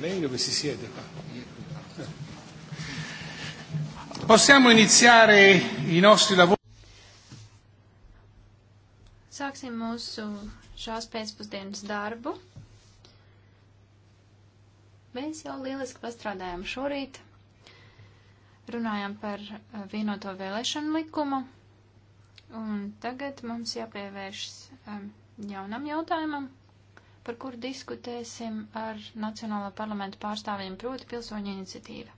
Meglio che si siede qua. Possiamo iniziare i nostri lavori. Sāksim mūsu šās pēcpusdienas darbu. Mēs jau lieliski pastrādājām šorīt. Runājām par eh, vienoto vēlēšanu likumu. Un tagad mums jāpievēršas um, jaunam jautājumam par kuru diskutēsim ar Nacionālā parlamenta pārstāvjiem, proti pilsoņu iniciatīva.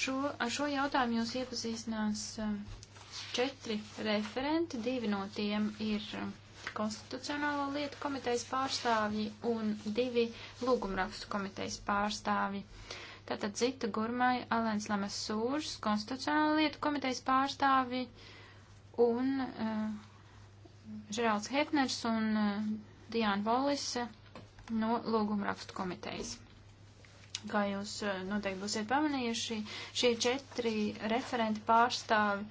Šo, ar šo jautājumu jūs iepazīstinās eh, četri referenti, divi no tiem ir eh, konstitucionālo lietu komitejas pārstāvji un divi lūgumrakstu komitejas pārstāvji. Tātad Zita Gurmai, Alēns Lamas Sūrs, konstitucionālo lietu komitejas pārstāvji un uh, Žerāls Hefners un uh, Diāna Volisa no Lūguma rakstu komitejas. Kā jūs uh, noteikti būsiet pamanījuši, šie četri referenti pārstāvi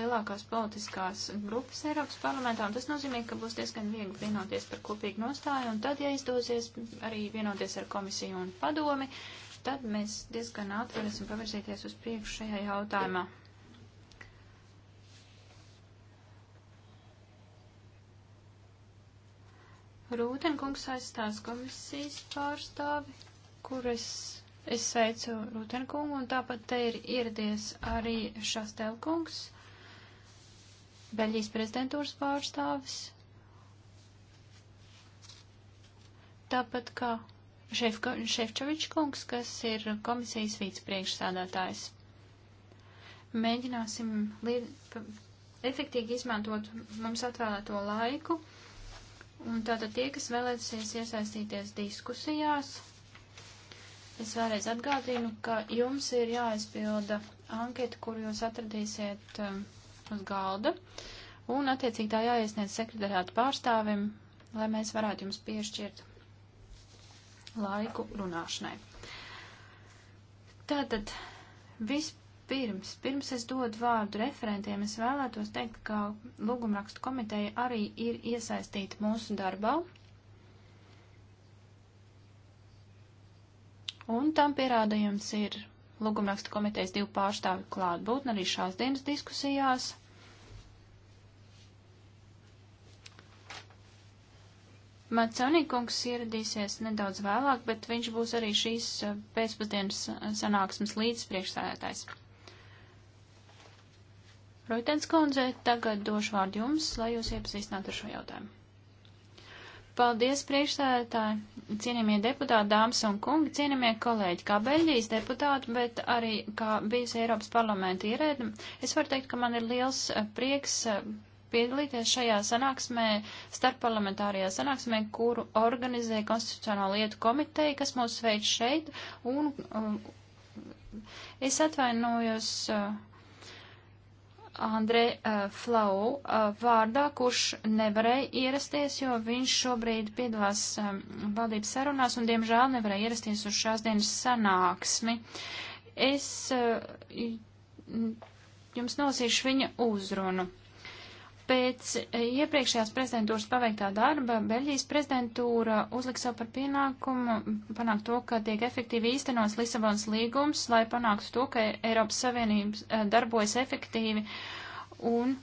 lielākās politiskās grupas Eiropas parlamentā, un tas nozīmē, ka būs diezgan viegli vienoties par kopīgu nostāju, un tad, ja izdosies arī vienoties ar komisiju un padomi, tad mēs diezgan ātri varēsim pavirzīties uz priekšu šajā jautājumā. Rūtenkungs aizstās komisijas pārstāvi, kur es, es sveicu Rūtenkungu, un tāpat te ir ieradies arī Šastelkungs, Beļģijas prezidentūras pārstāvis. Tāpat kā Šefčovičs kungs, kas ir komisijas vicepriekšsādātājs. Mēģināsim efektīgi izmantot mums atvēlēto laiku. Un tātad tie, kas vēlēsies iesaistīties diskusijās, es vēlreiz atgādinu, ka jums ir jāaizpilda anketa, kur jūs atradīsiet um, uz galda, un attiecīgi tā jāiesniedz sekretariātu pārstāvim, lai mēs varētu jums piešķirt laiku runāšanai. Tātad, vis, Vispirms, pirms es dodu vārdu referentiem, es vēlētos teikt, ka lūgumrakstu komiteja arī ir iesaistīta mūsu darbā. Un tam pierādījums ir lūgumrakstu komitejas divu pārstāvi klātbūtne arī šās dienas diskusijās. Maconīkungs ieradīsies nedaudz vēlāk, bet viņš būs arī šīs pēcpusdienas sanāksmes līdzpriekšsēdētājs. Roitens kundze, tagad došu vārdu jums, lai jūs iepazīstinātu ar šo jautājumu. Paldies, priekšsēdētāji, cienījamie deputāti, dāmas un kungi, cienījamie kolēģi, kā Beļģijas deputāti, bet arī kā bijusi Eiropas parlamenta ierēdna. Es varu teikt, ka man ir liels eh, prieks eh, piedalīties šajā sanāksmē, starpparlamentārajā sanāksmē, kuru organizē Konstitucionāla lietu komiteja, kas mūs sveic šeit. Un, um, es atvainojos. Uh, Andrei uh, eh, Flau uh, vārdā, kurš nevarēja ierasties, jo viņš šobrīd piedalās um, valdības sarunās un, diemžēl, nevarēja ierasties uz šās dienas sanāksmi. Es uh, jums nolasīšu viņa uzrunu. Pēc eh, iepriekšējās prezidentūras paveiktā darba Beļģijas prezidentūra uzliks sev par pienākumu panākt to, ka tiek efektīvi īstenots Lisabonas līgums, lai panāktu to, ka Eiropas Savienība eh, darbojas efektīvi un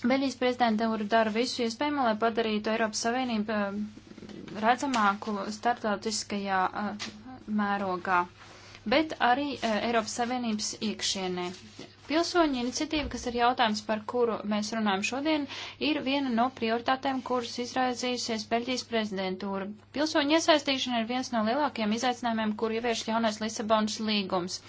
Beļģijas prezidentūra dara visu iespējamo, lai padarītu Eiropas Savienību eh, redzamāku starptautiskajā mērogā, bet arī Eiropas Savienības iekšienē. Pilsoņu iniciatīva, kas ir jautājums, par kuru mēs runājam šodien, ir viena no prioritātēm, kuras izraizījusies Beļģijas prezidentūra. Pilsoņu iesaistīšana ir viens no lielākajiem izaicinājumiem, kur ievieš jaunais Lisabonas līgums.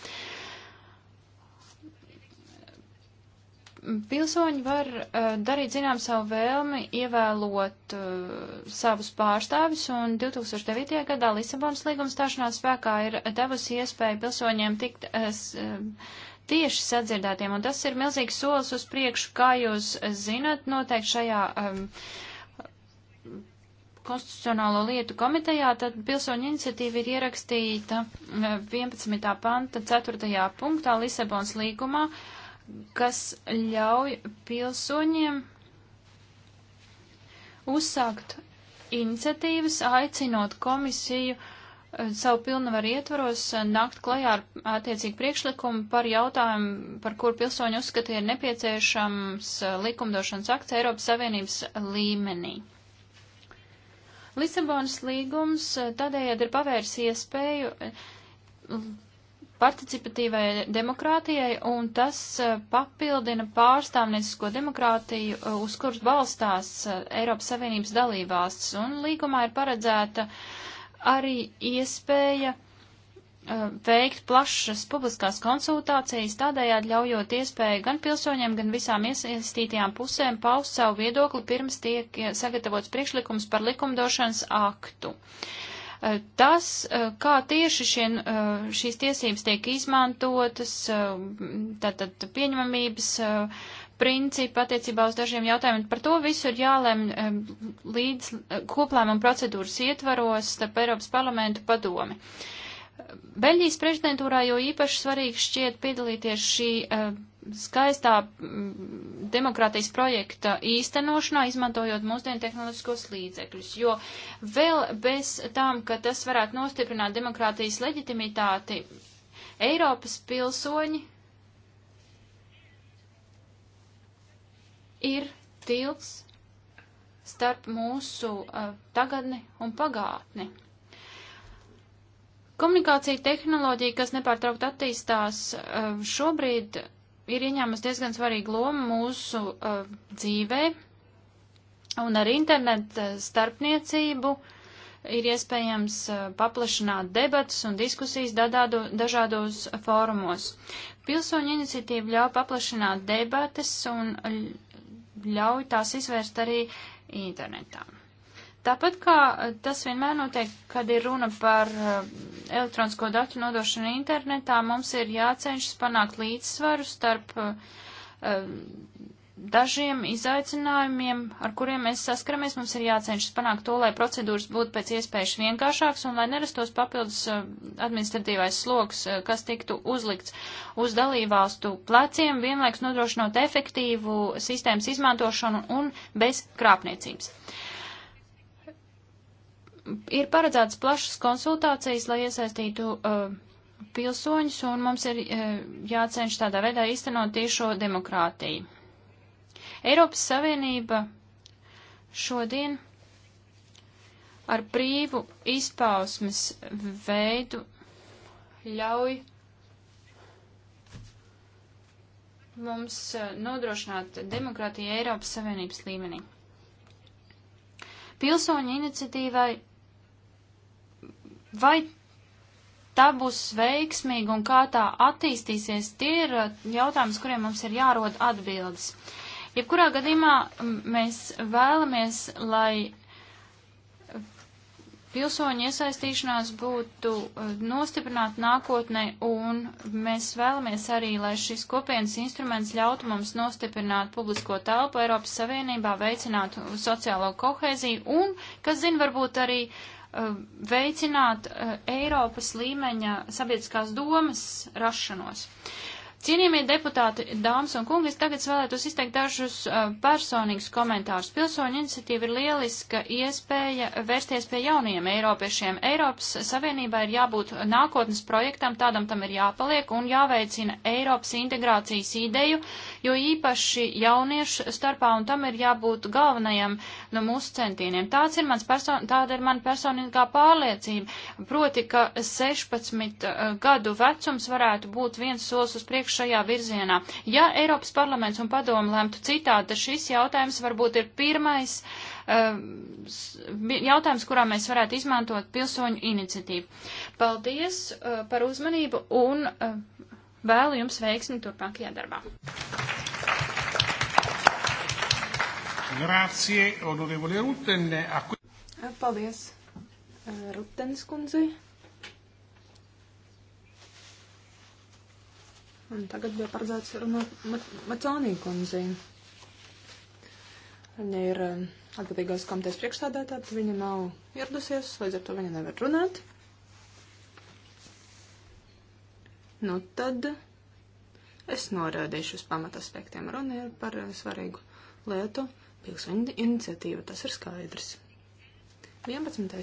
pilsoņi var uh, darīt zinām savu vēlmi, ievēlot uh, savus pārstāvis, un 2009. gadā Lisabonas līguma stāšanās spēkā ir devusi iespēju pilsoņiem tikt uh, uh tieši sadzirdētiem, un tas ir milzīgs solis uz priekšu, kā jūs zinat, noteikti šajā um, konstitucionālo lietu komitejā, tad pilsoņu iniciatīva ir ierakstīta 11. Um, panta 4. punktā Lisabons līgumā, kas ļauj pilsoņiem uzsākt iniciatīvas, aicinot komisiju uh, savu pilnvaru ietvaros eh, nākt klajā ar attiecīgu priekšlikumu par jautājumu, par kur pilsoņi uzskata ir nepieciešams eh, likumdošanas akts Eiropas Savienības līmenī. Lisabonas līgums eh, tādējādi ir pavērs iespēju participatīvai demokrātijai, un tas papildina pārstāvniecisko demokrātiju, uz kuras balstās Eiropas Savienības dalībvalsts, un līgumā ir paredzēta uh, arī iespēja uh, veikt plašas publiskās konsultācijas, tādējādi ļaujot iespēju gan pilsoņiem, gan visām iesaistītajām pusēm paust savu viedokli pirms tiek sagatavots priekšlikums par likumdošanas aktu. Uh, tas, uh, kā tieši šie, uh, šīs tiesības tiek izmantotas, tātad uh, pieņemamības, uh, principu attiecībā uz dažiem jautājumiem. Par to visu ir jālem līdz eh, koplēmuma procedūras ietvaros starp Eiropas parlamentu padomi. Beļģijas prezidentūrā jau īpaši svarīgi šķiet piedalīties šī eh, skaistā mm, demokrātijas projekta īstenošanā, izmantojot mūsdienu tehnoloģiskos līdzekļus, jo vēl bez tām, ka tas varētu nostiprināt demokrātijas leģitimitāti, Eiropas pilsoņi ir tilts starp mūsu uh, tagadni un pagātni. Komunikācija tehnoloģija, kas nepārtraukt attīstās, uh, šobrīd ir ieņēmusi diezgan svarīgu lomu mūsu uh, dzīvē, un ar internetu starpniecību ir iespējams paplašināt debatas un diskusijas dadādo, dažādos fórumos. Pilsoņu iniciatīva ļauj paplašināt debatas un ļ ļauj tās izvērst arī internetā. Tāpat kā tas vienmēr notiek, kad ir runa par eh, elektronisko datu nodošanu internetā, mums ir jācenšas panākt līdzsvaru starp um, dažiem izaicinājumiem, ar kuriem mēs saskaramies, mums ir jācenšas panākt to, lai procedūras būtu pēc iespējas vienkāršākas un lai nerastos papildus eh, administratīvais sloks, eh, kas tiktu uzlikts uz dalībvalstu pleciem, vienlaiks nodrošinot efektīvu sistēmas izmantošanu un bez krāpniecības. Ir paredzētas plašas konsultācijas, lai iesaistītu uh, pilsoņus, un mums ir uh, jācenš tādā veidā īstenot tiešo demokrātiju. Eiropas Savienība šodien ar brīvu izpausmes veidu ļauj mums eh, nodrošināt demokrātiju Eiropas Savienības līmenī. Pilsoņu iniciatīvai vai tā būs veiksmīga un kā tā attīstīsies, tie ir eh, jautājums, kuriem mums ir jārod atbildes. Uh, Jebkurā gadījumā mēs vēlamies, lai pilsoņu iesaistīšanās būtu e, nostiprināta nākotnē, un mēs vēlamies arī, lai šis kopienas instruments ļautu mums nostiprināt publisko telpu Eiropas Savienībā, veicināt sociālo kohēziju un, kas zina, varbūt arī e, veicināt e, Eiropas līmeņa sabiedriskās domas rašanos. Uh, Cienījamie deputāti, dāmas un kungi, es tagad vēlētos izteikt dažus uh, personīgus komentārus. Pilsoņu iniciatīva ir lieliska iespēja vērsties pie jaunajiem eiropiešiem. Eiropas Savienībā ir jābūt nākotnes projektam, tādam tam ir jāpaliek un jāveicina Eiropas integrācijas ideju, jo īpaši jauniešu starpā un tam ir jābūt galvenajam no nu, mūsu centieniem. Tāds ir mans person, tāda ir man personīgā pārliecība, proti, ka 16 uh, gadu vecums varētu būt viens solis uz priekšu priekšu šajā virzienā. Ja Eiropas parlaments un padomu lemtu citādi, tad šis jautājums varbūt ir pirmais uh, jautājums, kurā mēs varētu izmantot pilsoņu iniciatīvu. Paldies uh, par uzmanību un uh, vēlu jums veiksmi turpmākajā darbā. Grazie, onorevole Rutten. Paldies, Ruttenes kundzei. Un tagad bija paredzēts no Maconī kundzī. Viņa ir um, atbildīgās komitejas priekšstādātā, bet viņa nav ieradusies, līdz ar to viņa nevar runāt. Nu tad es norādīšu uz pamataspektiem. Runa ir par uh, svarīgu lietu pilsoņu iniciatīvu, tas ir skaidrs. 11.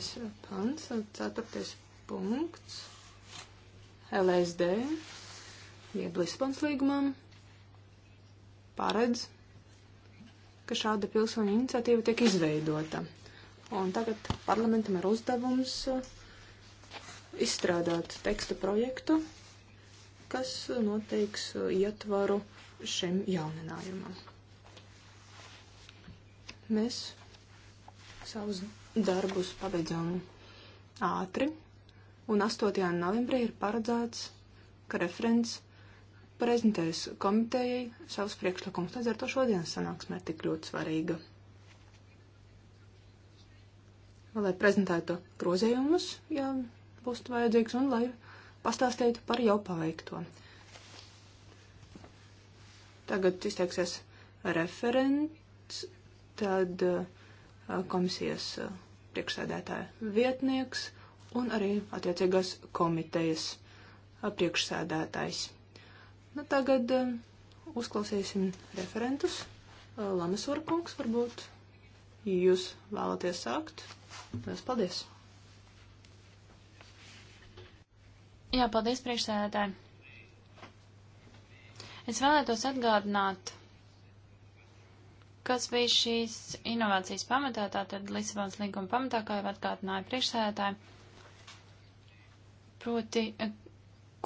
pants, 4. punkts, LSD jeb Lisabons līgumam paredz, ka šāda pilsoņu iniciatīva tiek izveidota. Un tagad parlamentam ir uzdevums uh, izstrādāt teksta projektu, kas noteiks uh, ietvaru šim jauninājumam. Mēs savus darbus pabeidzām ātri, un 8. novembrī ir paredzēts, ka referents prezentēs komitejai savus priekšlikumus. Līdz ar to šodienas sanāksme ir tik ļoti svarīga. Lai prezentētu grozējumus, ja būs vajadzīgs, un lai pastāstītu par jau paveikto. Tagad izteiksies referents, tad uh, komisijas uh, priekšsēdētāja vietnieks un arī attiecīgās komitejas uh, priekšsēdētājs. Nu, tagad uh, uzklausīsim referentus. Uh, eh, Lamesvar kungs, varbūt jūs vēlaties sākt. Lielas paldies! Jā, paldies priekšsēdētāji. Es vēlētos atgādināt, kas bija šīs inovācijas pamatā, tātad Lisabonas līguma pamatā, kā jau atgādināja priekšsēdētāji, proti,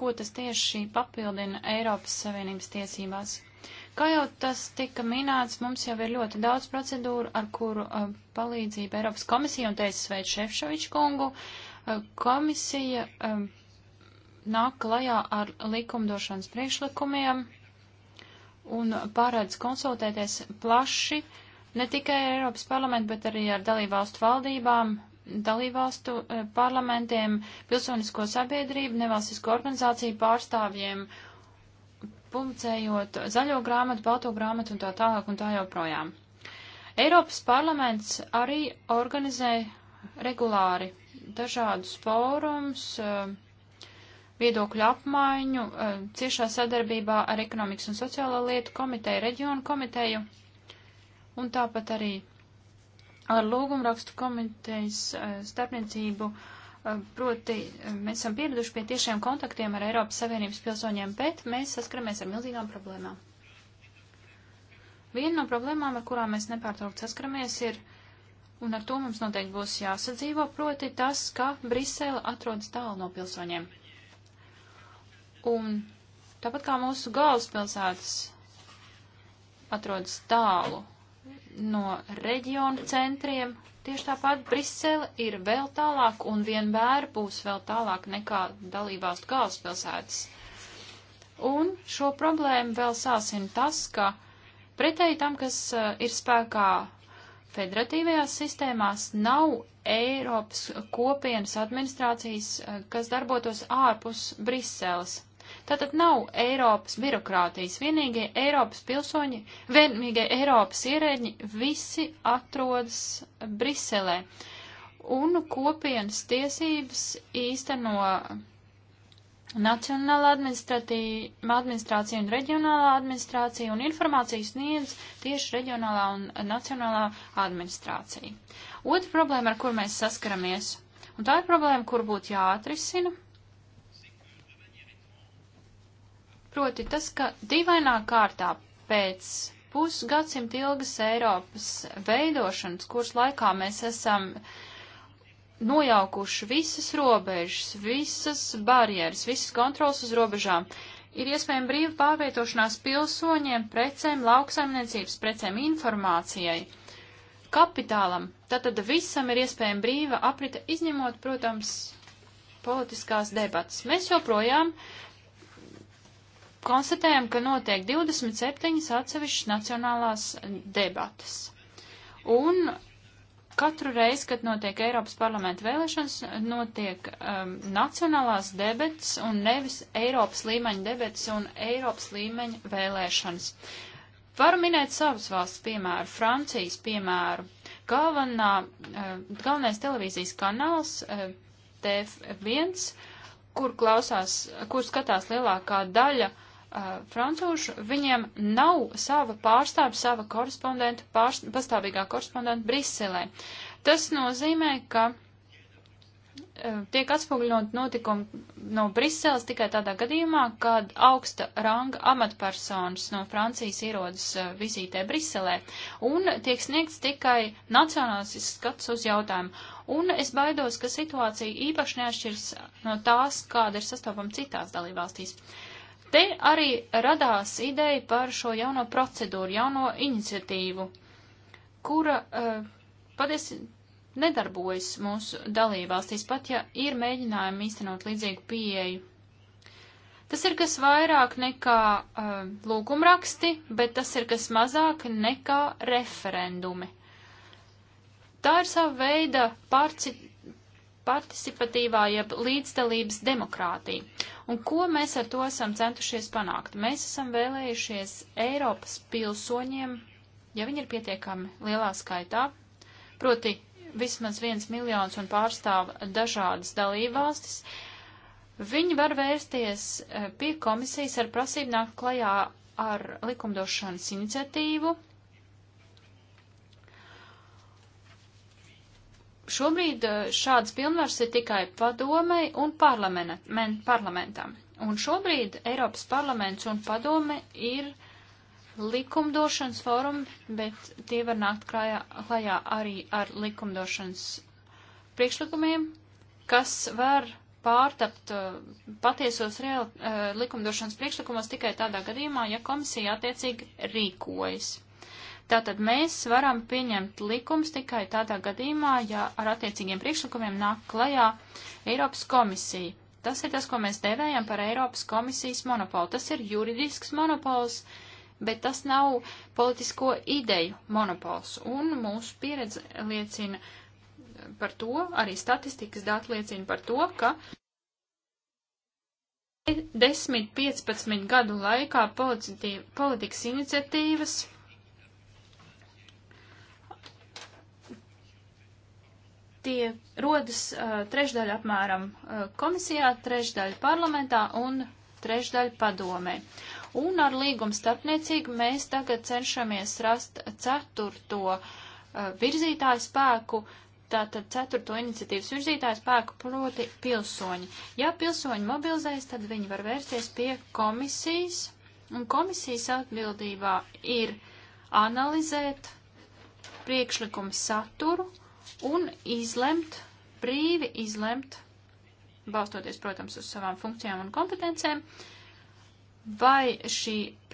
ko tas tieši papildina Eiropas Savienības tiesībās. Kā jau tas tika minēts, mums jau ir ļoti daudz procedūru, ar kuru uh, palīdzību Eiropas komisija un tiesas veids Šefčoviču kungu. Uh, komisija um, nāk klajā ar likumdošanas priekšlikumiem un paredz konsultēties plaši ne tikai Eiropas parlamentu, bet arī ar dalībvalstu valdībām, dalībvalstu e, parlamentiem, pilsonisko sabiedrību, nevalstisko organizāciju pārstāvjiem, publicējot zaļo grāmatu, balto grāmatu un tā tālāk un tā joprojām. Eiropas parlaments arī organizē regulāri dažādus fórums, e, viedokļu apmaiņu, e, ciešā sadarbībā ar ekonomikas un sociālo lietu komiteju, reģionu komiteju un tāpat arī ar lūgumrakstu komitejas eh, starpniecību. Eh, proti, eh, mēs esam pieraduši pie tiešiem kontaktiem ar Eiropas Savienības pilsoņiem, bet mēs saskaramies ar milzīgām problēmām. Viena no problēmām, ar kurām mēs nepārtraukt saskaramies, ir, un ar to mums noteikti būs jāsadzīvo, proti tas, ka Brisele atrodas tālu no pilsoņiem. Un tāpat kā mūsu galvaspilsētas atrodas tālu no reģionu centriem. Tieši tāpat Brisele ir vēl tālāk un vienmēr būs vēl tālāk nekā dalībvalstu galvaspilsētas. Un šo problēmu vēl sāsina tas, ka pretēji tam, kas eh, ir spēkā federatīvajās sistēmās, nav Eiropas kopienas administrācijas, eh, kas darbotos ārpus Briseles. Tātad nav Eiropas birokrātijas. Vienīgie Eiropas pilsoņi, vienīgie Eiropas ierēģi visi atrodas Briselē. Un kopienas tiesības īsteno Nacionāla administrācija un reģionālā administrācija un informāciju sniedz tieši reģionālā un nacionālā administrācija. Otra problēma, ar kur mēs saskaramies, un tā ir problēma, kur būtu jāatrisina, Proti tas, ka dīvainā kārtā pēc pusgadsimta ilgas Eiropas veidošanas, kuras laikā mēs esam nojaukuši visas robežas, visas barjeras, visas kontrols uz robežām, ir iespējama brīva pārvietošanās pilsoņiem, precēm, lauksaimniecības precēm, informācijai, kapitālam. Tātad visam ir iespējama brīva aprita, izņemot, protams, politiskās debatas. Mēs joprojām konstatējam, ka notiek 27 atsevišķas nacionālās debatas. Un katru reizi, kad notiek Eiropas parlamenta vēlēšanas, notiek um, nacionālās debatas un nevis Eiropas līmeņa debatas un Eiropas līmeņa vēlēšanas. Varu minēt savas valsts piemēru, Francijas piemēru. Galvenā, uh, galvenais televīzijas kanāls uh, TF1, kur klausās, kur skatās lielākā daļa uh, Uh, francūšu, viņiem nav sava pārstāvja, sava korespondenta, pārst, pastāvīgā korespondenta Briselē. Tas nozīmē, ka uh, tiek atspoguļot notikumi no Briseles tikai tādā gadījumā, kad augsta ranga amatpersonas no Francijas ierodas uh, vizītē Briselē un tiek sniegts tikai nacionāls skats uz jautājumu. Un es baidos, ka situācija īpaši neatšķirs no tās, kāda ir sastopama citās dalībvalstīs. Uh, Te arī radās ideja par šo jauno procedūru, jauno iniciatīvu, kura uh, patiesi nedarbojas mūsu dalībvalstīs, pat ja ir mēģinājumi īstenot līdzīgu pieeju. Tas ir kas vairāk nekā uh, lūgumraksti, bet tas ir kas mazāk nekā referendumi. Tā ir sava veida pārci participatīvā jeb līdzdalības demokrātija. Un ko mēs ar to esam centušies panākt? Mēs esam vēlējušies Eiropas pilsoņiem, ja viņi ir pietiekami lielā skaitā, proti vismaz viens miljons un pārstāv dažādas dalībvalstis, viņi var vērsties eh, pie komisijas ar prasību nākt klajā ar likumdošanas iniciatīvu, Šobrīd eh, šādas pilnvaras ir tikai padomei un men, parlamentam. Un šobrīd Eiropas parlaments un padome ir likumdošanas fórumi, bet tie var nākt klājā, klājā arī ar likumdošanas priekšlikumiem, kas var pārtapt uh, patiesos reāli uh, eh, likumdošanas priekšlikumos tikai tādā gadījumā, ja komisija attiecīgi rīkojas. Tātad mēs varam pieņemt likums tikai tādā gadījumā, ja ar attiecīgiem priekšlikumiem nāk klajā Eiropas komisija. Tas ir tas, ko mēs devējam par Eiropas komisijas monopolu. Tas ir juridisks monopols, bet tas nav politisko ideju monopols. Un mūsu pieredze liecina par to, arī statistikas dati liecina par to, ka 10-15 gadu laikā politikas iniciatīvas Tie rodas uh, trešdaļa apmēram uh, komisijā, trešdaļa parlamentā un trešdaļa padomē. Un ar līgumu starpniecību mēs tagad cenšamies rast ceturto uh, virzītāju spēku, tātad ceturto iniciatīvas virzītāju spēku, proti pilsoņi. Ja pilsoņi mobilizēs, tad viņi var vērsties pie komisijas, un komisijas atbildībā ir analizēt priekšlikumu saturu un izlemt, brīvi izlemt, balstoties, protams, uz savām funkcijām un kompetencēm, vai,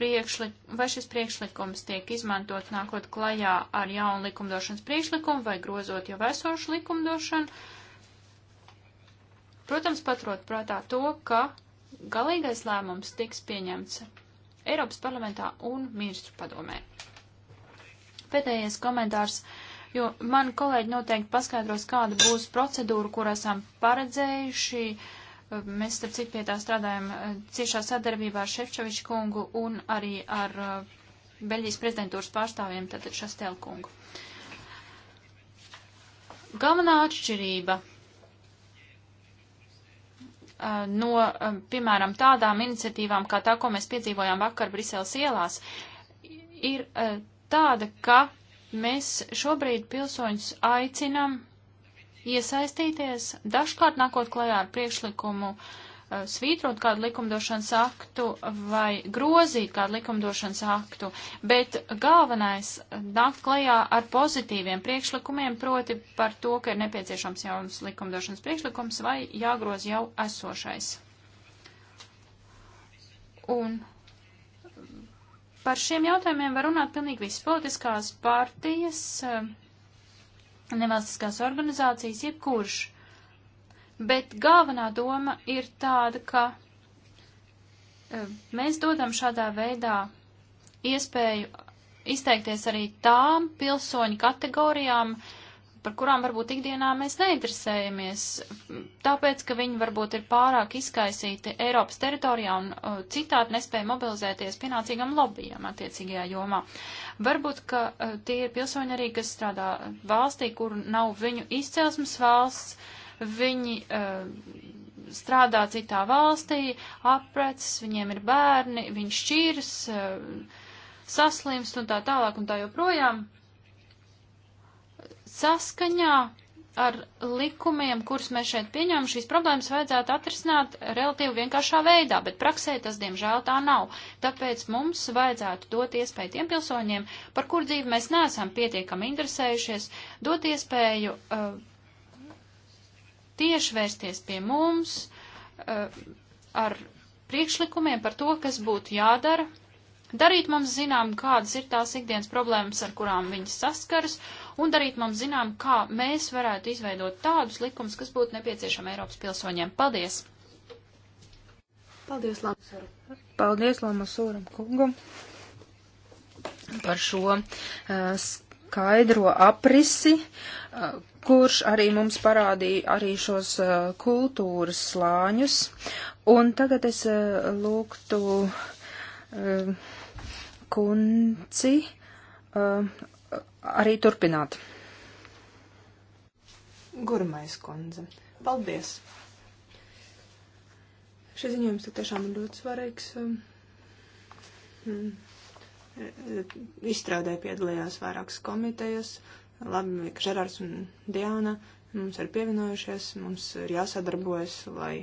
priekšlik, vai šis priekšlikums tiek izmantot nākot klajā ar jaunu likumdošanas priekšlikumu vai grozot jau esošu likumdošanu. Protams, paturot prātā to, ka galīgais lēmums tiks pieņemts Eiropas parlamentā un ministru padomē. Pēdējais komentārs. Uh, jo mani kolēģi noteikti paskaidros, kāda būs procedūra, kur esam paredzējuši. Mēs, starp citu, pie tā strādājam eh, ciešā sadarbībā ar Šefčoviču kungu un arī ar eh, Beļģijas prezidentūras pārstāvjiem, tātad Šastēlu kungu. Galvenā atšķirība eh, no, piemēram, tādām iniciatīvām, kā tā, ko mēs piedzīvojām vakar Briseles ielās, ir tāda, ka Mēs šobrīd pilsoņus aicinam iesaistīties, dažkārt nākot klajā ar priekšlikumu eh, svītrot kādu likumdošanas aktu vai grozīt kādu likumdošanas aktu, bet galvenais eh, nākt klajā ar pozitīviem priekšlikumiem, proti par to, ka ir nepieciešams jauns likumdošanas priekšlikums vai jāgroz jau esošais. Un Par šiem jautājumiem var runāt pilnīgi visas politiskās partijas, eh, nevalstiskās organizācijas, jebkurš. Bet galvenā doma ir tāda, ka eh, mēs dodam šādā veidā iespēju izteikties arī tām pilsoņu kategorijām, uh, par kurām varbūt ikdienā mēs neinteresējamies, tāpēc, ka viņi varbūt ir pārāk izkaisīti Eiropas teritorijā un uh, citādi nespēja mobilizēties pienācīgam lobbyjam attiecīgajā jomā. Varbūt, ka uh, tie ir pilsoņi arī, kas strādā valstī, kur nav viņu izcelsmes valsts, viņi uh, strādā citā valstī, aprecis, viņiem ir bērni, viņš šķirs, uh, saslimst un tā tālāk un tā joprojām saskaņā ar likumiem, kurus mēs šeit pieņemam, šīs problēmas vajadzētu atrisināt relatīvi vienkāršā veidā, bet praksē tas, diemžēl, tā nav. Tāpēc mums vajadzētu dot iespēju tiem pilsoņiem, par kur dzīvi mēs neesam pietiekami interesējušies, dot iespēju uh, tieši vērsties pie mums uh, ar priekšlikumiem par to, kas būtu jādara, darīt mums zinām, kādas ir tās ikdienas problēmas, ar kurām viņas saskaras, un darīt mums zinām, kā mēs varētu izveidot tādus likumus, kas būtu nepieciešami Eiropas pilsoņiem. Paldies! Paldies, Lamasūram! Paldies, Lamasūram kungam par šo uh, skaidro aprisi, uh, kurš arī mums parādīja arī šos uh, kultūras slāņus. Un tagad es uh, lūgtu uh, kunci uh, arī turpināt. Gurmais kundze, paldies! Šis ziņojums tiešām ir ļoti svarīgs. Um, mm, e, izstrādē piedalījās vairākas komitejas. Labi, ka Žerārs un Diana mums ir pievienojušies, mums ir jāsadarbojas, lai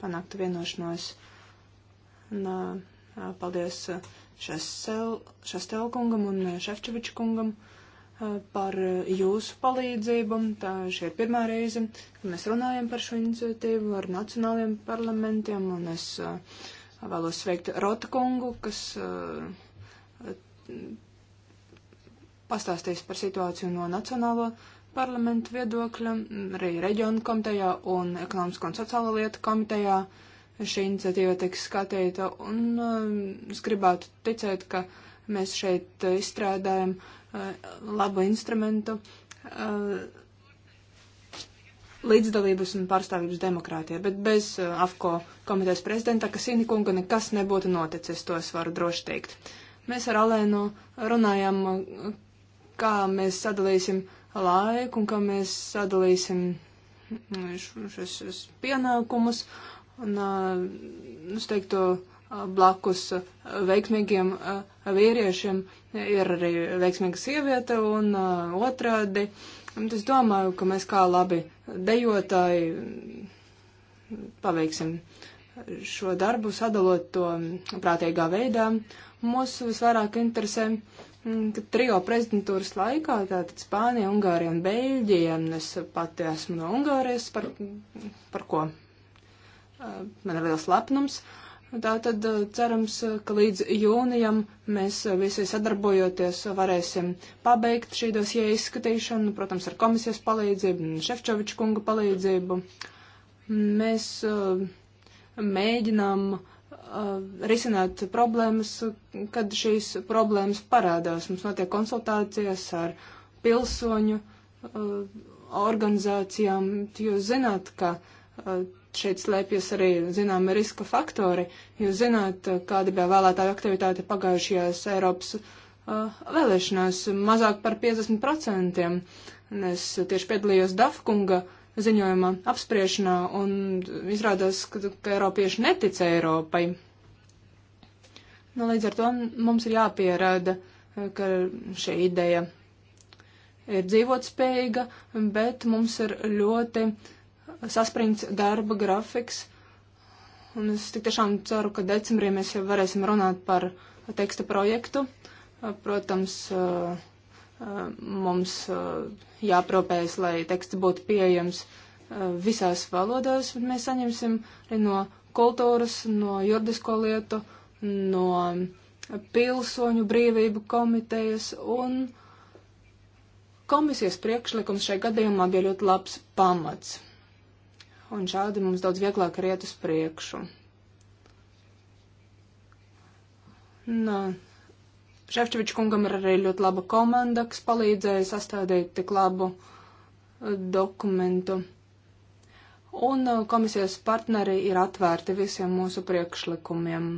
panāktu vienošanos. Un, uh, paldies! Uh, Šastel kungam un Šefčoviču kungam eh, par eh, jūsu palīdzību. Tā šī ir pirmā reize, kad mēs runājam par šo iniciatīvu ar nacionāliem parlamentiem, un es eh, vēlos sveikt Rota kungu, kas pastāstīs par situāciju no nacionālo parlamentu viedokļa, arī reģionu komitejā un ekonomisko un sociālo lietu komitejā. Uh, šī iniciatīva tiks skatīta, un um, es gribētu ticēt, ka mēs šeit izstrādājam uh, labu instrumentu uh, līdzdalības un pārstāvības demokrātijā, bet bez uh, AFCO komitejas prezidenta Kasīni kunga nekas nebūtu noticis, to es varu droši teikt. Mēs ar Alēnu runājam, kā mēs sadalīsim laiku un kā mēs sadalīsim mm, šos pienākumus. Uh, Un, es teiktu, blakus veiksmīgiem vīriešiem ir arī veiksmīga sieviete un otrādi. Es domāju, ka mēs kā labi dejotāji paveiksim šo darbu, sadalot to prātīgā veidā. Mūs visvairāk interesē, ka trijo prezidentūras laikā, tātad Spānija, Ungārija un Beļģija, un es pati esmu no Ungārijas, par, par ko Eh, man ir liels lepnums. Tātad eh, cerams, ka līdz jūnijam mēs eh, visi sadarbojoties varēsim pabeigt šī dosie izskatīšanu, protams, ar komisijas palīdzību, Šefčoviča kunga palīdzību. Mēs mēģinām risināt problēmas, kad šīs problēmas parādās. Mums notiek konsultācijas ar pilsoņu organizācijām. Jūs zināt, ka šeit slēpjas arī zināmi riska faktori. Jūs zināt, kāda bija vēlētāju aktivitāte pagājušajās Eiropas uh, vēlēšanās - mazāk par 50%. Un es tieši piedalījos Dafkunga ziņojuma apspriešanā un izrādās, ka, ka Eiropieši netic Eiropai. Nu, līdz ar to mums ir jāpierāda, ka šī ideja ir dzīvotspējīga, bet mums ir ļoti uh, saspringts darba grafiks. Un es tik tiešām ceru, ka decembrī mēs jau varēsim runāt par teksta projektu. Protams, mums jāpropējas, lai teksts būtu pieejams visās valodās, bet mēs saņemsim arī no kultūras, no juridisko lietu, no pilsoņu brīvību komitejas un komisijas priekšlikums šai gadījumā bija ļoti labs pamats un šādi mums daudz vieglāk ir iet uz priekšu. Nā. Nu, Šefčoviča kungam ir arī ļoti laba komanda, kas palīdzēja sastādīt tik labu uh, dokumentu. Un uh, komisijas partneri ir atvērti visiem mūsu priekšlikumiem.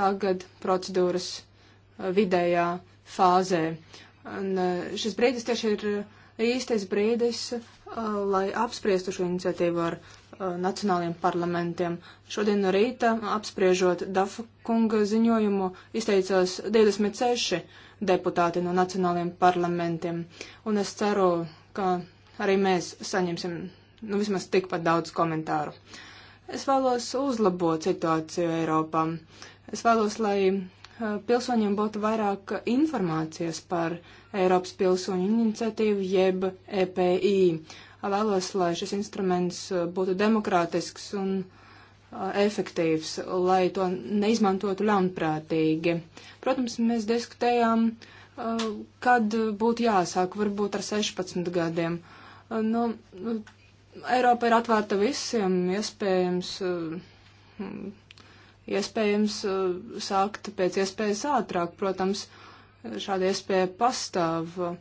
Tagad procedūras uh, vidējā fāzē. Un šis brīdis tieši ir īstais brīdis Uh, lai apspriestu šo iniciatīvu ar uh, nacionāliem parlamentiem. Šodien no rīta, apspriežot Dafa kunga ziņojumu, izteicās 26 deputāti no nacionāliem parlamentiem, un es ceru, ka arī mēs saņemsim nu, vismaz tikpat daudz komentāru. Es vēlos uzlabot situāciju Eiropā. Es vēlos, lai Eh, pilsoņiem būtu vairāk informācijas par Eiropas pilsoņu iniciatīvu jeb EPI. Vēlos, lai šis instruments eh, būtu demokrātisks un eh, efektīvs, lai to neizmantotu ļaunprātīgi. Protams, mēs diskutējām, kad būtu jāsāk, varbūt ar 16 gadiem. Nu, Eiropa ir atvērta visiem, iespējams, iespējams uh, sākt pēc iespējas ātrāk, protams, šāda iespēja pastāv, uh,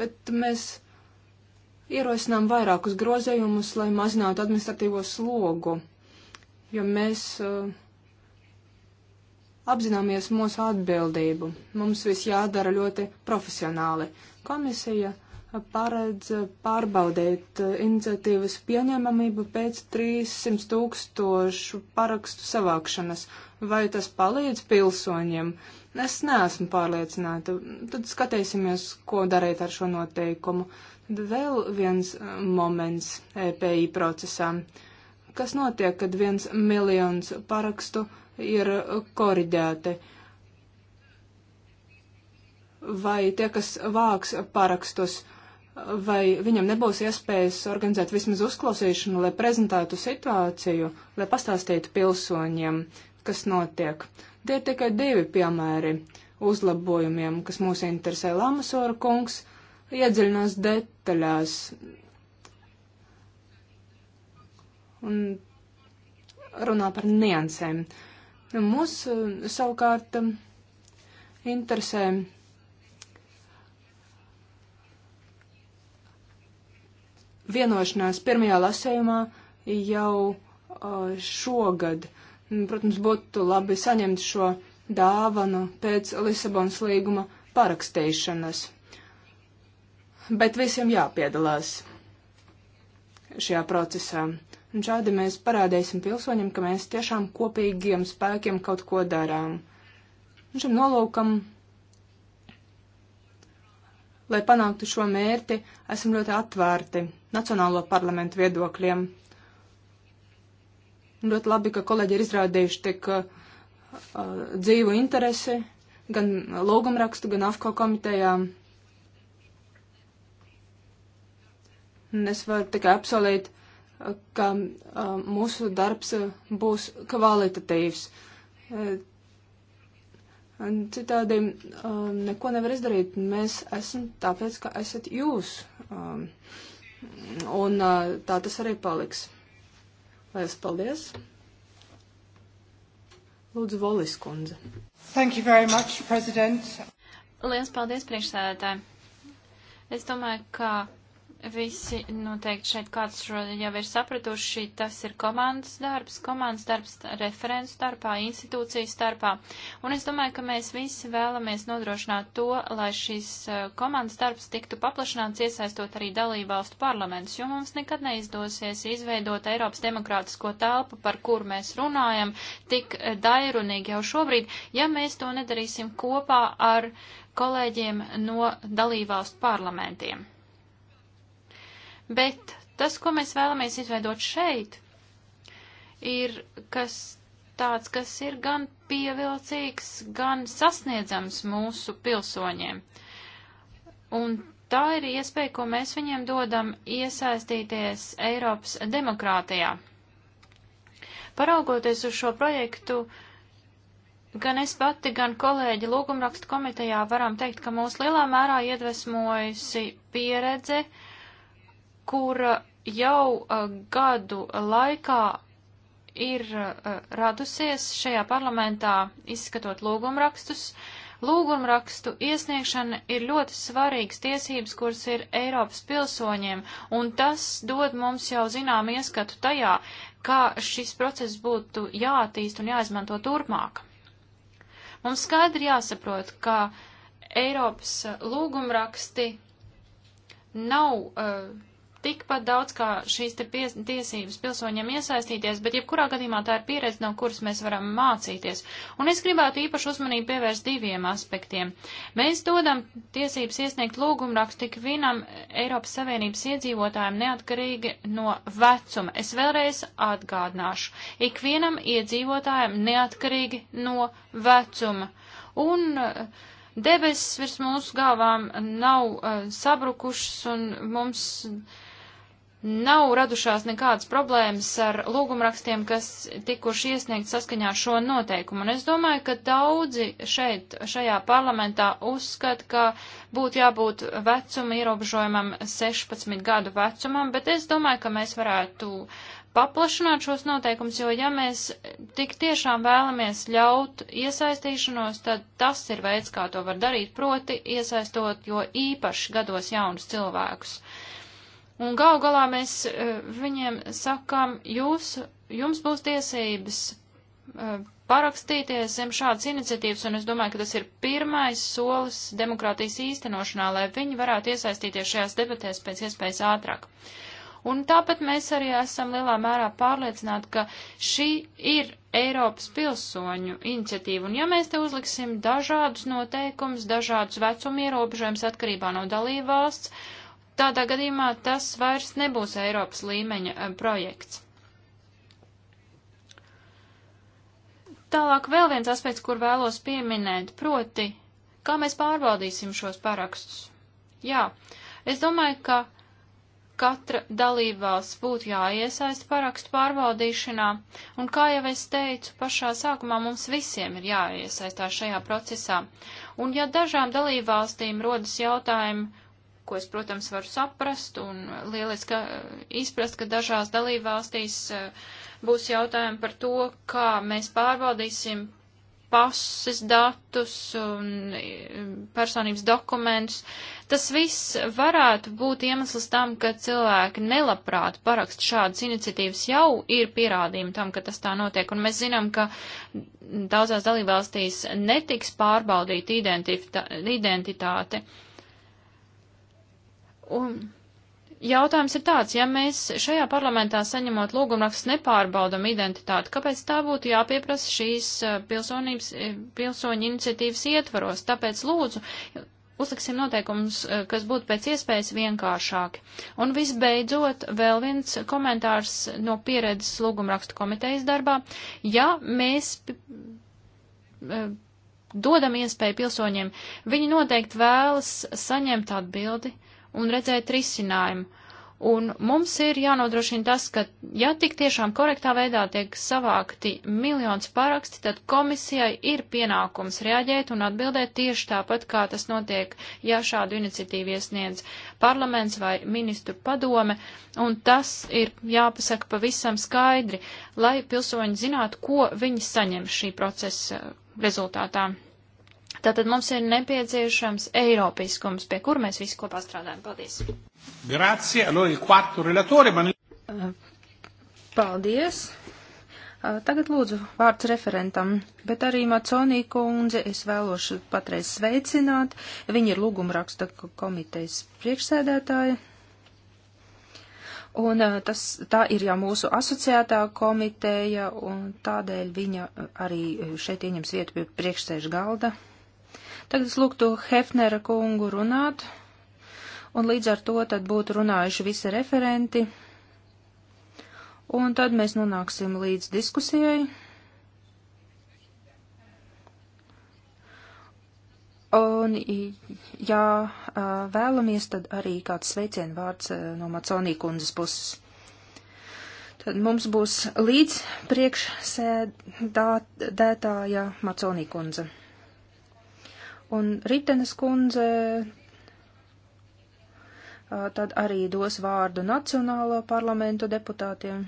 bet mēs ierosinām vairākus grozējumus, lai mazinātu administratīvo slogu, jo mēs uh, apzināmies mūsu atbildību. Mums viss jādara ļoti profesionāli. Komisija paredz pārbaudīt iniciatīvas pieņemamību pēc 300 tūkstošu parakstu savākšanas. Vai tas palīdz pilsoņiem? Es neesmu pārliecināta. Tad skatīsimies, ko darīt ar šo noteikumu. Tad vēl viens moments EPI procesā. Kas notiek, kad viens miljons parakstu ir koriģēti? Vai tie, kas vāks parakstus, vai viņam nebūs iespējas organizēt vismaz uzklausīšanu, lai prezentētu situāciju, lai pastāstītu pilsoņiem, kas notiek. Tie ir tikai divi piemēri uzlabojumiem, kas mūs interesē. Lamasora kungs iedziļinās detaļās. Un runā par niansēm. Nu, mūs eh, savukārt eh, interesē vienošanās pirmajā lasējumā jau šogad. Protams, būtu labi saņemt šo dāvanu pēc Lisabonas līguma parakstīšanas. Bet visiem jāpiedalās šajā procesā. Un šādi mēs parādīsim pilsoņiem, ka mēs tiešām kopīgiem spēkiem kaut ko darām. Un šim nolūkam Lai panāktu šo mērķi, esam ļoti atvērti Nacionālo parlamentu viedokļiem. Ļoti labi, ka kolēģi ir izrādījuši tik uh, uh dzīvu interesi gan lūgumrakstu, gan AFCO komitejā. Un es varu tikai apsolīt, uh, ka uh, mūsu darbs uh, būs kvalitatīvs. Uh, Citādi um, neko nevar izdarīt. Mēs esam tāpēc, ka esat jūs. Um, un uh, tā tas arī paliks. Lielas paldies! Lūdzu, Volis kundze. Thank you very much, President. Lielas paldies, priekšsēdētāji. Es domāju, ka Visi noteikti nu, šeit kāds šodien jau ir sapratuši, tas ir komandas darbs, komandas darbs referents starpā, institūciju starpā. Un es domāju, ka mēs visi vēlamies nodrošināt to, lai šis eh, komandas darbs tiktu paplašināts, iesaistot arī dalībvalstu parlaments, jo mums nekad neizdosies izveidot Eiropas demokrātisko telpu, par kur mēs runājam, tik eh, dairunīgi jau šobrīd, ja mēs to nedarīsim kopā ar kolēģiem no dalībvalstu parlamentiem. Bet tas, ko mēs vēlamies izveidot šeit, ir kas tāds, kas ir gan pievilcīgs, gan sasniedzams mūsu pilsoņiem. Un tā ir iespēja, ko mēs viņiem dodam iesaistīties Eiropas demokrātijā. Paraugoties uz šo projektu, gan es pati, gan kolēģi lūgumrakstu komitejā varam teikt, ka mūs lielā mērā iedvesmojusi pieredze uh, kura jau gadu laikā ir radusies šajā parlamentā izskatot lūgumrakstus. Lūgumrakstu iesniegšana ir ļoti svarīgs tiesības, kuras ir Eiropas pilsoņiem, un tas dod mums jau zinām ieskatu tajā, kā šis process būtu jātīst un jāizmanto turpmāk. Mums skaidri jāsaprot, ka Eiropas lūgumraksti nav uh, tikpat daudz kā šīs te pies, tiesības pilsoņiem iesaistīties, bet jebkurā gadījumā tā ir pieredze, no kuras mēs varam mācīties. Un es gribētu īpašu uzmanību pievērst diviem aspektiem. Mēs dodam tiesības iesniegt lūgumrakstu tik vienam Eiropas Savienības iedzīvotājiem neatkarīgi no vecuma. Es vēlreiz atgādināšu. Ikvienam iedzīvotājiem neatkarīgi no vecuma. Un, uh, debesis virs mūsu galvām nav uh, sabrukušas un mums nav radušās nekādas problēmas ar lūgumrakstiem, kas tikuši iesniegt saskaņā ar šo noteikumu. Un es domāju, ka daudzi šeit, šajā parlamentā uzskata, ka būtu jābūt vecuma ierobežojumam 16 gadu vecumam, bet es domāju, ka mēs varētu paplašināt šos noteikumus, jo ja mēs tik tiešām vēlamies ļaut iesaistīšanos, tad tas ir veids, kā to var darīt, proti iesaistot jo īpaši gados jaunus cilvēkus. Uh, Un gal galā mēs eh, viņiem sakām, jūs, jums būs tiesības eh, parakstīties zem šādas iniciatīvas, un es domāju, ka tas ir pirmais solis demokrātijas īstenošanā, lai viņi varētu iesaistīties šajās debatēs pēc iespējas ātrāk. Un tāpat mēs arī esam lielā mērā pārliecināti, ka šī ir Eiropas pilsoņu iniciatīva, un ja mēs te uzliksim dažādus noteikumus, dažādus vecuma ierobežojumus atkarībā no dalībvalsts, tādā gadījumā tas vairs nebūs Eiropas līmeņa eh, projekts. Tālāk vēl viens aspekts, kur vēlos pieminēt, proti, kā mēs pārbaudīsim šos parakstus. Jā, es domāju, ka katra dalībvalsts būtu jāiesaist parakstu pārbaudīšanā, un kā jau es teicu, pašā sākumā mums visiem ir jāiesaistās šajā procesā. Un ja dažām dalībvalstīm rodas jautājumi, ko es, protams, varu saprast un lieliski ka, eh, izprast, ka dažās dalībvalstīs eh, būs jautājumi par to, kā mēs pārbaudīsim pases datus un eh, personības dokumentus. Tas viss varētu būt iemesls tam, ka cilvēki nelabprāt parakst šādas iniciatīvas jau ir pierādījumi tam, ka tas tā notiek. Un mēs zinām, ka daudzās dalībvalstīs netiks pārbaudīta identitāte. Un jautājums ir tāds, ja mēs šajā parlamentā saņemot lūgumrakstus nepārbaudam identitāti, kāpēc tā būtu jāpieprasa šīs eh, pilsonības, eh, pilsoņu iniciatīvas ietvaros? Tāpēc lūdzu, uzliksim noteikumus, eh, kas būtu pēc iespējas vienkāršāki. Un visbeidzot, vēl viens komentārs no pieredzes lūgumrakstu komitejas darbā. Ja mēs dodam iespēju pilsoņiem, viņi noteikti vēlas saņemt atbildi un redzēt risinājumu. Un mums ir jānodrošina tas, ka ja tik tiešām korektā veidā tiek savākti miljons paraksti, tad komisijai ir pienākums reaģēt un atbildēt tieši tāpat, kā tas notiek, ja šādu iniciatīvu iesniedz parlaments vai ministru padome. Un tas ir jāpasaka pavisam skaidri, lai pilsoņi zinātu, ko viņi saņem šī procesa rezultātā. Tātad mums ir nepieciešams Eiropiskums, pie kur mēs visi kopā strādājam. Paldies! Grazie, allora il quarto relatore, man... Eh, paldies! Eh, tagad lūdzu vārds referentam, bet arī Maconī kundze es vēlošu patreiz sveicināt. Viņa ir lūgumraksta komitejas priekšsēdētāja. Un eh, tas, tā ir jau mūsu asociētā komiteja, un tādēļ viņa arī šeit ieņems vietu pie priekšsēžu galda. Tagad es lūgtu Hefnera kungu runāt, un līdz ar to tad būtu runājuši visi referenti, un tad mēs nonāksim līdz diskusijai. Un, ja vēlamies, tad arī kāds sveicienu vārds no Maconī kundzes puses. Tad mums būs līdz priekšsēdētāja Maconī kundze. Un Ritenes kundze tad arī dos vārdu Nacionālo parlamentu deputātiem.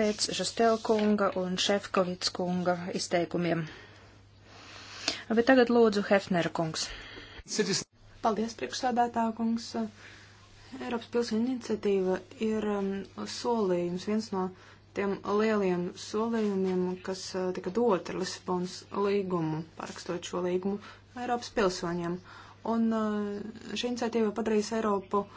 Pēc Žastelkunga un Šefkovits kunga izteikumiem. Bet tagad lūdzu Hefnera kungs. Paldies, priekšsādātā kungs. Eiropas pilsēņa iniciatīva ir um, solījums, viens no uh, tiem lieliem solījumiem, kas eh, tika dot ar Lisabonas līgumu, parakstot šo līgumu Eiropas pilsoņiem. Un eh, šī iniciatīva padarīs Eiropu eh,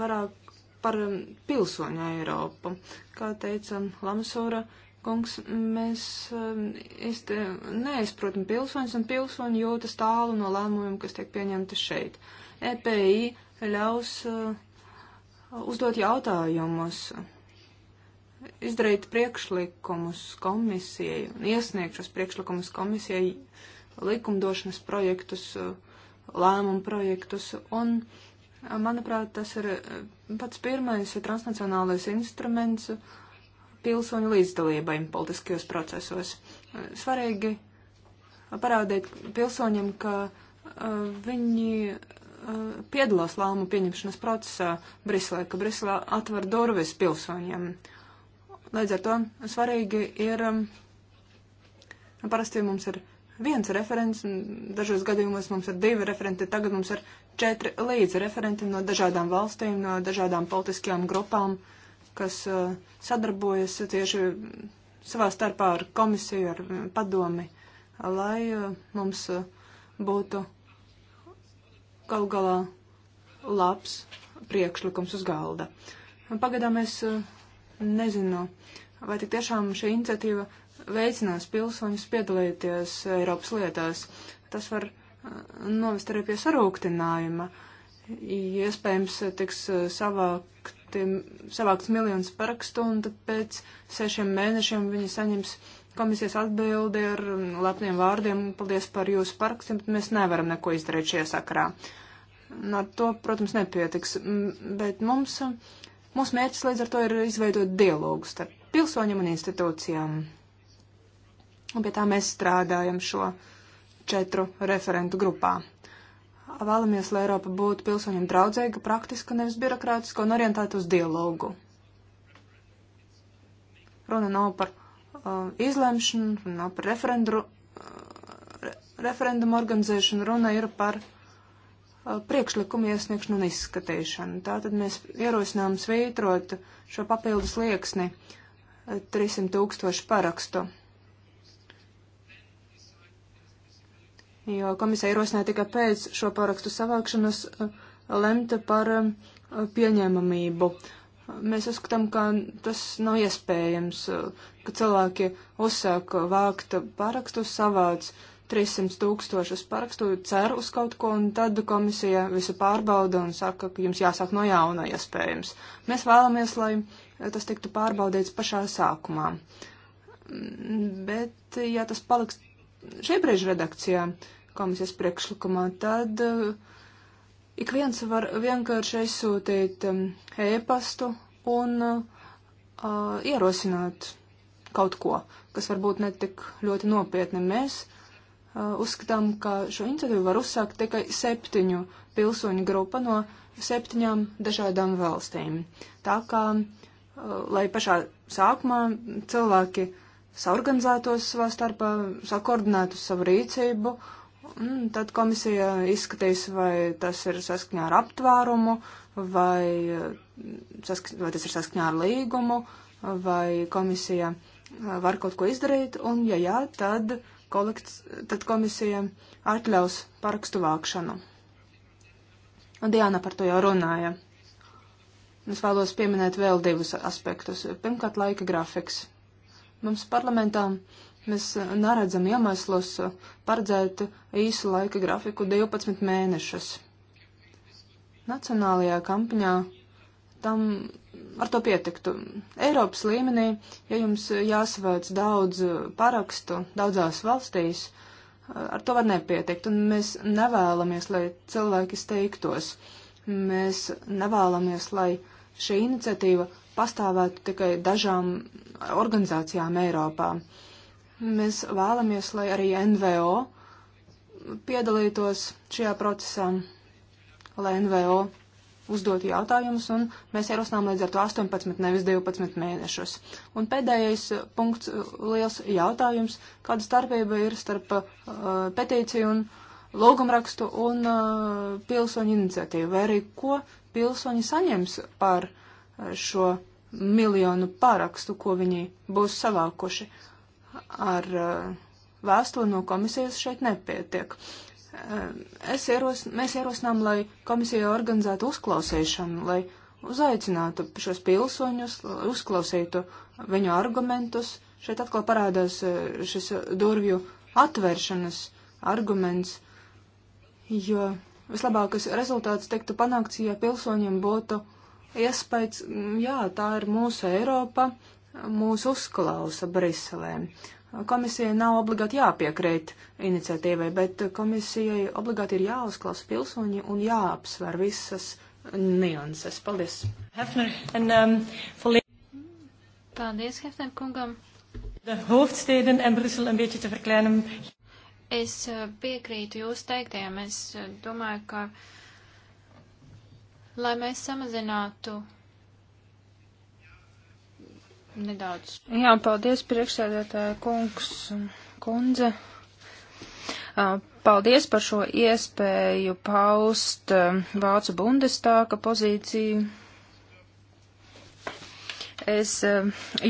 vairāk par mm, pilsoņu Eiropu. Kā teica Lamsūra kungs, mēs mm, īsti neizprotam pilsoņus un pilsoņi jūtas tālu no lēmumiem, kas tiek pieņemti šeit. EPI ļaus uzdot jautājumus izdarīt priekšlikumus komisijai un iesniegt šos priekšlikumus komisijai, likumdošanas projektus, lēmumu projektus. Un, manuprāt, tas ir eh, pats pirmais transnacionālais instruments pilsoņu līdzdalībai politiskajos procesos. Svarīgi parādīt pilsoņiem, ka eh, viņi eh, piedalās lēmumu pieņemšanas procesā Briselē, ka Briselē atver durvis pilsoņiem. Uh, Līdz ar to svarīgi ir, um, nu, parasti mums ir viens referents, un dažos gadījumos mums ir divi referenti, tagad mums ir četri līdzi referenti no dažādām valstīm, no dažādām politiskajām grupām, kas uh, sadarbojas tieši savā starpā ar komisiju, ar padomi, lai uh, mums uh, būtu galu galā labs priekšlikums uz galda. Pagaidām mēs uh, Nezinu, vai tik tiešām šī iniciatīva veicinās pilsoņus piedalīties Eiropas lietās. Tas var uh, novest arī pie sarūktinājuma. Iespējams, tiks uh, savākti, savākts miljonus parakstu, un tad pēc sešiem mēnešiem viņi saņems komisijas atbildi ar um, lepniem vārdiem, paldies par jūsu parakstiem, bet mēs nevaram neko izdarīt šajā sakarā. Ar to, protams, nepietiks, bet mums Mūsu mērķis līdz ar to ir izveidot dialogu starp pilsoņiem un institūcijām. Un pie tā mēs strādājam šo četru referentu grupā. Vēlamies, lai Eiropa būtu pilsoņiem draudzīga, praktiska, nevis birokrātiska un orientēta uz dialogu. Runa nav par uh, izlemšanu, runa nav par referendu, uh, re, referendumu organizēšanu, runa ir par uh, Uh, priekšlikumu iesniegšanu un izskatīšanu. Tātad mēs ierosinām svītrot šo papildus lieksni 300 uh, tūkstošu parakstu. Jo komisija ierosināja tikai pēc šo parakstu savākšanas uh, lemt par um, pieņēmamību. Mēs uzskatām, ka tas nav iespējams, ka cilvēki uzsāk vākt parakstus savāds. Uh, 300 tūkstošus parakstu, cer uz kaut ko, un tad komisija visu pārbauda un saka, ka jums jāsāk no jauna iespējams. Mēs vēlamies, lai tas tiktu pārbaudīts pašā sākumā. Bet, ja tas paliks šī brīža redakcijā komisijas priekšlikumā, tad eh, ik viens var vienkārši aizsūtīt eh, e-pastu un uh, ierosināt kaut ko, kas varbūt netik ļoti nopietni mēs Uh, uzskatām, ka šo iniciatīvu var uzsākt tikai septiņu pilsoņu grupa no septiņām dažādām valstīm. Tā kā, uh, lai pašā sākumā cilvēki saorganizētos savā starpā, sakoordinētu savu rīcību, un tad komisija izskatīs, vai tas ir saskaņā ar aptvērumu, vai, uh, sask vai tas ir saskaņā ar līgumu, vai komisija var kaut ko izdarīt, un ja jā, tad uh, kolekts, tad komisija atļaus parakstu vākšanu. Un Diana par to jau runāja. Es vēlos pieminēt vēl divus aspektus. Pirmkārt, laika grafiks. Mums parlamentā mēs neredzam iemeslus paredzēt īsu laika grafiku 12 mēnešus. Nacionālajā kampaņā tam ar to pietiktu. Eiropas līmenī, ja jums jāsavāc daudz parakstu daudzās valstīs, ar to var nepietikt, un mēs nevēlamies, lai cilvēki steigtos. Mēs nevēlamies, lai šī iniciatīva pastāvētu tikai dažām organizācijām Eiropā. Mēs vēlamies, lai arī NVO piedalītos šajā procesā, lai NVO uzdot jautājumus, un mēs ierosinām līdz ar to 18, nevis 12 mēnešus. Un pēdējais uh, punkts, uh, liels jautājums, kāda starpība ir starp uh, petīciju un lūgumrakstu un uh, pilsoņu iniciatīvu, vai arī ko pilsoņi saņems par uh, šo miljonu parakstu, ko viņi būs savākuši ar uh, vēstuli no komisijas šeit nepietiek. Uh, Ehm, ieros, mēs ierosinām, lai komisija organizētu uzklausīšanu, lai uzaicinātu šos pilsoņus, uzklausītu viņu argumentus. Šeit atkal parādās eh, šis durvju atvēršanas arguments, jo vislabākais rezultāts tiktu panākts, ja pilsoņiem būtu iespējas, jā, tā ir mūsu Eiropa, mūsu uzklausa Briselē. Uh, komisijai nav obligāti jāpiekrīt iniciatīvai, bet komisijai obligāti ir jāuzklausa pilsoņi un jāapsver visas nianses. Paldies! Hefner, and, um, for... Paldies, Hefner kungam! De hoofdsteden en Brussel een beetje te verkleinen. Es uh, piekrītu jūs teiktajam. Es uh, domāju, ka, lai mēs samazinātu nedaudz. Jā, paldies priekšsēdētāja kungs un kundze. Paldies par šo iespēju paust Vācu bundestāka pozīciju. Es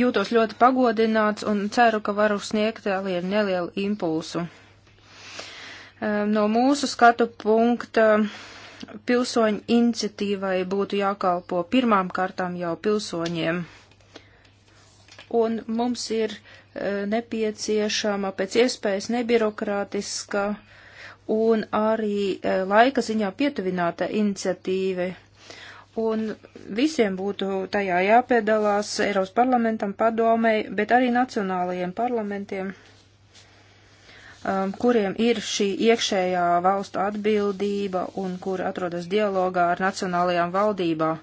jūtos ļoti pagodināts un ceru, ka varu sniegt vēl nelielu impulsu. No mūsu skatu punkta pilsoņu iniciatīvai būtu jākalpo pirmām kārtām jau pilsoņiem un mums ir e, nepieciešama pēc iespējas nebirokrātiska un arī e, laika ziņā pietuvināta iniciatīva. Un visiem būtu tajā jāpiedalās Eiropas parlamentam, padomei, bet arī nacionālajiem parlamentiem, um, kuriem ir šī iekšējā valstu atbildība un kur atrodas dialogā ar nacionālajām valdībām.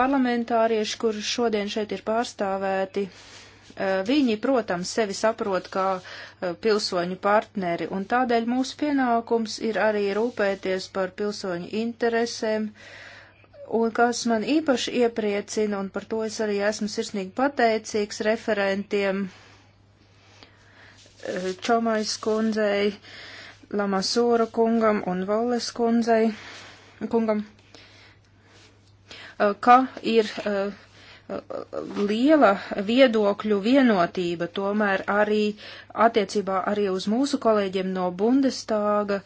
Parlamentārieši, kur šodien šeit ir pārstāvēti, uh, Eh, viņi, protams, sevi saprot kā eh, pilsoņu partneri, un tādēļ mūsu pienākums ir arī rūpēties par pilsoņu interesēm. Un kas man īpaši iepriecina, un par to es arī esmu sirsnīgi pateicīgs referentiem eh, Čomais kundzei, Lamasūra kungam un Valles kundzei, kungam, ka ir liela viedokļu vienotība tomēr arī attiecībā arī uz mūsu kolēģiem no Bundestāga,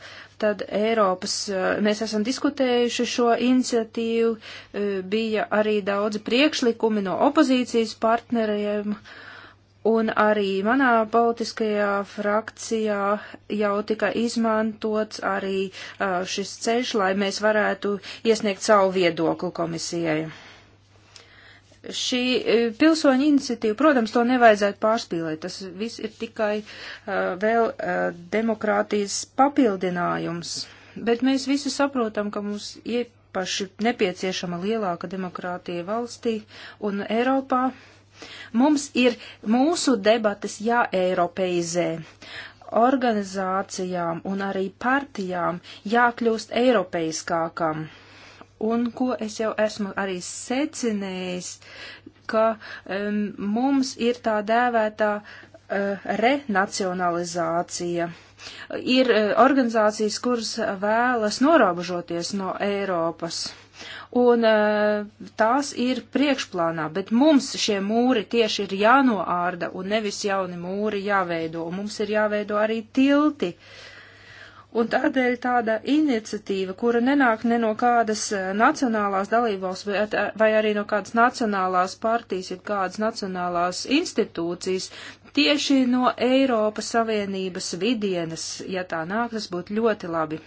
tad Eiropas, eh, mēs esam diskutējuši šo iniciatīvu, eh, bija arī daudzi priekšlikumi no opozīcijas partneriem, un arī manā politiskajā frakcijā jau tika izmantots arī eh, šis ceļš, lai mēs varētu iesniegt savu viedokli komisijai. Šī e, pilsoņa iniciatīva, protams, to nevajadzētu pārspīlēt. Tas viss ir tikai uh, vēl uh, demokrātijas papildinājums. Bet mēs visi saprotam, ka mums īpaši nepieciešama lielāka demokrātija valstī un Eiropā. Mums ir mūsu debatas jāeiropeizē organizācijām un arī partijām jākļūst eiropeiskākam un ko es jau esmu arī secinējis, ka um, mums ir tā dēvētā uh, renacionalizācija. Ir uh, organizācijas, kuras vēlas norobežoties no Eiropas. Un uh, tās ir priekšplānā, bet mums šie mūri tieši ir jānoārda un nevis jauni mūri jāveido, un mums ir jāveido arī tilti. Uh, Un tādēļ tāda iniciatīva, kura nenāk ne no kādas eh, nacionālās dalībvalsts vai, vai arī no kādas nacionālās partijas, ja kādas nacionālās institūcijas, tieši no Eiropas Savienības vidienas, ja tā nāk, tas būtu ļoti labi.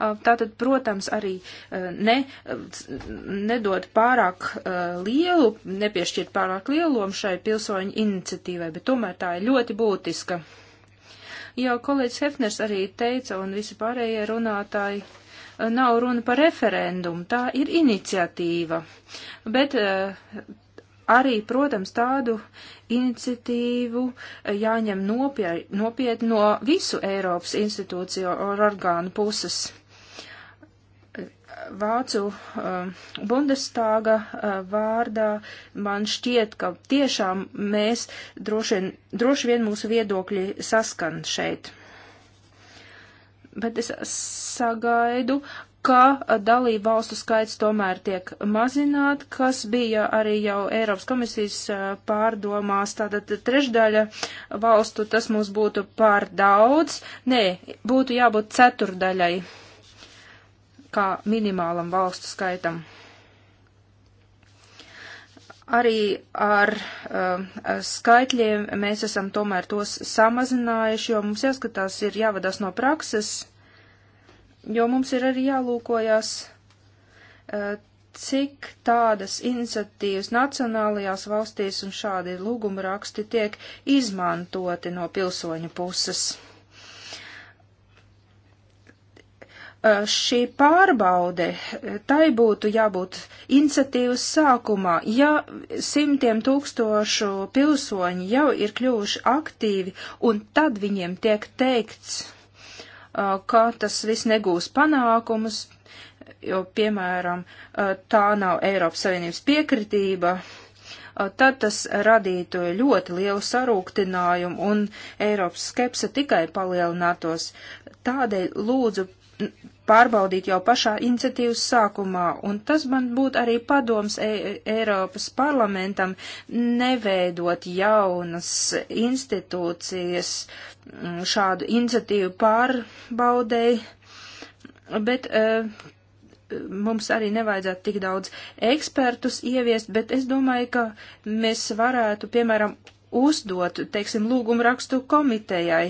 Ah, tātad, protams, arī eh, ne, nedod pārāk eh, lielu, nepiešķirt pārāk lielu lomu šai pilsoņu iniciatīvai, bet tomēr tā ir ļoti būtiska. Jau kolēģis Hefners arī teica, un visi pārējie runātāji, nav runa par referendumu, tā ir iniciatīva. Bet arī, protams, tādu iniciatīvu jāņem nopietni no visu Eiropas institūciju orgānu puses Vācu um, Bundestāga uh, vārdā man šķiet, ka tiešām mēs droši vien, droši vien mūsu viedokļi saskan šeit. Bet es sagaidu, ka dalību valstu skaits tomēr tiek mazināt, kas bija arī jau Eiropas komisijas uh, pārdomās. Tātad trešdaļa valstu tas mums būtu pār daudz. Nē, būtu jābūt ceturdaļai kā minimālam valstu skaitam. Arī ar uh, skaitļiem mēs esam tomēr tos samazinājuši, jo mums jāskatās, ir jāvadās no prakses, jo mums ir arī jālūkojas, uh, cik tādas iniciatīvas nacionālajās valstīs un šādi lūguma raksti tiek izmantoti no pilsoņu puses. Eh, šī pārbaude, eh, tai būtu jābūt iniciatīvas sākumā. Ja simtiem tūkstošu pilsoņi jau ir kļuvuši aktīvi, un tad viņiem tiek teikts, eh, ka tas viss negūs panākumus, jo, piemēram, tā nav Eiropas Savienības piekritība, tad tas radītu ļoti lielu sarūktinājumu un Eiropas skepse tikai palielinātos. Tādēļ lūdzu pārbaudīt jau pašā iniciatīvas sākumā, un tas man būtu arī padoms e Eiropas parlamentam neveidot jaunas institūcijas mm, šādu iniciatīvu pārbaudēji, bet e, mums arī nevajadzētu tik daudz ekspertus ieviest, bet es domāju, ka mēs varētu, piemēram, uzdot, teiksim, lūgumu rakstu komitejai.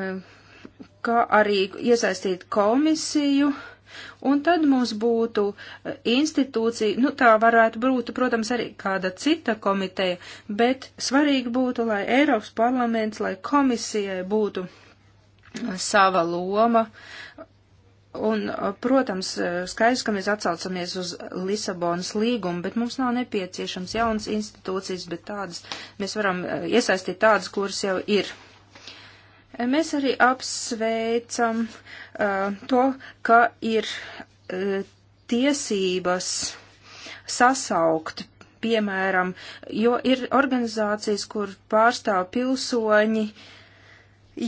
E, kā arī iesaistīt komisiju. Un tad mums būtu e, institūcija, nu tā varētu būt, protams, arī kāda cita komiteja, bet svarīgi būtu, lai Eiropas parlaments, lai komisijai būtu e, sava loma. Un, e, protams, skaidrs, ka mēs atsaucamies uz Lisabonas līgumu, bet mums nav nepieciešams jaunas institūcijas, bet tādas mēs varam iesaistīt tādas, kuras jau ir. Mēs arī apsveicam uh, to, ka ir uh, tiesības sasaukt, piemēram, jo ir organizācijas, kur pārstāv pilsoņi,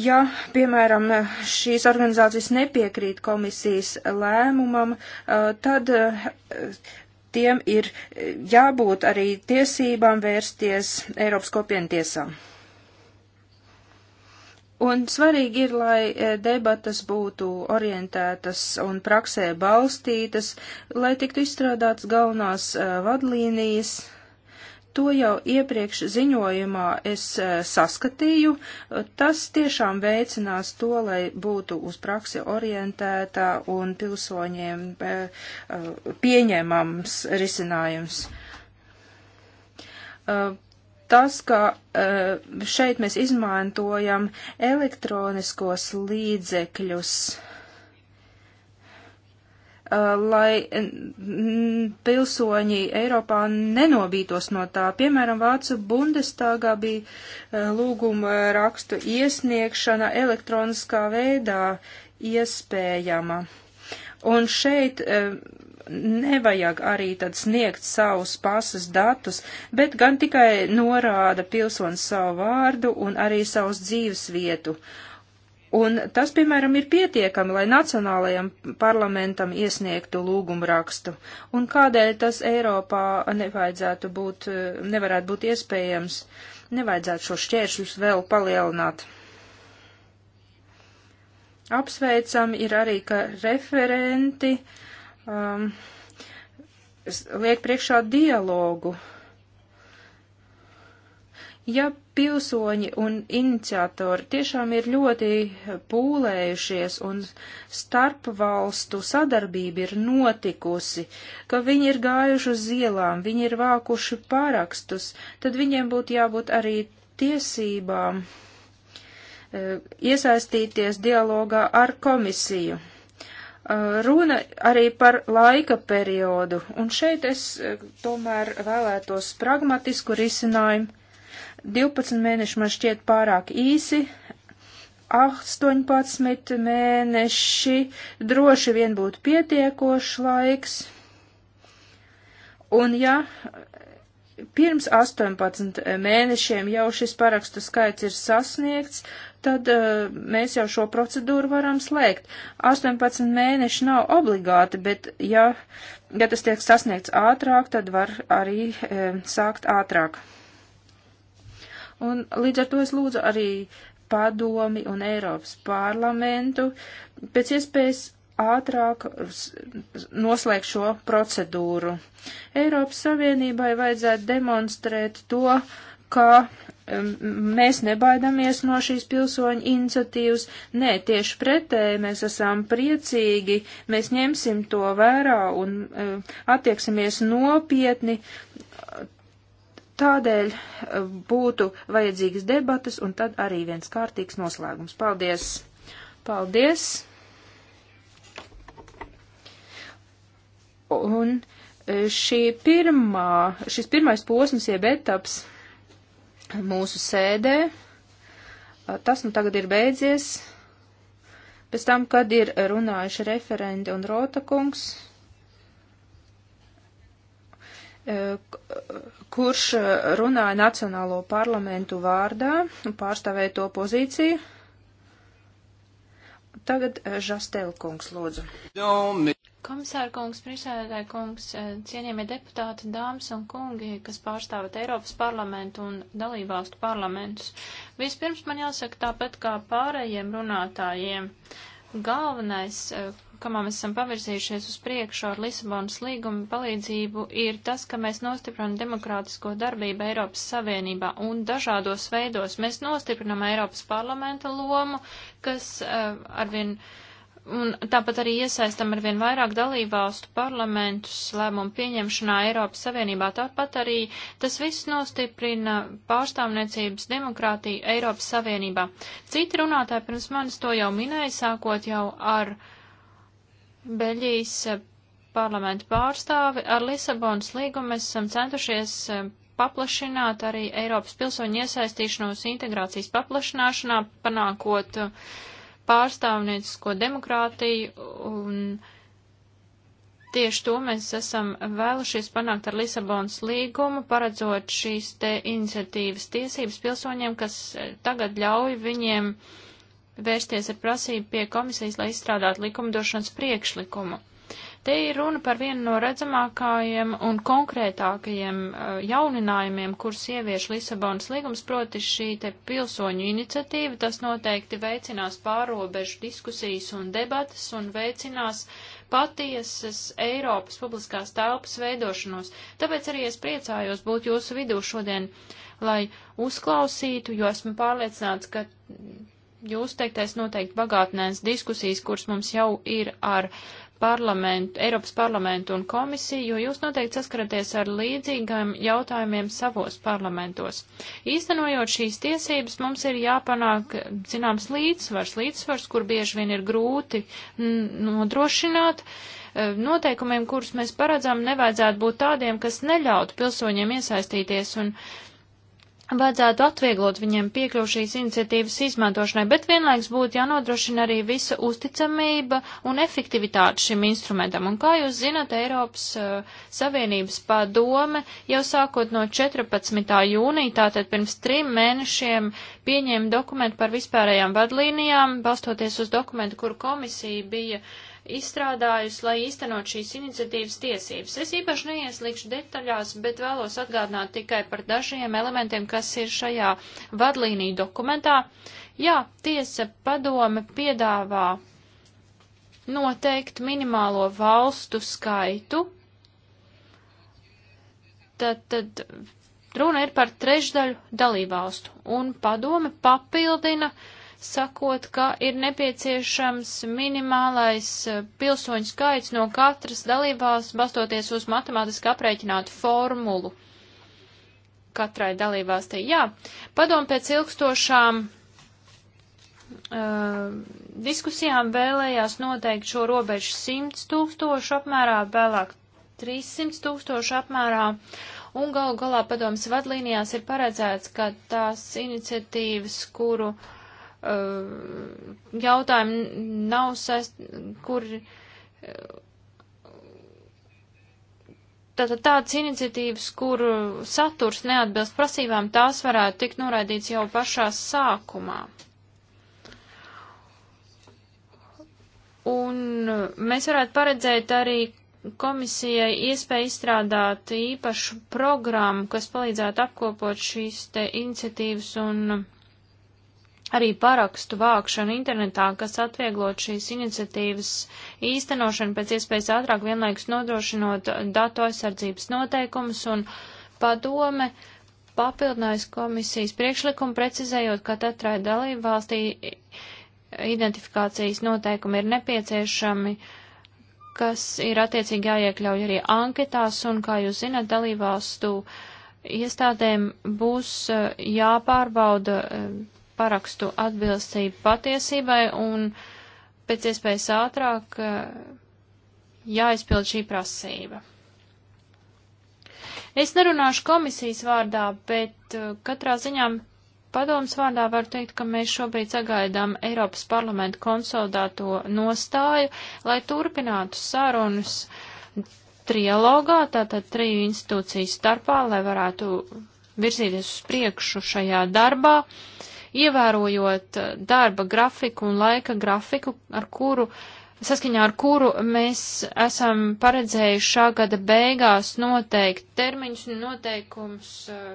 ja, piemēram, šīs organizācijas nepiekrīt komisijas lēmumam, uh, tad uh, tiem ir uh, jābūt arī tiesībām vērsties Eiropas kopienu tiesām. Un svarīgi ir, lai e, debatas būtu orientētas un praksē balstītas, lai tiktu izstrādāts galvenās e, vadlīnijas. To jau iepriekš ziņojumā es e, saskatīju. Tas tiešām veicinās to, lai būtu uz praksi orientētā un pilsoņiem pieņemams risinājums tas, ka eh, šeit mēs izmantojam elektroniskos līdzekļus, eh, lai pilsoņi Eiropā nenobītos no tā. Piemēram, Vācu Bundestāgā bija eh, lūguma rakstu iesniegšana elektroniskā veidā iespējama. Un šeit nevajag arī tad sniegt savus pasas datus, bet gan tikai norāda pilsonis savu vārdu un arī savus dzīves vietu. Un tas, piemēram, ir pietiekami, lai nacionālajam parlamentam iesniegtu lūgumu rakstu. Un kādēļ tas Eiropā nevajadzētu būt, nevarētu būt iespējams, nevajadzētu šo šķēršļus vēl palielināt. Apsveicam ir arī, ka referenti uh, um, liek priekšā dialogu. Ja pilsoņi un iniciatori tiešām ir ļoti pūlējušies un starpvalstu sadarbība ir notikusi, ka viņi ir gājuši uz ielām, viņi ir vākuši pārakstus, tad viņiem būtu jābūt arī tiesībām e, iesaistīties dialogā ar komisiju. Eh, runa arī par laika periodu, un šeit es eh, tomēr vēlētos pragmatisku risinājumu. 12 mēneši man šķiet pārāk īsi, 18 mēneši droši vien būtu pietiekošs laiks. Un ja pirms 18 mēnešiem jau šis parakstu skaits ir sasniegts, tad uh, mēs jau šo procedūru varam slēgt. 18 mēneši nav obligāti, bet ja, ja tas tiek sasniegts ātrāk, tad var arī e, sākt ātrāk. Un līdz ar to es lūdzu arī padomi un Eiropas parlamentu pēc iespējas ātrāk noslēgt šo procedūru. Eiropas Savienībai vajadzētu demonstrēt to, ka mēs nebaidamies no šīs pilsoņu iniciatīvas. Nē, tieši pretēji mēs esam priecīgi, mēs ņemsim to vērā un attieksimies nopietni. Tādēļ būtu vajadzīgas debatas un tad arī viens kārtīgs noslēgums. Paldies! Paldies! Un eh, šī pirmā, šis pirmais posms jeb etaps mūsu sēdē. Tas nu tagad ir beidzies. Pēc tam, kad ir runājuši referendi un Rotakungs, e, kurš e, runāja Nacionālo parlamentu vārdā un pārstāvēja to pozīciju. Tagad e, Žastelkungs lūdzu. Komisāra kungs, priekšsēdētāja kungs, eh, cienījamie deputāti, dāmas un kungi, kas pārstāvat Eiropas parlamentu un dalībvalstu parlamentus. Vispirms man jāsaka tāpat kā pārējiem runātājiem. Galvenais, eh, kamā mēs esam pavirzījušies uz priekšu ar Lisabonas līgumu palīdzību, ir tas, ka mēs nostiprinam demokrātisko darbību Eiropas Savienībā un dažādos veidos. Mēs nostiprinam Eiropas parlamenta lomu, kas uh, arvien uh, Un tāpat arī iesaistam ar vien vairāk dalībvalstu parlamentus lēmumu pieņemšanā Eiropas Savienībā. Tāpat arī tas viss nostiprina pārstāvniecības demokrātiju Eiropas Savienībā. Citi runātāji pirms manis to jau minēja, sākot jau ar Beļģijas parlamentu pārstāvi. Ar Lisabonas līgumu mēs esam centušies eh, paplašināt arī Eiropas pilsoņu iesaistīšanos integrācijas paplašināšanā, panākot uh, pārstāvniecisko demokrātiju, un tieši to mēs esam vēlušies panākt ar Lisabonas līgumu, paredzot šīs te iniciatīvas tiesības pilsoņiem, kas eh, tagad ļauj viņiem vērsties ar prasību pie komisijas, lai izstrādātu likumdošanas priekšlikumu. Te ir runa par vienu no redzamākajiem un konkrētākajiem eh, jauninājumiem, kurus ievieš Lisabonas līgums, proti šī te pilsoņu iniciatīva. Tas noteikti veicinās pārobežu diskusijas un debatas un veicinās patiesas Eiropas publiskās telpas veidošanos. Tāpēc arī es priecājos būt jūsu vidū šodien, lai uzklausītu, jo esmu pārliecināts, ka jūs teiktais noteikti bagātinās diskusijas, kuras mums jau ir ar parlamentu, Eiropas parlamentu un komisiju, jo jūs noteikti saskaraties ar līdzīgiem jautājumiem savos parlamentos. Īstenojot šīs tiesības, mums ir jāpanāk, zināms, līdzsvars, līdzsvars, kur bieži vien ir grūti nodrošināt. E, noteikumiem, kurus mēs paredzam, nevajadzētu būt tādiem, kas neļautu pilsoņiem iesaistīties un uh, vajadzētu atvieglot viņiem piekļuvu šīs iniciatīvas izmantošanai, bet vienlaiks būtu jānodrošina arī visa uzticamība un efektivitāte šim instrumentam. Un kā jūs zinat, Eiropas uh, Savienības padome jau sākot no 14. jūnija, tātad pirms trim mēnešiem, pieņēma dokumentu par vispārējām vadlīnijām, balstoties uz dokumentu, kur komisija bija uh, izstrādājusi, lai īstenot šīs iniciatīvas tiesības. Es īpaši neieslīgšu detaļās, bet vēlos atgādināt tikai par dažiem elementiem, kas ir šajā vadlīniju dokumentā. Jā, tiesa padome piedāvā noteikt minimālo valstu skaitu. Tad, tad runa ir par trešdaļu dalībvalstu, un padome papildina uh, sakot, ka ir nepieciešams minimālais eh, pilsoņu skaits no katras dalībās, bastoties uz matemātiski aprēķinātu formulu katrai dalībvalstī. Jā, padom pēc ilgstošām uh, diskusijām vēlējās noteikt šo robežu 100 tūkstošu apmērā, vēlāk 300 tūkstošu apmērā. Un galu galā padomas vadlīnijās ir paredzēts, ka tās iniciatīvas, kuru uh, Uh, jautājumi nav saist, kur. Uh, tātad tādas iniciatīvas, kur saturs neatbilst prasībām, tās varētu tikt noraidīts jau pašā sākumā. Un mēs varētu paredzēt arī komisijai iespēju izstrādāt īpašu programmu, kas palīdzētu apkopot šīs te iniciatīvas un arī parakstu vākšanu internetā, kas atvieglot šīs iniciatīvas īstenošanu pēc iespējas ātrāk vienlaikus nodrošinot datu aizsardzības noteikumus un padome papildinājis komisijas priekšlikumu, precizējot, ka katrai dalību valstī identifikācijas noteikumi ir nepieciešami, kas ir attiecīgi jāiekļauj arī anketās, un, kā jūs zināt, dalībvalstu iestādēm būs eh, jāpārbauda eh, parakstu atbilstību patiesībai un pēc iespējas ātrāk eh, jāizpild šī prasība. Es nerunāšu komisijas vārdā, bet eh, katrā ziņā padomas vārdā var teikt, ka mēs šobrīd sagaidām Eiropas parlamentu konsolidēto nostāju, lai turpinātu sarunas trialogā, tātad triju institūciju starpā, lai varētu virzīties uz priekšu šajā darbā. Uh, ievērojot eh, darba grafiku un laika grafiku, ar kuru, saskaņā ar kuru mēs esam paredzējuši šā gada beigās noteikt termiņus un noteikums eh,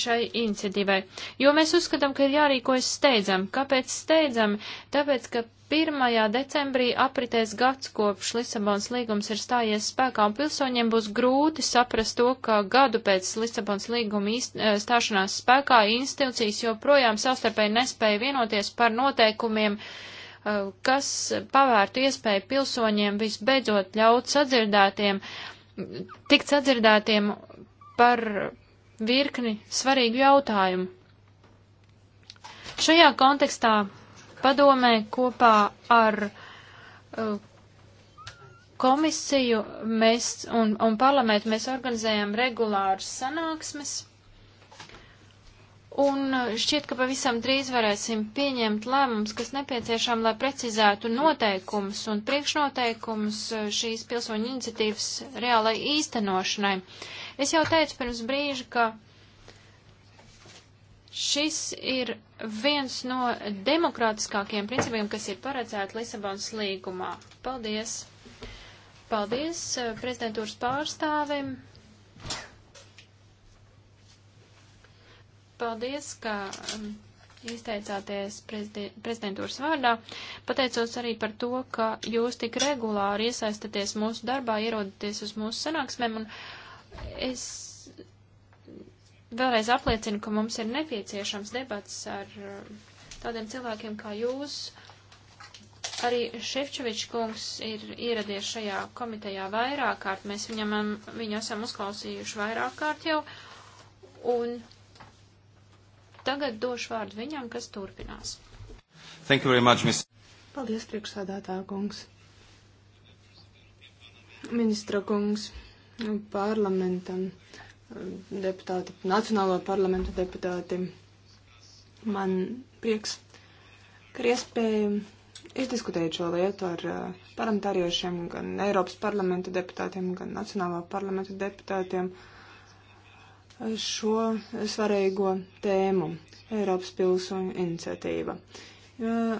šai iniciatīvai, jo mēs uzskatām, ka ir jārīkojas steidzam. Kāpēc steidzam? Tāpēc, ka 1. decembrī apritēs gads, kopš Lisabons līgums ir stājies spēkā, un pilsoņiem būs grūti saprast to, ka gadu pēc Lisabons līguma eh, stāšanās spēkā institūcijas joprojām savstarpēji nespēja vienoties par noteikumiem, eh, kas pavērtu iespēju pilsoņiem visbeidzot ļaut sadzirdētiem, tikt sadzirdētiem par virkni svarīgu jautājumu. Šajā kontekstā padomē kopā ar uh, komisiju mēs un, un parlamentu mēs organizējam regulāras sanāksmes. Un uh, šķiet, ka pavisam drīz varēsim pieņemt lēmums, kas nepieciešām, lai precizētu noteikumus un priekšnoteikumus uh, šīs pilsoņu iniciatīvas reālai īstenošanai. Uh, Es jau teicu pirms brīža, ka šis ir viens no demokrātiskākiem principiem, kas ir paredzēti Lisabonas līgumā. Paldies! Paldies eh, prezidentūras pārstāvim! Paldies, ka mm, izteicāties prezidentūras vārdā, pateicos arī par to, ka jūs tik regulāri iesaistaties mūsu darbā, ierodaties uz mūsu sanāksmēm, un Es vēlreiz apliecinu, ka mums ir nepieciešams debats ar eh, tādiem cilvēkiem kā jūs. Arī Šefčovičs kungs ir ieradies šajā komitejā vairāk kārt. Mēs viņam, viņu esam uzklausījuši vairāk kārt jau. Un tagad došu vārdu viņam, kas turpinās. Thank you very much, Miss. Paldies, priekšsādātā kungs. Ministra kungs parlamentam deputāti, Nacionālo parlamentu deputāti. Man prieks, ka ir iespēja izdiskutēt šo lietu ar eh, parlamentāriešiem, gan Eiropas parlamenta deputātiem, gan Nacionālo parlamentu deputātiem šo svarīgo tēmu - Eiropas pilsoņu iniciatīva.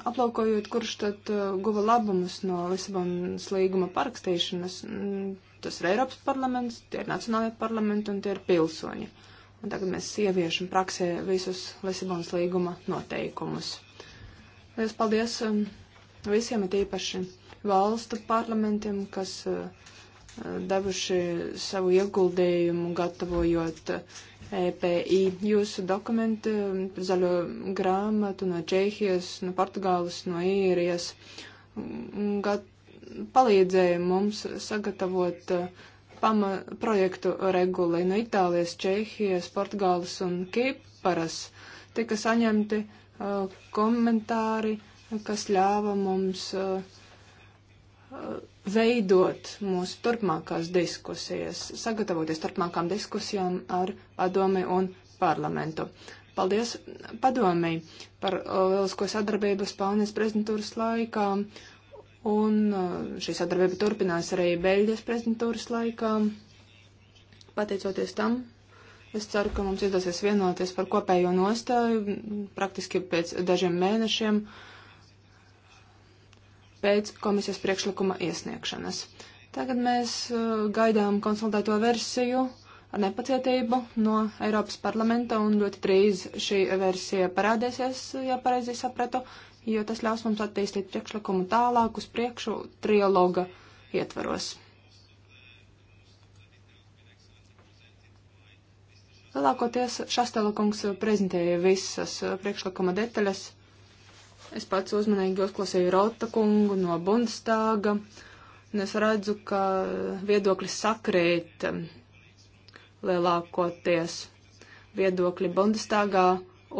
Aplaukojot, kurš tad eh, guva labumus no Lisabonas līguma parakstīšanas, Tas ir Eiropas parlaments, tie ir nacionālajie parlamenti un tie ir pilsoņi. Un tagad mēs ieviešam praksē visus Lisabonas līguma noteikumus. Lielas paldies um, visiem, it īpaši valstu parlamentiem, kas uh, uh, devuši savu ieguldījumu, gatavojot uh, EPI. Jūsu dokumenti, um, zaļo grāmatu no Čehijas, no Portugāles, no Īrijas, um, gat, palīdzēja mums sagatavot uh, pama projektu reguli no Itālijas, Čehijas, Portugāles un Kīparas. Tika saņemti uh, komentāri, kas ļāva mums uh, uh, veidot mūsu turpmākās diskusijas, sagatavoties turpmākām diskusijām ar padomi un parlamentu. Paldies padomei par uh, lielisko sadarbību Spānijas prezidentūras laikā. Uh, Un uh, šī sadarbība turpinās arī Beļģijas prezidentūras laikā. Pateicoties tam, es ceru, ka mums izdosies vienoties par kopējo nostāju praktiski pēc dažiem mēnešiem pēc komisijas priekšlikuma iesniegšanas. Tagad mēs uh, gaidām konsultēto versiju ar nepacietību no Eiropas parlamenta, un ļoti drīz šī versija parādīsies, ja pareizi sapratu jo tas ļaus mums attīstīt priekšlikumu tālāk uz priekšu trialoga ietvaros. Lielākoties Šastelakungs prezentēja visas priekšlikuma detaļas. Es pats uzmanīgi uzklausīju Rauta kungu no Bundestāga, un es redzu, ka viedokļi sakrīt um, lielākoties viedokļi Bundestāgā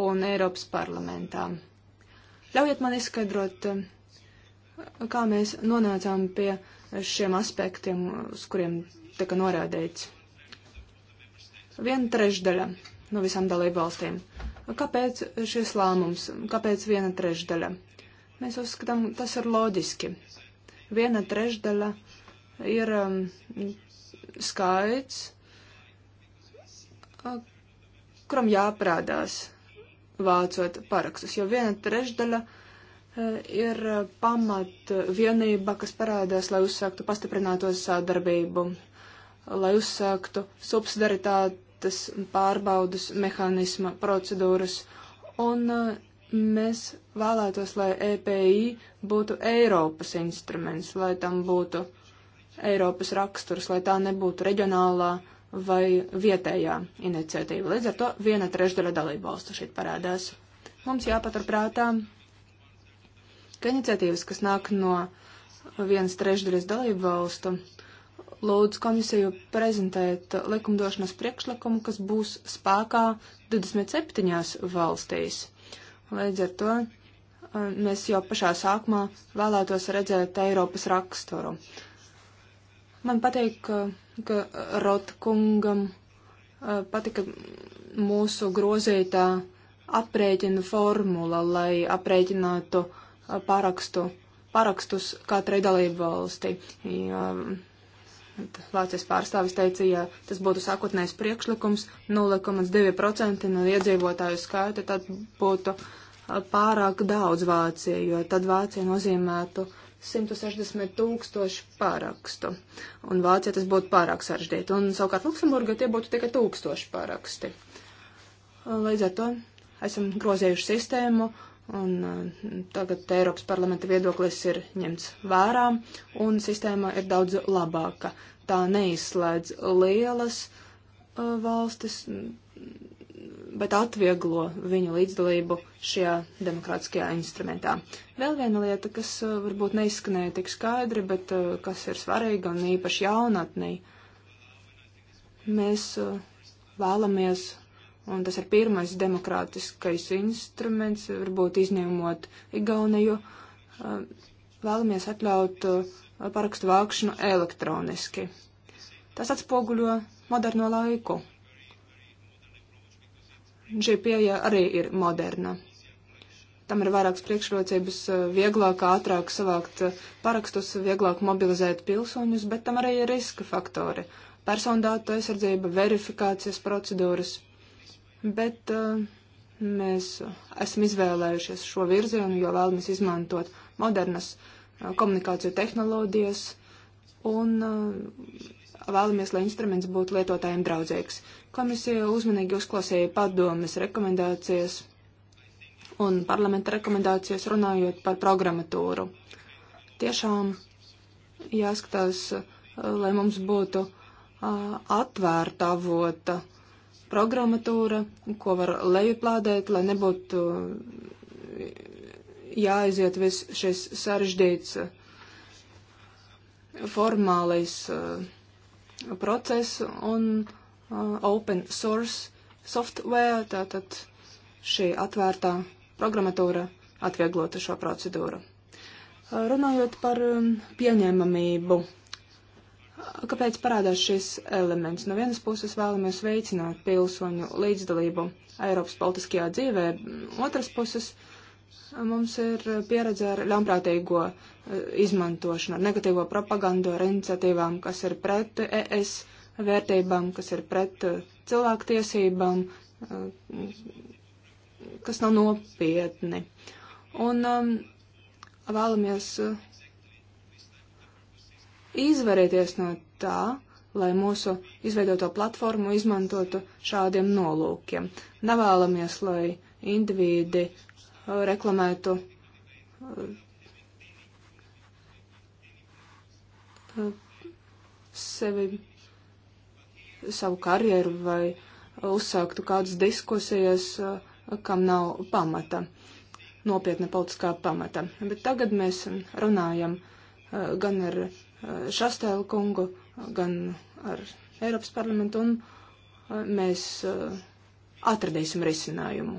un Eiropas parlamentā. Ļaujiet man izskaidrot, eh, kā mēs nonācām pie šiem aspektiem, uz kuriem tika norādīts. Viena trešdaļa no visām dalību valstīm. Kāpēc šis lēmums? Kāpēc viena trešdaļa? Mēs uzskatām, tas ir loģiski. Viena trešdaļa ir um, skaits, eh, kuram jāprādās vācot parakstus, jo viena trešdaļa e, ir pamat vienība, kas parādās, lai uzsāktu pastiprināto sadarbību, lai uzsāktu subsidaritātes pārbaudas mehānisma procedūras. Un e, mēs vēlētos, lai EPI būtu Eiropas instruments, lai tam būtu Eiropas raksturs, lai tā nebūtu reģionālā uh, vai vietējā iniciatīva. Līdz ar to viena trešdaļa dalību valstu šeit parādās. Mums jāpaturprātā, ka iniciatīvas, kas nāk no vienas trešdaļas dalību valstu, lūdz komisiju prezentēt likumdošanas priekšlikumu, kas būs spēkā 27 valstīs. Līdz ar to eh, mēs jau pašā sākumā vēlētos redzēt Eiropas raksturu. Uh, Man patīk, ka Rotkungam patika mūsu grozītā aprēķina formula, lai aprēķinātu parakstu, parakstus katrai dalību valstī. Ja, Vācijas pārstāvis teica, ja tas būtu sākotnējs priekšlikums 0,2% no iedzīvotāju skaita, tad būtu pārāk daudz Vācija, jo tad Vācija nozīmētu uh, 160 tūkstoši pārakstu. Un Vācija tas būtu pārāk sarežģīti. Un savukārt Luksemburga tie būtu tikai tūkstoši pāraksti. Līdz ar to esam grozējuši sistēmu. Un uh, tagad Eiropas parlamenta viedoklis ir ņemts vērā, un sistēma ir daudz labāka. Tā neizslēdz lielas uh, valstis, bet atvieglo viņu līdzdalību šajā demokrātiskajā instrumentā. Vēl viena lieta, kas uh, varbūt neizskanēja tik skaidri, bet uh, kas ir svarīga un īpaši jaunatnī. Mēs uh, vēlamies, un tas ir pirmais demokrātiskais instruments, varbūt izņemot Igauniju, vēlamies atļaut parakstu vākšanu elektroniski. Tas atspoguļo moderno laiku Šī pieeja arī ir moderna. Tam ir vairākas priekšrocības, eh, vieglāk, ātrāk savākt eh, parakstus, vieglāk mobilizēt pilsoņus, bet tam arī ir riska faktori - persondāta aizsardzība, verifikācijas procedūras. Bet uh, mēs esam izvēlējušies šo virzienu, jo vēlamies izmantot modernas uh, komunikāciju tehnoloģijas un uh, vēlamies, lai instruments būtu lietotājiem draudzīgs. Komisija uzmanīgi uzklausīja padomes rekomendācijas un parlamenta rekomendācijas runājot par programmatūru. Tiešām jāskatās, lai mums būtu atvērta avota programmatūra, ko var lejuplādēt, lai nebūtu jāaiziet viss šis sarežģīts formālais process un Uh, open source software, tātad šī atvērtā programmatūra atvieglota šo procedūru. Uh, runājot par um, pieņēmamību, kāpēc parādās šis elements? No vienas puses vēlamies veicināt pilsoņu līdzdalību Eiropas politiskajā dzīvē, otras puses uh, mums ir pieredze ar ļaunprātīgo izmantošanu, ar negatīvo propagandu, ar iniciatīvām, kas ir pret ES vērtībām, kas ir pret uh, cilvēku tiesībām, uh, kas nav nopietni. Un um, vēlamies uh, izvarīties no tā, lai mūsu izveidoto platformu izmantotu šādiem nolūkiem. Nevēlamies, lai indivīdi reklamētu sevi savu karjeru vai uzsāktu kādas diskusijas, eh, kam nav pamata, nopietna politiskā pamata. Bet tagad mēs runājam eh, gan ar eh, Šastēlu kungu, gan ar Eiropas parlamentu, un mēs atradīsim risinājumu.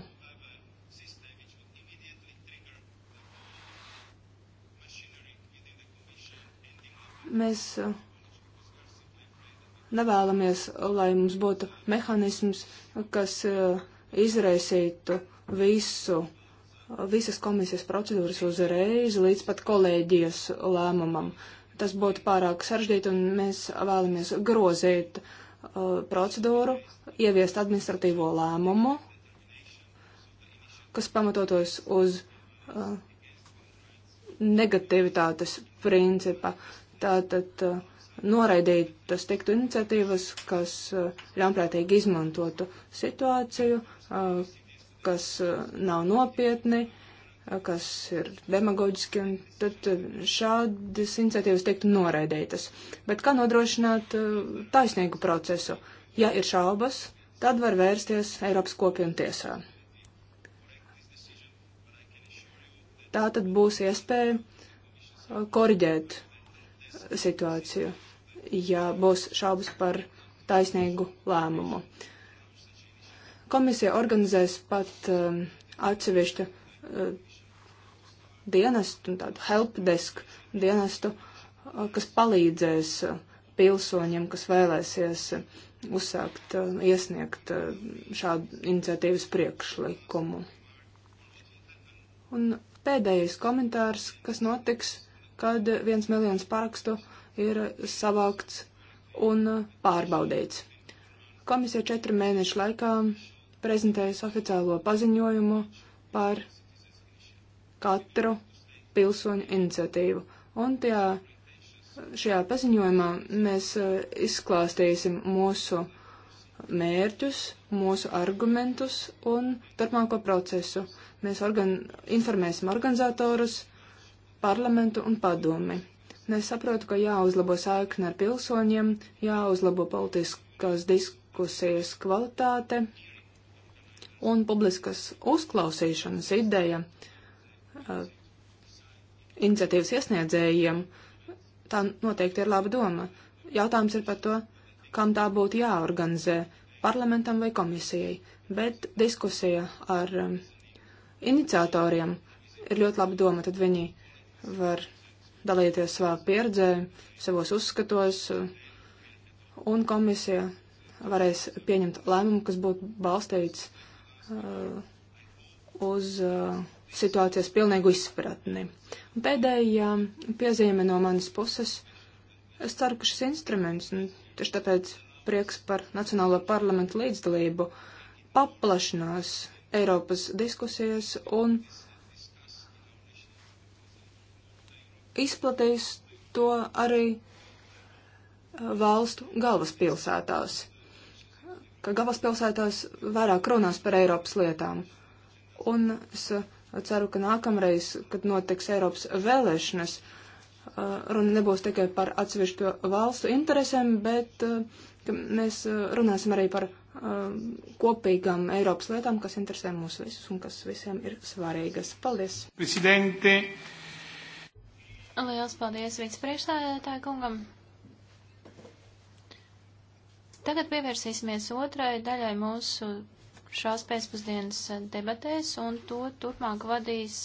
Mēs uh, nevēlamies, lai mums būtu mehanisms, kas eh, izraisītu visu, visas komisijas procedūras uzreiz līdz pat kolēģijas lēmumam. Tas būtu pārāk saržģīti un mēs vēlamies grozīt uh, procedūru, ieviest administratīvo lēmumu, kas pamatotos uz uh, negativitātes principa. Tātad uh, noraidītas tiktu iniciatīvas, kas uh, ļaunprātīgi izmantotu situāciju, uh, kas uh, nav nopietni, kas ir demagoģiski, un tad šādas iniciatīvas tiktu noraidītas. Bet kā nodrošināt taisnīgu procesu? Ja ir šaubas, tad var vērsties Eiropas kopienu tiesā. Tā tad būs iespēja koriģēt situāciju ja būs šaubas par taisnīgu lēmumu. Komisija organizēs pat um, atsevišķu uh, dienestu, tādu helpdesk dienestu, uh, kas palīdzēs uh, pilsoņiem, kas vēlēsies uh, uzsākt, uh, iesniegt uh, šādu iniciatīvas priekšlikumu. Un pēdējais komentārs, kas notiks, kad viens miljons parakstu uh, ir savākts un pārbaudīts. Komisija četru mēnešu laikā prezentējas oficiālo paziņojumu par katru pilsoņu iniciatīvu. Un tajā, šajā paziņojumā mēs uh, izklāstīsim mūsu mērķus, mūsu argumentus un turpmāko procesu. Mēs organ informēsim organizatorus, parlamentu un padomi. Es saprotu, ka jāuzlabo saikne ar pilsoņiem, jāuzlabo politiskās diskusijas kvalitāte un publiskas uzklausīšanas ideja uh, iniciatīvas iesniedzējiem. Tā noteikti ir laba doma. Jautājums ir par to, kam tā būtu jāorganizē - parlamentam vai komisijai. Bet diskusija ar um, iniciatoriem ir ļoti laba doma, tad viņi var dalīties savā pieredzē, savos uzskatos, un komisija varēs pieņemt lēmumu, kas būtu balstīts uh, uz uh, situācijas pilnīgu izpratni. Un pēdējā piezīme no manas puses. Es ceru, ka šis instruments, un tieši tāpēc prieks par Nacionālo parlamentu līdzdalību, paplašinās Eiropas diskusijas un uh, izplatījis to arī uh, valstu galvaspilsētās, ka galvaspilsētās vairāk runās par Eiropas lietām. Un es uh, ceru, ka nākamreiz, kad notiks Eiropas vēlēšanas, uh, runa nebūs tikai par atsevišķo valstu interesēm, bet mēs runāsim arī par kopīgām Eiropas lietām, kas interesē mūs visus un kas visiem ir svarīgas. Paldies! Presidente. Liels paldies vicepriekšstādātāju kungam. Tagad pievērsīsimies otrai daļai mūsu šās pēcpusdienas debatēs, un to turpmāk vadīs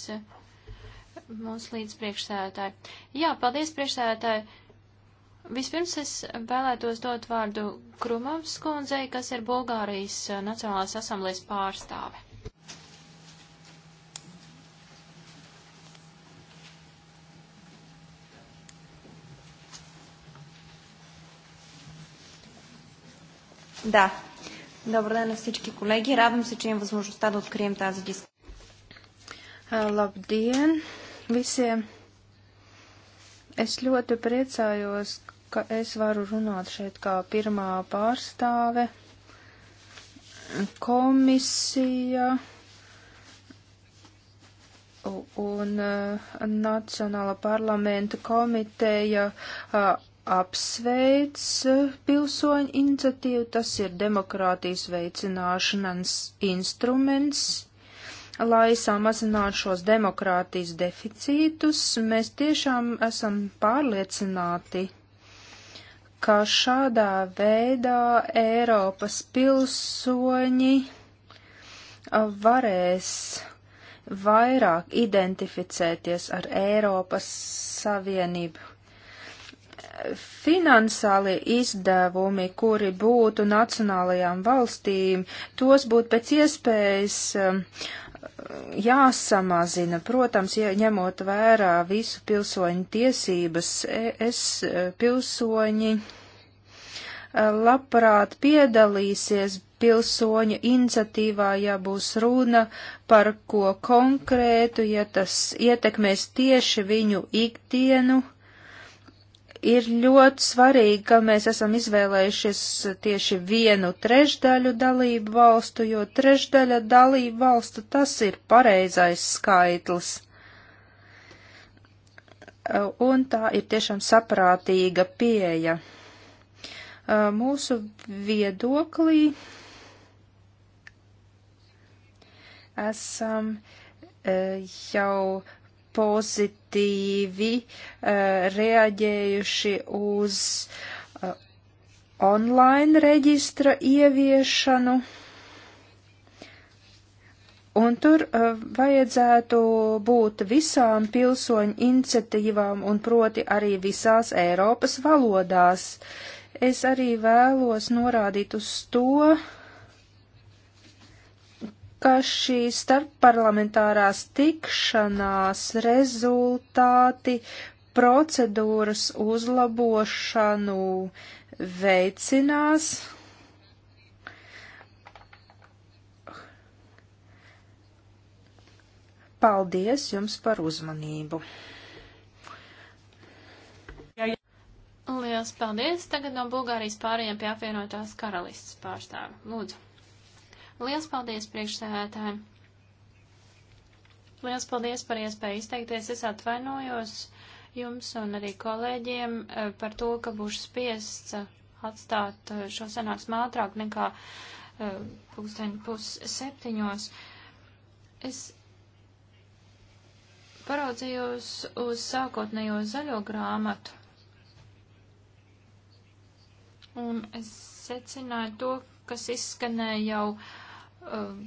mūsu līdz priekšsēdētāji. Jā, paldies priekšsēdētāji. Vispirms es vēlētos dot vārdu Krumovs kundzei, kas ir Bulgārijas Nacionālās asamblēs pārstāve. Да. Добър ден на всички колеги. Радвам се, че имам възможността да открием тази дискусия. Labdien visiem! Es ļoti priecājos, ka es varu runāt šeit kā pirmā pārstāve. Komisija un uh, Nacionāla parlamenta komiteja uh, apsveic eh, pilsoņu iniciatīvu, tas ir demokrātijas veicināšanas instruments. Lai samazinātu šos demokrātijas deficītus, mēs tiešām esam pārliecināti, ka šādā veidā Eiropas pilsoņi eh, varēs vairāk identificēties ar Eiropas Savienību Finansālie izdevumi, kuri būtu nacionālajām valstīm, tos būtu pēc iespējas um, jāsamazina, protams, ja ņemot vērā visu pilsoņu tiesības, es eh, pilsoņi eh, labprāt piedalīsies pilsoņu iniciatīvā, ja būs runa par ko konkrētu, ja tas ietekmēs tieši viņu ikdienu. Uh, ir ļoti svarīgi, ka mēs esam izvēlējušies tieši vienu trešdaļu dalību valstu, jo trešdaļa dalību valstu tas ir pareizais skaitlis. Un tā ir tiešām saprātīga pieeja. Mūsu viedoklī esam eh, jau pozitīvi eh, reaģējuši uz eh, online reģistra ieviešanu. Un tur uh, vajadzētu būt visām pilsoņu iniciatīvām un proti arī visās Eiropas valodās. Es arī vēlos norādīt uz to, ka šī starpparlamentārās tikšanās rezultāti procedūras uzlabošanu veicinās. Paldies jums par uzmanību! Lielas paldies! Tagad no Bulgārijas pārējiem pie apvienotās karalists pārstāvu. Lūdzu! Liels paldies priekšsēdētājiem! Liels paldies par iespēju izteikties. Es atvainojos jums un arī kolēģiem eh, par to, ka būšu spiests eh, atstāt eh, šo sanāksmu ātrāk nekā pūksteni pus septiņos. Es paraudzījos uz sākotnējo zaļo grāmatu. Un es secināju to, kas izskanēja jau Um,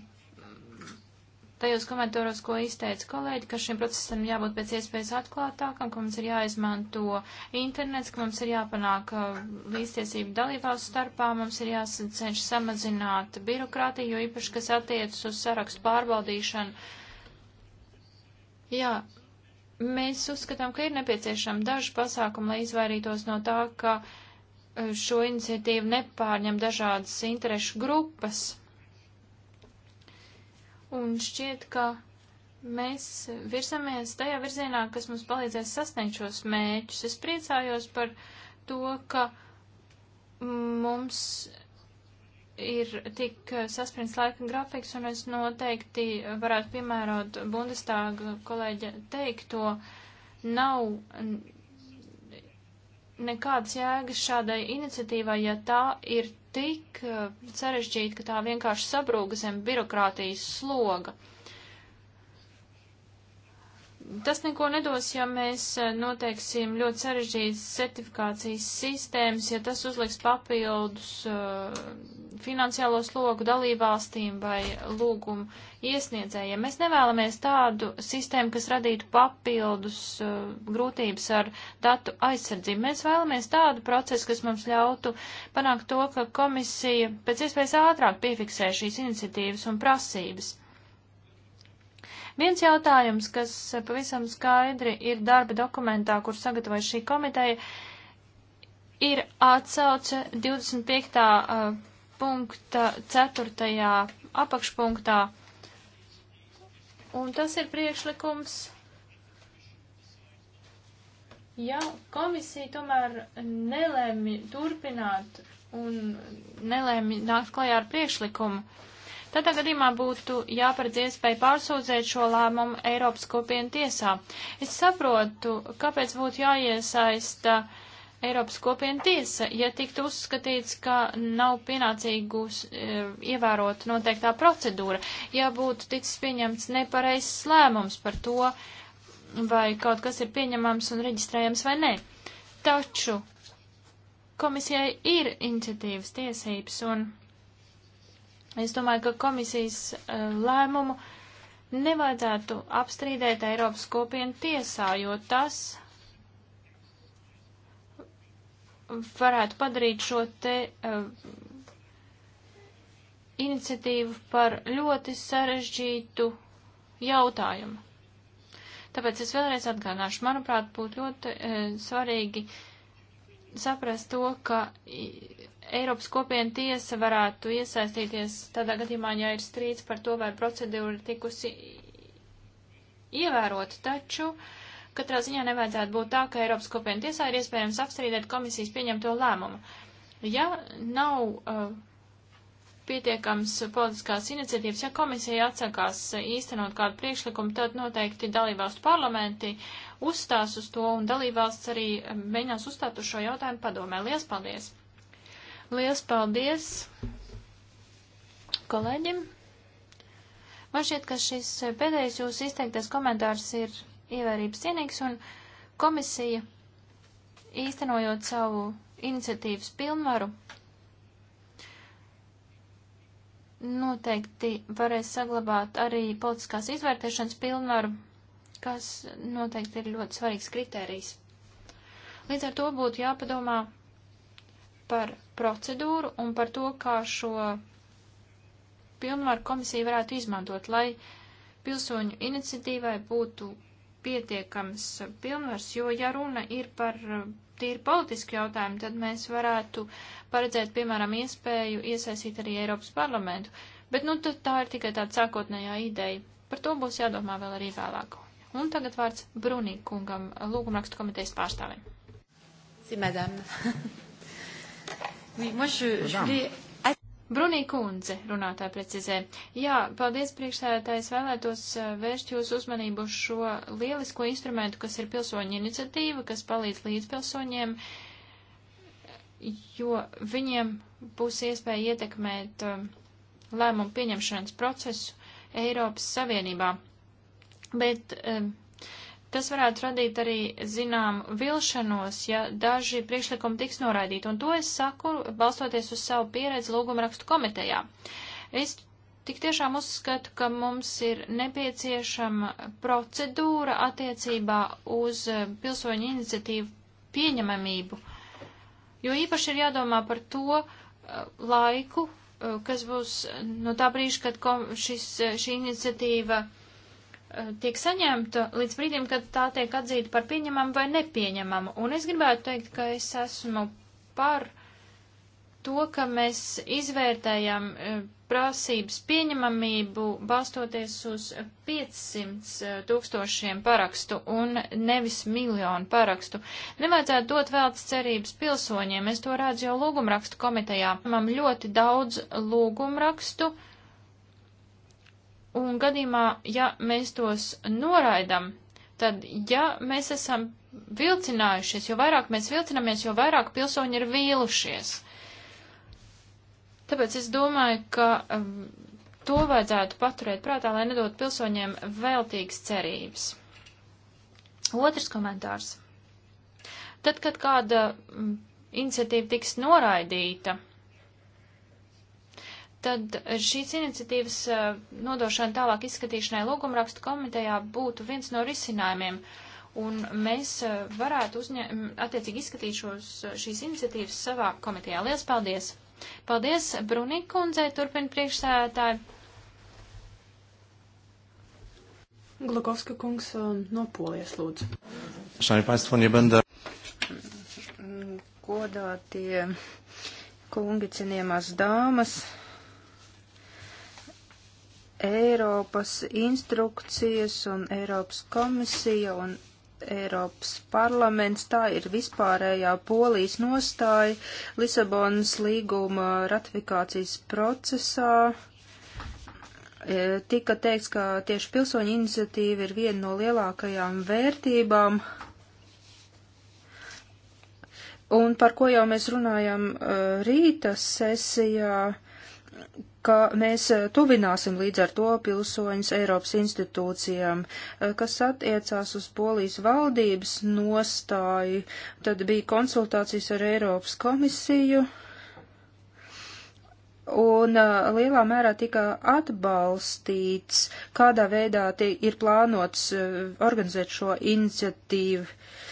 tajos komentāros, ko izteica kolēģi, ka šim procesam jābūt pēc iespējas atklātākam, ka mums ir jāizmanto internets, ka mums ir jāpanāk uh, līdztiesību dalībās starpā, mums ir jācenš samazināt birokrātiju, jo īpaši, kas attiecas uz sarakstu pārbaudīšanu. Jā, mēs uzskatām, ka ir nepieciešama daži pasākumi, lai izvairītos no tā, ka uh, šo iniciatīvu nepārņem dažādas interešu grupas un šķiet, ka mēs virsamies tajā virzienā, kas mums palīdzēs sasniegt šos mēķus. Es priecājos par to, ka mums ir tik saspringts laika grafiks, un es noteikti varētu piemērot Bundestāga kolēģa teikto. Nav nekādas jēgas šādai iniciatīvai, ja tā ir tik eh, sarežģīta, ka tā vienkārši sabrūga zem birokrātijas sloga. Tas neko nedos, ja mēs eh, noteiksim ļoti sarežģītas certifikācijas sistēmas, ja tas uzliks papildus uh, finansiālo slogu dalībvalstīm vai lūgumu iesniedzējiem. Mēs nevēlamies tādu sistēmu, kas radītu papildus uh, grūtības ar datu aizsardzību. Mēs vēlamies tādu procesu, kas mums ļautu panākt to, ka komisija pēc iespējas ātrāk piefiksē šīs iniciatīvas un prasības. Viens jautājums, kas pavisam skaidri ir darba dokumentā, kur sagatavoja šī komiteja, ir atsauce 25 punkta ceturtajā apakšpunktā. Un tas ir priekšlikums, ja komisija tomēr nelēmi turpināt un nelēmi nākt klajā ar priekšlikumu, Tādā gadījumā būtu jāparedz iespēja pārsūdzēt šo lēmumu Eiropas kopienu tiesā. Es saprotu, kāpēc būtu jāiesaista uh, Eiropas kopiena tiesa, ja tiktu uzskatīts, ka nav pienācīgus eh, ievērot noteiktā procedūra, ja būtu ticis pieņemts nepareizs lēmums par to, vai kaut kas ir pieņemams un reģistrējams vai nē. Taču komisijai ir iniciatīvas tiesības, un es domāju, ka komisijas eh, lēmumu nevajadzētu apstrīdēt Eiropas kopienu tiesā, jo tas varētu padarīt šo te uh, iniciatīvu par ļoti sarežģītu jautājumu. Tāpēc es vēlreiz atgādināšu, manuprāt, būtu ļoti uh, svarīgi saprast to, ka Eiropas kopiena tiesa varētu iesaistīties tādā gadījumā, ja ir strīds par to, vai procedūra ir tikusi ievērota, taču uh, Katrā ziņā nevajadzētu būt tā, ka Eiropas kopienu tiesā ir iespējams apstrīdēt komisijas pieņemto lēmumu. Ja nav uh, pietiekams politiskās iniciatīvas, ja komisija atsakās īstenot kādu priekšlikumu, tad noteikti dalībvalstu parlamenti uzstās uz to, un dalībvalsts arī um, mēģinās uzstāt uz šo jautājumu padomē. Lielas paldies! Lielas paldies kolēģim! Man šķiet, ka šis pēdējais jūsu izteiktais komentārs ir ievērības cienīgs, un komisija, īstenojot savu iniciatīvas pilnvaru, noteikti varēs saglabāt arī politiskās izvērtēšanas pilnvaru, kas noteikti ir ļoti svarīgs kritērijs. Līdz ar to būtu jāpadomā par procedūru un par to, kā šo pilnvaru komisija varētu izmantot, lai pilsoņu iniciatīvai būtu pietiekams pilnvars, jo ja runa ir par uh, tīri politisku jautājumu, tad mēs varētu paredzēt, piemēram, iespēju iesaistīt arī Eiropas parlamentu. Bet, nu, tā ir tikai tāda sākotnējā ideja. Par to būs jādomā vēl arī vēlāk. Un tagad vārds Brunī kungam, lūgumrakstu komitejas pārstāvim. Si, madame. oui, moi, je, je voulais Brunī kundze, runātāja precizē. Jā, paldies priekšsēdētājs, vēlētos eh, vērst jūsu uzmanību uz šo lielisko instrumentu, kas ir pilsoņu iniciatīva, kas palīdz līdzpilsoņiem, jo viņiem būs iespēja ietekmēt eh, lēmumu pieņemšanas procesu Eiropas Savienībā. Bet um, Tas varētu radīt arī zinām vilšanos, ja daži priekšlikumi tiks noraidīti, un to es saku, balstoties uz savu pieredzi lūgumrakstu komitejā. Es tik tiešām uzskatu, ka mums ir nepieciešama procedūra attiecībā uz eh, pilsoņu iniciatīvu pieņemamību, jo īpaši ir jādomā par to eh, laiku, eh, kas būs no tā brīža, kad šis, šī iniciatīva Eh, tiek saņemta līdz brīdim, kad tā tiek atzīta par pieņemamu vai nepieņemamu. Un es gribētu teikt, ka es esmu par to, ka mēs izvērtējam eh, prasības pieņemamību balstoties uz 500 eh, tūkstošiem parakstu un nevis miljonu parakstu. Nevajadzētu dot vēlts cerības pilsoņiem, es to redzu jau lūgumrakstu komitejā. Mam ļoti daudz lūgumrakstu. rakstu Un gadījumā, ja mēs tos noraidam, tad, ja mēs esam vilcinājušies, jo vairāk mēs vilcinamies, jo vairāk pilsoņi ir vīlušies. Tāpēc es domāju, ka um, to vajadzētu paturēt prātā, lai nedot pilsoņiem veltīgas cerības. Otrs komentārs. Tad, kad kāda mm, iniciatīva tiks noraidīta, tad šīs iniciatīvas nodošana tālāk izskatīšanai lūgumrakstu komitejā būtu viens no risinājumiem. Un mēs varētu uzņem, attiecīgi izskatīt šos, šīs iniciatīvas savā komitejā. Lielas paldies! Paldies Brunīk kundzei, turpina priekšsēdētāji. Glakovska kungs no Polijas lūdzu. Šādi paistonie benda. Godātie kungi, cienījamās dāmas. Eiropas instrukcijas un Eiropas komisija un Eiropas parlaments, tā ir vispārējā polijas nostāja Lisabonas līguma ratifikācijas procesā. E, tika teikts, ka tieši pilsoņu iniciatīva ir viena no lielākajām vērtībām. Un par ko jau mēs runājam e, rīta sesijā, ka mēs eh, tuvināsim līdz ar to pilsoņus Eiropas institūcijām, eh, kas attiecās uz polijas valdības nostāju. Tad bija konsultācijas ar Eiropas komisiju. Un uh, lielā mērā tika atbalstīts, kādā veidā ir plānots uh, organizēt šo iniciatīvu. Uh,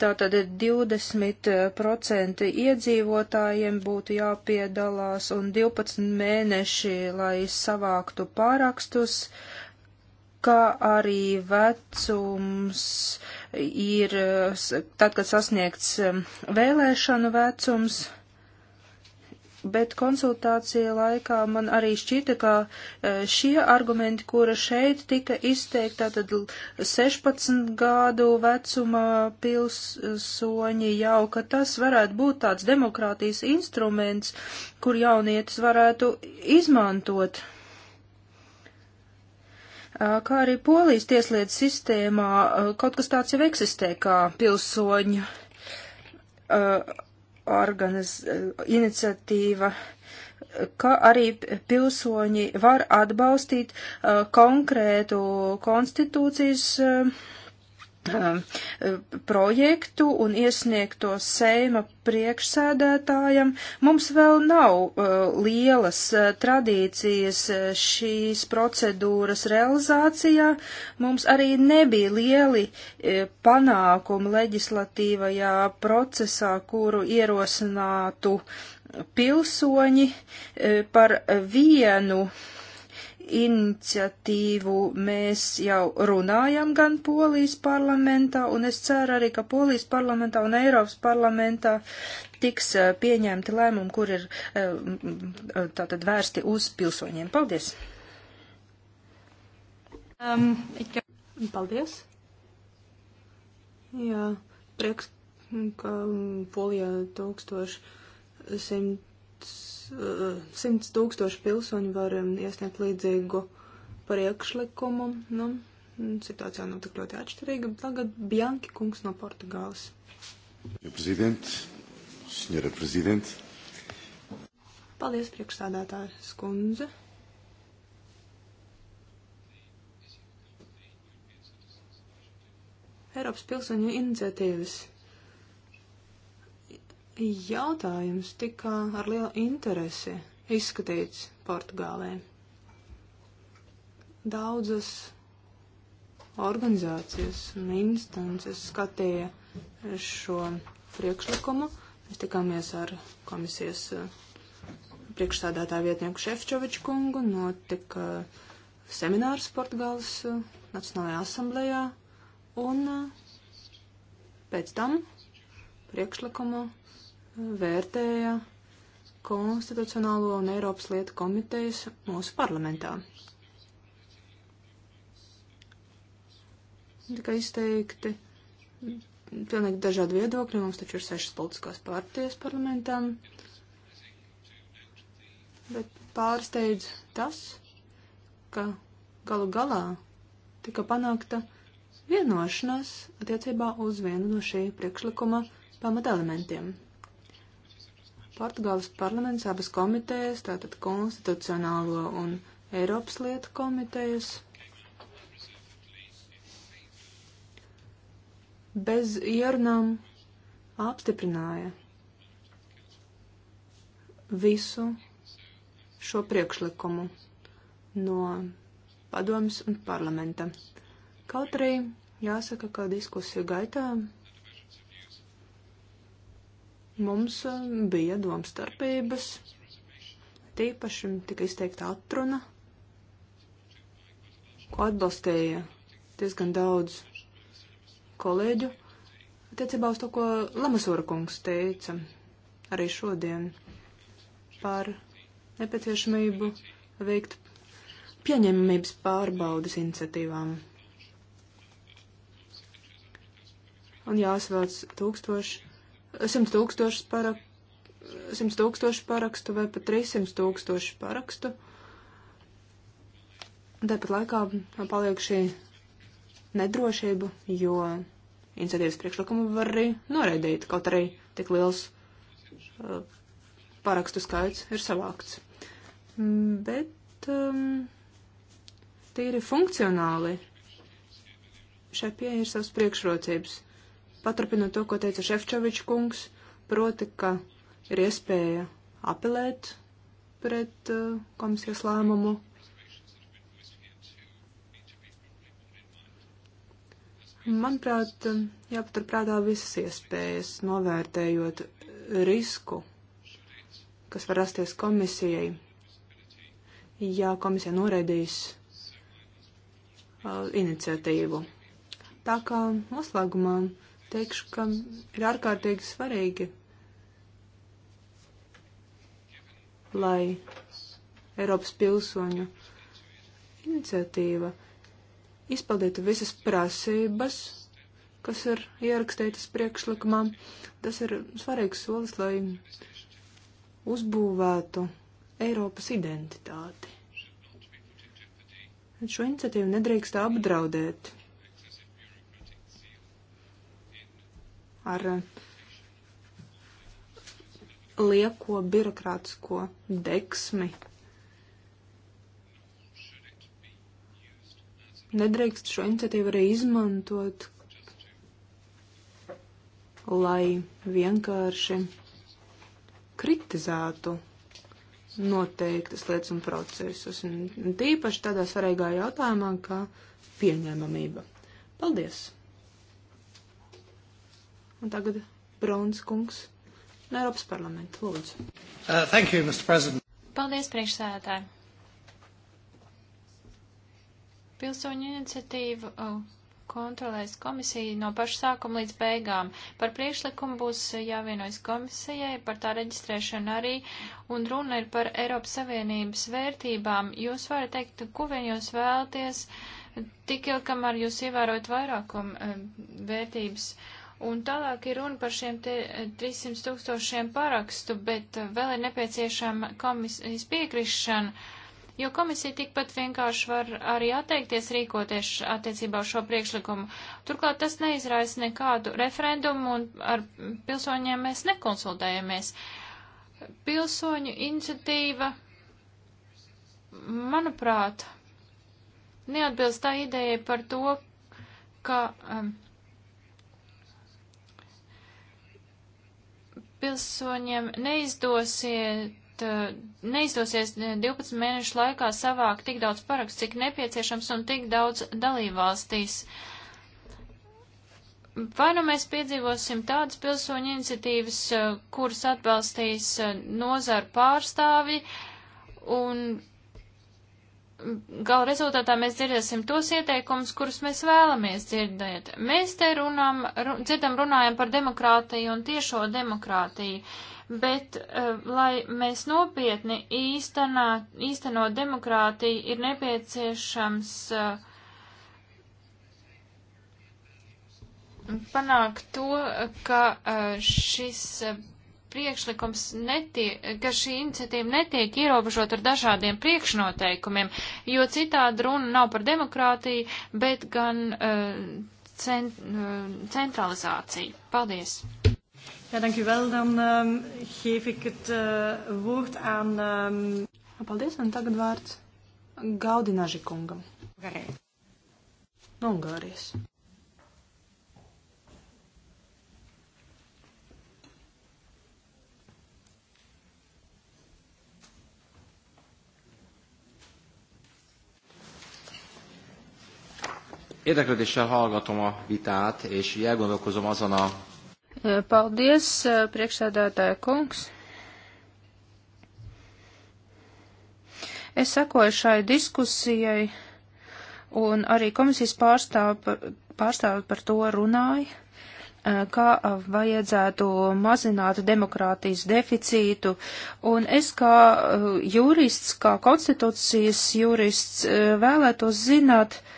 Tātad 20% iedzīvotājiem būtu jāpiedalās un 12 mēneši, lai savāktu pārakstus, kā arī vecums ir, tad, kad sasniegts um, vēlēšanu vecums, bet konsultācija laikā man arī šķita, ka e, šie argumenti, kura šeit tika izteikti, tātad 16 gadu vecuma pilsoņi jau, ka tas varētu būt tāds demokrātijas instruments, kur jaunietis varētu izmantot. Kā arī polijas tieslietu sistēmā kaut kas tāds jau eksistē kā pilsoņu organiz, iniciatīva, ka arī pilsoņi var atbalstīt uh, konkrētu konstitūcijas uh, Um, projektu un iesniegto Seima priekšsēdētājam. Mums vēl nav uh, lielas uh, tradīcijas uh, šīs procedūras realizācijā. Mums arī nebija lieli uh, panākumi leģislatīvajā procesā, kuru ierosinātu pilsoņi uh, par vienu iniciatīvu mēs jau runājam gan Polijas parlamentā, un es ceru arī, ka Polijas parlamentā un Eiropas parlamentā tiks eh, pieņemti lēmumi, kur ir eh, tātad vērsti uz pilsoņiem. Paldies! Um, ik... Paldies! Jā, prieks, ka mm, Polijā tūkstoši simts simts tūkstoši pilsoņu var um, iesniegt līdzīgu priekšlikumu. Nu, situācijā nav tik ļoti atšķirīga. Tagad Bjanki kungs no Portugāles. Senjora prezidente. Paldies, priekšstādātāja skundze. Eiropas pilsoņu iniciatīvas jautājums tika ar lielu interesi izskatīts Portugālē. Daudzas organizācijas un instances skatīja šo priekšlikumu. Mēs tikāmies ar komisijas eh, priekšstādātāju vietnieku Šefčoviču kungu, notika seminārs Portugāles eh, Nacionālajā asamblējā, un eh, pēc tam priekšlikumu vērtēja Konstitucionālo un Eiropas lietu komitejas mūsu parlamentā. Tikai izteikti pilnīgi dažādi viedokļi. Mums taču ir sešas politiskās partijas parlamentām. Bet pārsteidz tas, ka galu galā tika panākta vienošanās attiecībā uz vienu no šī priekšlikuma pamatelementiem. elementiem. Portugāles parlaments abas komitejas, tātad konstitucionālo un Eiropas lietu komitejas, bez ierunām apstiprināja visu šo priekšlikumu no padomas un parlamenta. Kaut arī jāsaka, ka diskusiju gaitā mums uh, bija domstarpības, tīpaši tika izteikta atruna, ko atbalstīja diezgan daudz kolēģu, attiecībā uz to, ko Lamasūra kungs teica arī šodien par nepieciešamību veikt pieņemamības pārbaudas iniciatīvām. Un jāsvāc tūkstoši 100 tūkstoši, parak... 100 tūkstoši parakstu vai pat 300 tūkstoši parakstu. Tāpat laikā paliek šī nedrošība, jo iniciatīvas priekšlikumu var arī noraidīt, kaut arī tik liels uh, parakstu skaits ir savākts. Bet um, tīri funkcionāli šai pieeja ir savas priekšrocības paturpinot to, ko teica Šefčovičs kungs, proti, ka ir iespēja apelēt pret uh, komisijas lēmumu. Manuprāt, um, jāpaturprātā visas iespējas, novērtējot risku, kas var rasties komisijai, ja komisija noraidīs uh, iniciatīvu. Tā kā noslēgumā uh, teikšu, ka ir ārkārtīgi svarīgi, lai Eiropas pilsoņu iniciatīva izpildītu visas prasības, kas ir ierakstītas priekšlikumā. Tas ir svarīgs solis, lai uzbūvētu Eiropas identitāti. Un šo iniciatīvu nedrīkst apdraudēt ar uh, lieko birokrātisko deksmi. Nedrīkst šo iniciatīvu arī izmantot, lai vienkārši kritizētu noteiktas lietas un procesus. Un tīpaši tādā svarīgā jautājumā, kā pieņēmamība. Paldies! Un tagad Brons kungs no Eiropas parlamenta. Lūdzu. Uh, thank you, Mr. President. Paldies, priekšsēdētāji. Pilsoņu iniciatīvu kontrolēs komisija no paša sākuma līdz beigām. Par priekšlikumu būs jāvienojas komisijai, par tā reģistrēšanu arī, un runa ir par Eiropas Savienības vērtībām. Jūs varat teikt, ko vien jūs vēlaties, tik ilgi, kamēr jūs ievērojat vairākumu e, vērtības. Uh, Un tālāk ir runa par šiem 300 eh, tūkstošiem parakstu, bet eh, vēl ir nepieciešama komisijas piekrišana, jo komisija tikpat vienkārši var arī atteikties rīkoties attiecībā uz šo priekšlikumu. Turklāt tas neizraisa nekādu referendumu un ar pilsoņiem mēs nekonsultējamies. Pilsoņu iniciatīva, manuprāt, neatbilst tā ideja par to, ka. Um, pilsoņiem neizdosiet eh, neizdosies 12 eh, mēnešu laikā savākt tik daudz parakstu, cik nepieciešams un tik daudz dalībvalstīs. Vai nu mēs piedzīvosim tādas pilsoņu iniciatīvas, eh, kuras atbalstīs nozaru pārstāvi, un Gal rezultātā mēs dzirdēsim tos ieteikumus, kurus mēs vēlamies dzirdēt. Mēs te runām, run, dzirdam, runājam par demokrātiju un tiešo demokrātiju, bet, uh, lai mēs nopietni īstenā, īstenot demokrātiju, ir nepieciešams uh, panākt to, ka eh, šis priekšlikums netiek, ka šī iniciatīva netiek ierobežot ar dažādiem priekšnoteikumiem, jo citādi runa nav par demokrātiju, bet gan uh, eh, cent, uh, eh, centralizāciju. Paldies! Ja, dank u wel. Dan um, geef ik het uh, woord aan... Um... Paldies, un tagad vārds Gaudinaži kungam. Ungārija. No Ungārijas. Érdeklődéssel hallgatom a vitát, és elgondolkozom azon a... Paldies, priekšsēdētāja kungs. Es sekoju šai diskusijai, un arī komisijas pārstāvi pārstāv par to runāja, kā vajadzētu mazināt demokrātijas deficītu. Un es kā jurists, kā konstitūcijas jurists vēlētos zināt, uh,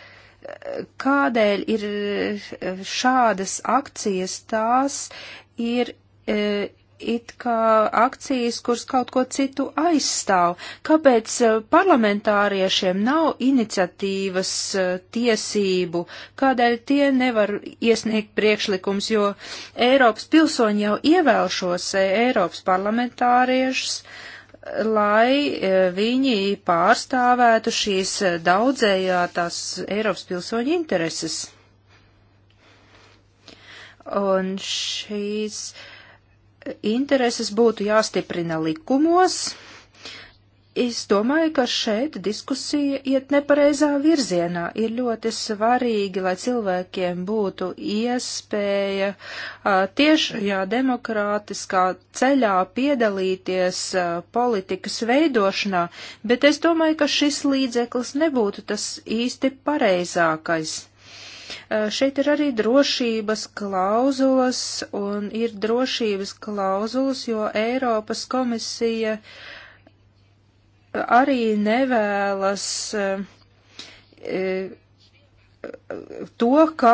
kādēļ ir eh, šādas akcijas, tās ir eh, it kā akcijas, kuras kaut ko citu aizstāv. Kāpēc eh, parlamentāriešiem nav iniciatīvas tiesību? Kādēļ tie nevar iesniegt priekšlikums, jo Eiropas pilsoņi jau ievēl šos Eiropas parlamentāriešus? Uh, lai e, viņi pārstāvētu šīs daudzējātās Eiropas pilsoņu intereses. Un šīs intereses būtu jāstiprina likumos Es domāju, ka šeit diskusija iet nepareizā virzienā. Ir ļoti svarīgi, lai cilvēkiem būtu iespēja tiešajā demokrātiskā ceļā piedalīties a, politikas veidošanā, bet es domāju, ka šis līdzeklis nebūtu tas īsti pareizākais. A, šeit ir arī drošības klauzulas un ir drošības klauzulas, jo Eiropas komisija uh, arī nevēlas e, e, to, ka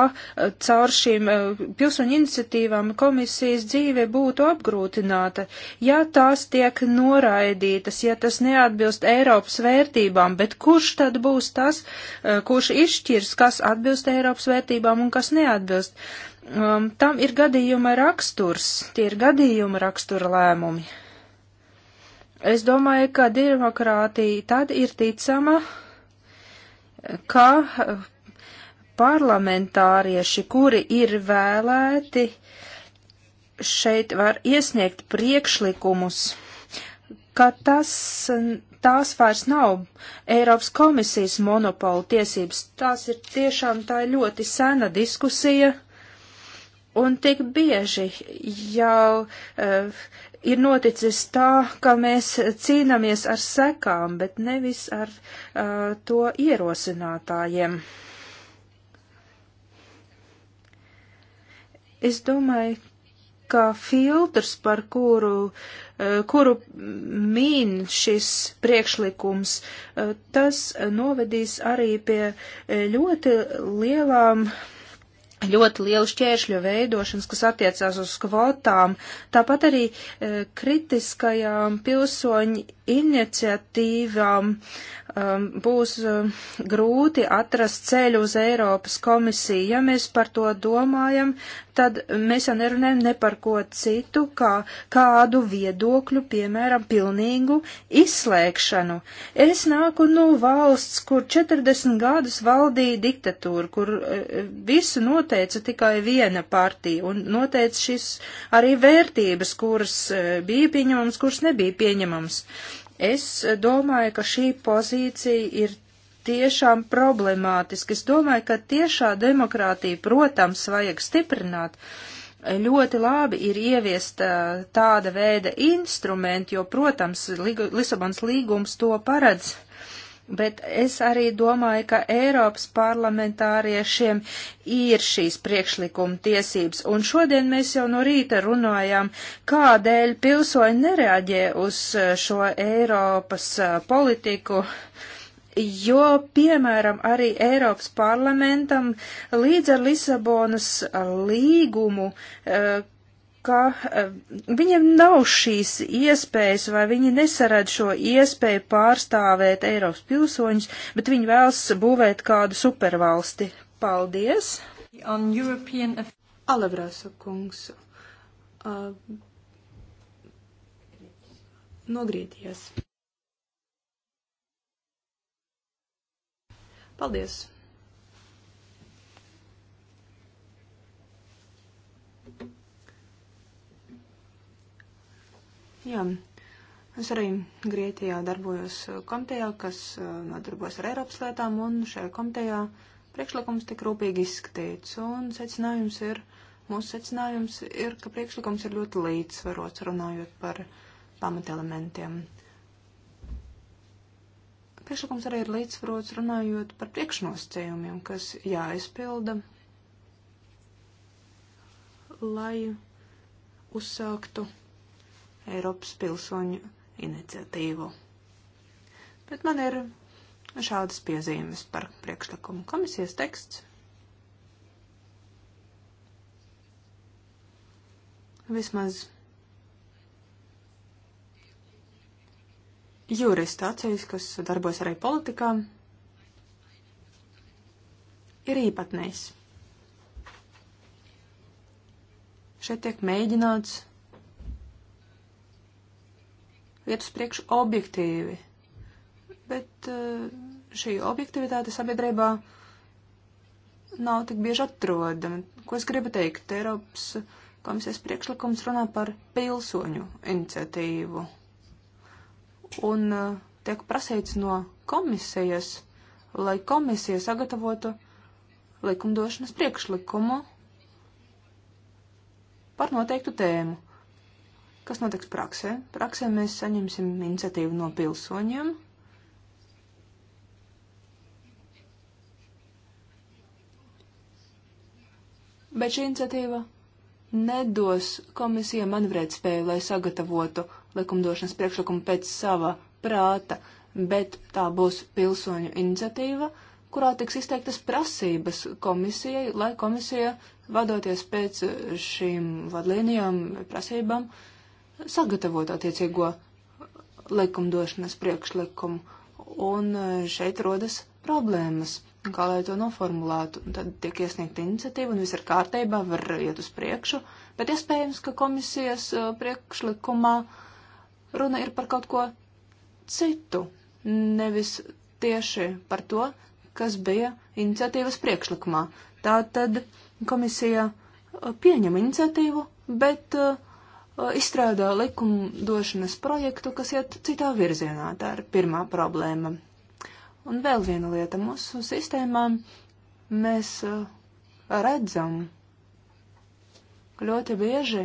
caur šīm e, pilsoņu iniciatīvām komisijas dzīve būtu apgrūtināta, ja tās tiek noraidītas, ja tas neatbilst Eiropas vērtībām, bet kurš tad būs tas, kurš izšķirs, kas atbilst Eiropas vērtībām un kas neatbilst? Um, tam ir gadījuma raksturs, tie ir gadījuma rakstura lēmumi. Es domāju, ka demokrātija tad ir ticama, ka eh, parlamentārieši, kuri ir vēlēti, šeit var iesniegt priekšlikumus, ka tas, tās vairs nav Eiropas komisijas monopola tiesības. Tās ir tiešām tā ļoti sena diskusija. Un tik bieži jau uh, ir noticis tā, ka mēs cīnāmies ar sekām, bet nevis ar uh, to ierosinātājiem. Es domāju, ka filtrs, par kuru, uh, kuru mīn šis priekšlikums, uh, tas novedīs arī pie uh, ļoti lielām uh, ļoti lielu šķēršļu veidošanas, kas attiecās uz kvotām, tāpat arī e, kritiskajām pilsoņu iniciatīvām Um, būs um, grūti atrast ceļu uz Eiropas komisiju. Ja mēs par to domājam, tad mēs jau nerunājam ne par ko citu, kā kādu viedokļu, piemēram, pilnīgu izslēgšanu. Es nāku no valsts, kur 40 gadus valdīja diktatūra, kur uh, visu noteica tikai viena partija un noteica šis arī vērtības, kuras uh, bija pieņemams, kuras nebija pieņemams. Uh, Es domāju, ka šī pozīcija ir tiešām problemātiska. Es domāju, ka tiešā demokrātija, protams, vajag stiprināt. Ļoti labi ir ieviest tāda veida instrumenti, jo, protams, Lisabons līgums to paredz. Bet es arī domāju, ka Eiropas parlamentāriešiem ir šīs priekšlikuma tiesības, un šodien mēs jau no rīta runājām, kādēļ pilsoņi nereaģē uz eh, šo Eiropas eh, politiku, jo, piemēram, arī Eiropas parlamentam līdz ar Lisabonas eh, līgumu, ka eh, viņiem nav šīs iespējas vai viņi nesarad šo iespēju pārstāvēt Eiropas pilsoņus, bet viņi vēlas būvēt kādu supervalsti. Paldies! European... Alevrāsa kungs uh, no Grieķijas. Paldies! Jā, es arī Grieķijā darbojos komitejā, kas eh, nodarbojas ar Eiropas lietām, un šajā komitejā priekšlikums tik rūpīgi izskatīts, un secinājums ir, mūsu secinājums ir, ka priekšlikums ir ļoti līdzsvarots, runājot par pamatelementiem. Priekšlikums arī ir līdzsvarots runājot par priekšnosacījumiem, kas jāizpilda, lai uzsāktu Eiropas pilsoņu iniciatīvu. Bet man ir šādas piezīmes par priekšlikumu komisijas teksts. Vismaz juristi acīs, kas darbojas arī politikā, ir īpatnējs. Šeit tiek mēģināts iet uz priekšu objektīvi. Bet eh, šī objektivitāte sabiedrībā nav tik bieži atrodama. Ko es gribu teikt? Eiropas komisijas priekšlikums runā par pilsoņu iniciatīvu. Un eh, tiek prasīts no komisijas, lai komisija sagatavotu likumdošanas priekšlikumu par noteiktu tēmu. Kas notiks praksē? Praksē mēs saņemsim iniciatīvu no pilsoņiem. Bet šī iniciatīva nedos komisija manevrēt spēju, lai sagatavotu likumdošanas priekšlikumu pēc sava prāta, bet tā būs pilsoņu iniciatīva, kurā tiks izteiktas prasības komisijai, lai komisija, vadoties pēc šīm vadlīnijām, prasībām, uh, sagatavot attiecīgo likumdošanas priekšlikumu. Un e, šeit rodas problēmas, kā lai to noformulētu. Un tad tiek iesniegta iniciatīva un viss ir kārtībā, var iet uz priekšu, bet iespējams, ka komisijas e, priekšlikumā runa ir par kaut ko citu, nevis tieši par to, kas bija iniciatīvas priekšlikumā. Tā tad komisija e, pieņem iniciatīvu, bet uh, izstrādā likumdošanas projektu, kas iet citā virzienā. Tā ir pirmā problēma. Un vēl viena lieta mūsu sistēmā mēs redzam ļoti bieži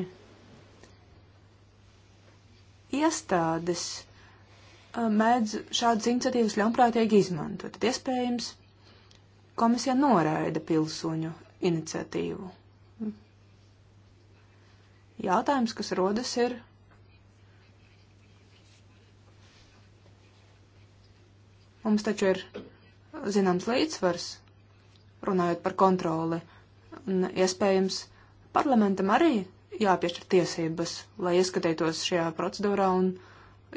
iestādes mēdz šādas iniciatīvas ļaunprātīgi izmantot. Tad iespējams komisija noraida pilsoņu iniciatīvu jautājums, kas rodas, ir. Mums taču ir zināms līdzsvars, runājot par kontroli, un iespējams parlamentam arī jāpiešķir tiesības, lai ieskatītos šajā procedūrā un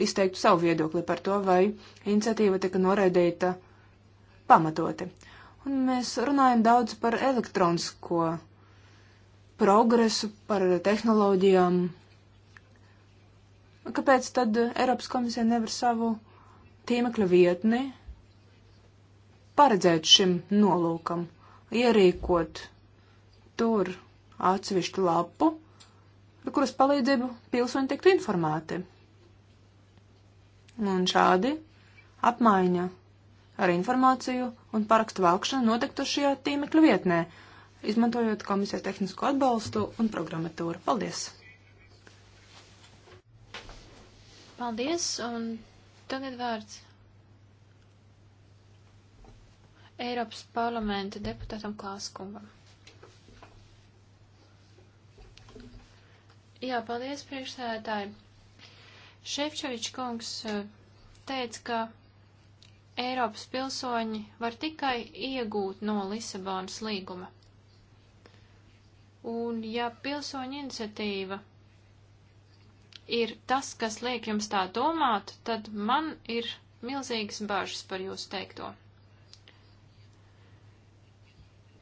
izteiktu savu viedokli par to, vai iniciatīva tika noraidīta pamatoti. Un mēs runājam daudz par elektronisko progresu, par tehnoloģijām. Kāpēc tad Eiropas komisija nevar savu tīmekļa vietni paredzēt šim nolūkam, ierīkot tur atsevišķu lapu, ar kuras palīdzību pilsoņi tiktu informēti? Un šādi apmaiņa ar informāciju un parakstu vākšana notiktu šajā tīmekļa vietnē izmantojot komisijas tehnisko atbalstu un programmatūru. Paldies! Paldies, un tagad vārds Eiropas parlamenta deputātam Klāskungam. Jā, paldies, priekšsēdētāji. Šefčovičs kungs eh, teica, ka Eiropas pilsoņi var tikai iegūt no Lisabonas līguma. Un ja pilsoņu iniciatīva ir tas, kas liek jums tā domāt, tad man ir milzīgas bažas par jūsu teikto.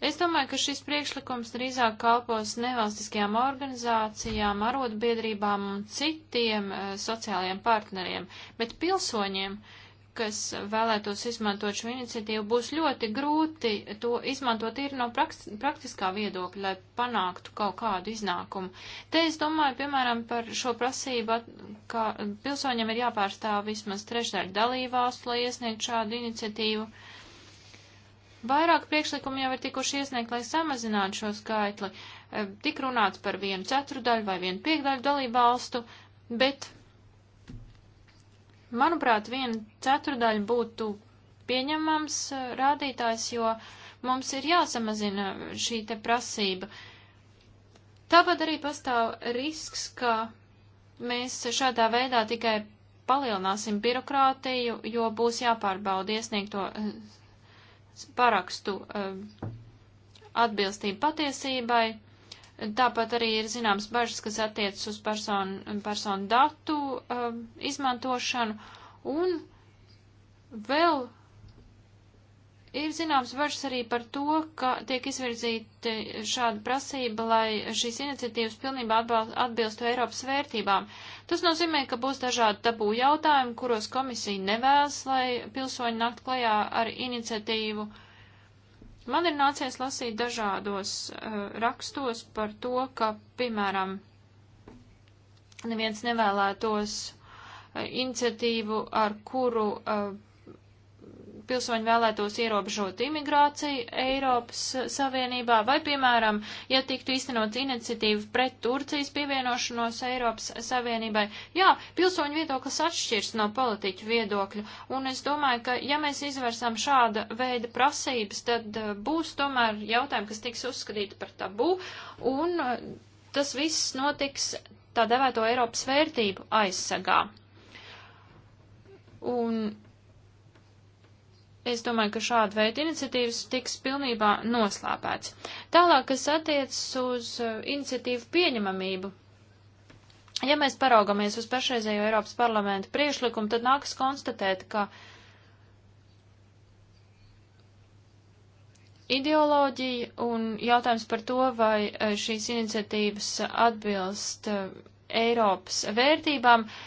Es domāju, ka šis priekšlikums drīzāk kalpos nevalstiskajām organizācijām, arotbiedrībām un citiem e, sociālajiem partneriem, bet pilsoņiem uh, kas vēlētos izmantot šo iniciatīvu, būs ļoti grūti to izmantot ir no praktiskā viedokļa, lai panāktu kaut kādu iznākumu. Te es domāju, piemēram, par šo prasību, ka pilsoņiem ir jāpārstāv vismaz trešdaļa dalībvalstu, lai iesniegtu šādu iniciatīvu. Vairāk priekšlikumu jau ir tikuši iesniegt, lai samazinātu šo skaitli. Tik runāts par vienu ceturdaļu vai vienu piekdaļu dalībvalstu, bet Manuprāt, viena ceturdaļa būtu pieņemams eh, rādītājs, jo mums ir jāsamazina šī te prasība. Tāpat arī pastāv risks, ka mēs šādā veidā tikai palielināsim birokrātiju, jo būs jāpārbauda iesniegto eh, parakstu eh, atbilstību patiesībai. Tāpat arī ir zināms bažas, kas attiecas uz personu, personu datu um, izmantošanu, un vēl ir zināms bažas arī par to, ka tiek izvirzīta šāda prasība, lai šīs iniciatīvas pilnībā atbilstu Eiropas vērtībām. Tas nozīmē, ka būs dažādi tabū jautājumi, kuros komisija nevēlas, lai pilsoņi nakt klajā ar iniciatīvu uh, Man ir nācies lasīt dažādos uh, rakstos par to, ka, piemēram, neviens nevēlētos uh, iniciatīvu, ar kuru uh, pilsoņi vēlētos ierobežot imigrāciju Eiropas Savienībā, vai, piemēram, ja tiktu iztenot iniciatīvu pret Turcijas pievienošanos Eiropas Savienībai. Jā, pilsoņu viedoklis atšķirs no politiķu viedokļu, un es domāju, ka ja mēs izversam šāda veida prasības, tad uh, būs tomēr jautājumi, kas tiks uzskatīti par tabū, un uh, tas viss notiks tā devēto Eiropas vērtību aizsagā. Un es domāju, ka šāda veida iniciatīvas tiks pilnībā noslāpēts. Tālāk, kas attiecas uz uh, iniciatīvu pieņemamību. Ja mēs paraugamies uz pašreizējo Eiropas parlamenta priešlikumu, tad nākas konstatēt, ka ideoloģija un jautājums par to, vai uh, šīs iniciatīvas atbilst uh, Eiropas vērtībām, uh,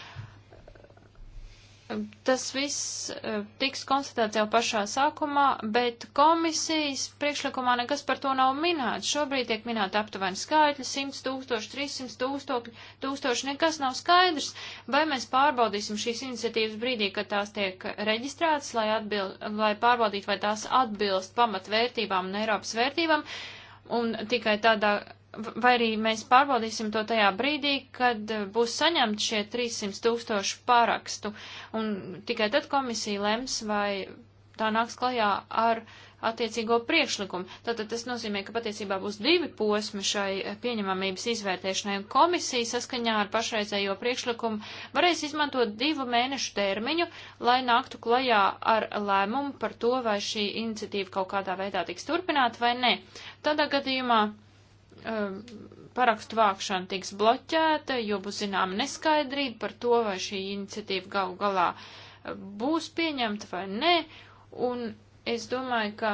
Tas viss e, tiks konstatēts jau pašā sākumā, bet komisijas priekšlikumā nekas par to nav minēts. Šobrīd tiek minēta aptuveni skaitļi - 100 tūkstoši, 300 tūkstoši, tūkstoši, nekas nav skaidrs. Vai mēs pārbaudīsim šīs iniciatīvas brīdī, kad tās tiek reģistrētas, lai, atbil, lai pārbaudītu, vai tās atbilst pamatvērtībām un Eiropas vērtībām, un tikai tādā vai arī mēs pārbaudīsim to tajā brīdī, kad eh, būs saņemti šie 300 tūkstoši pārakstu, un tikai tad komisija lems, vai tā nāks klajā ar attiecīgo priekšlikumu. Tātad tas nozīmē, ka patiesībā būs divi posmi šai eh, pieņemamības izvērtēšanai, un komisija saskaņā ar pašreizējo priekšlikumu varēs izmantot divu mēnešu termiņu, lai nāktu klajā ar lēmumu par to, vai šī iniciatīva kaut kādā veidā tiks turpināta vai nē. Tādā gadījumā Um, parakstu vākšana tiks bloķēta, jo būs zinām neskaidrība par to, vai šī iniciatīva gal galā uh, būs pieņemta vai nē. Un es domāju, ka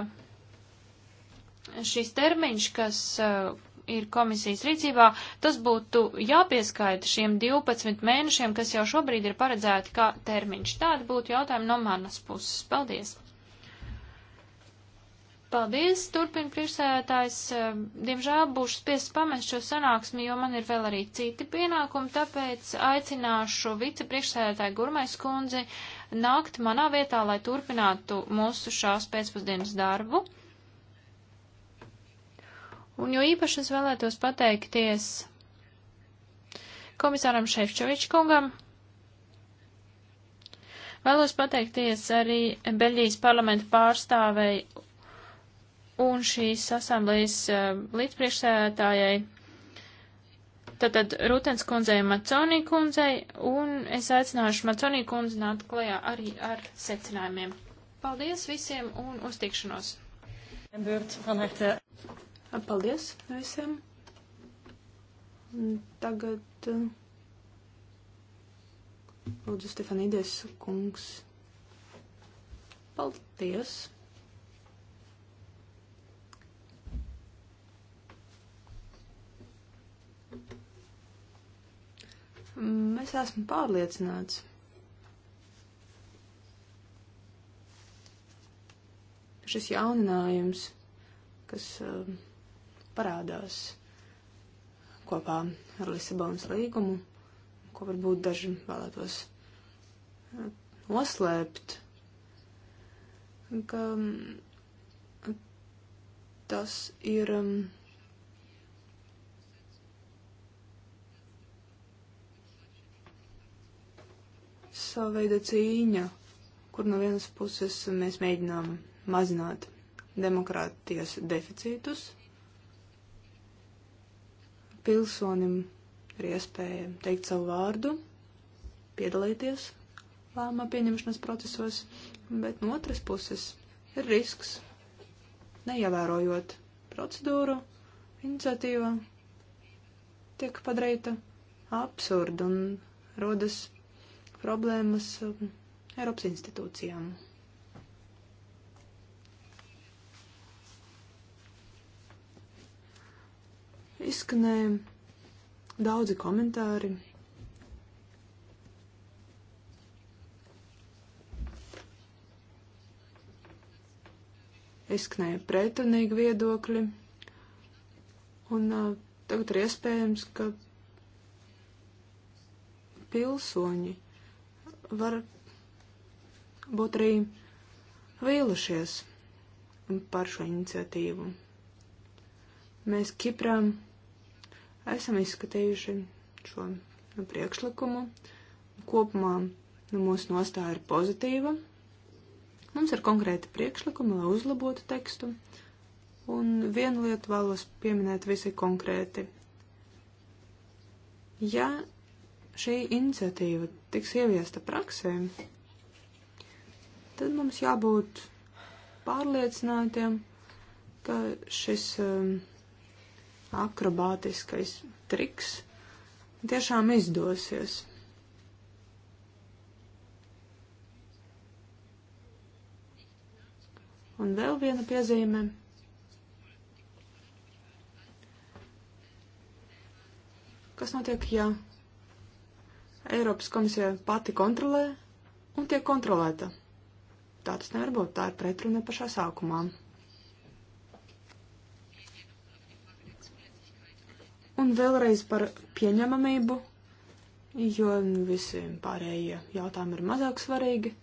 šis termiņš, kas uh, ir komisijas rīcībā, tas būtu jāpieskaita šiem 12 mēnešiem, kas jau šobrīd ir paredzēti kā termiņš. Tāda būtu jautājuma no manas puses. Paldies! Paldies, turpina priekšsēdētājs. Diemžēl būšu spiests pamest šo sanāksmi, jo man ir vēl arī citi pienākumi, tāpēc aicināšu vicepriekšsēdētāju Gurmais kundzi nākt manā vietā, lai turpinātu mūsu šās pēcpusdienas darbu. Un jo īpaši es vēlētos pateikties komisāram Šefčovičkungam, Vēlos pateikties arī Beļģijas parlamenta pārstāvei un šīs asamblējas eh, līdzpriekšsēdētājai, tātad Rūtens kundzei Maconī kundzei, un es aicināšu Maconī kundzi nākt klajā arī ar secinājumiem. Paldies visiem un uz tikšanos! Paldies visiem! Tagad lūdzu Stefanīdies kungs. Paldies! Mm, es esmu pārliecināts. Šis jauninājums, kas um, parādās kopā ar Lisabonas līgumu, ko varbūt daži vēlētos uh, noslēpt, ka mm, tas ir. Um, sava veida cīņa, kur no vienas puses mēs mēģinām mazināt demokrātijas deficītus. Pilsonim ir iespēja teikt savu vārdu, piedalīties lēmuma pieņemšanas procesos, bet no otras puses ir risks, neievērojot procedūru, iniciatīva tiek padarīta absurda un rodas problēmas um, Eiropas institūcijām. Izskanēja daudzi komentāri. Izskanēja pretrunīgi viedokļi. Un uh, tagad ir iespējams, ka pilsoņi var būt arī vīlušies par šo iniciatīvu. Mēs Kiprā esam izskatījuši šo priekšlikumu. Kopumā nu, mūsu nostāja ir pozitīva. Mums ir konkrēti priekšlikumi, lai uzlabotu tekstu. Un vienu lietu vēlos pieminēt visai konkrēti. Ja šī iniciatīva tiks ieviesta praksē, tad mums jābūt pārliecinātiem, ka šis um, akrobātiskais triks tiešām izdosies. Un vēl viena piezīme. Kas notiek, ja Eiropas komisija pati kontrolē un tiek kontrolēta. Tā tas nevar būt, tā ir pretruna pašā sākumā. Un vēlreiz par pieņemamību, jo visi pārējie jautājumi ir mazāk svarīgi.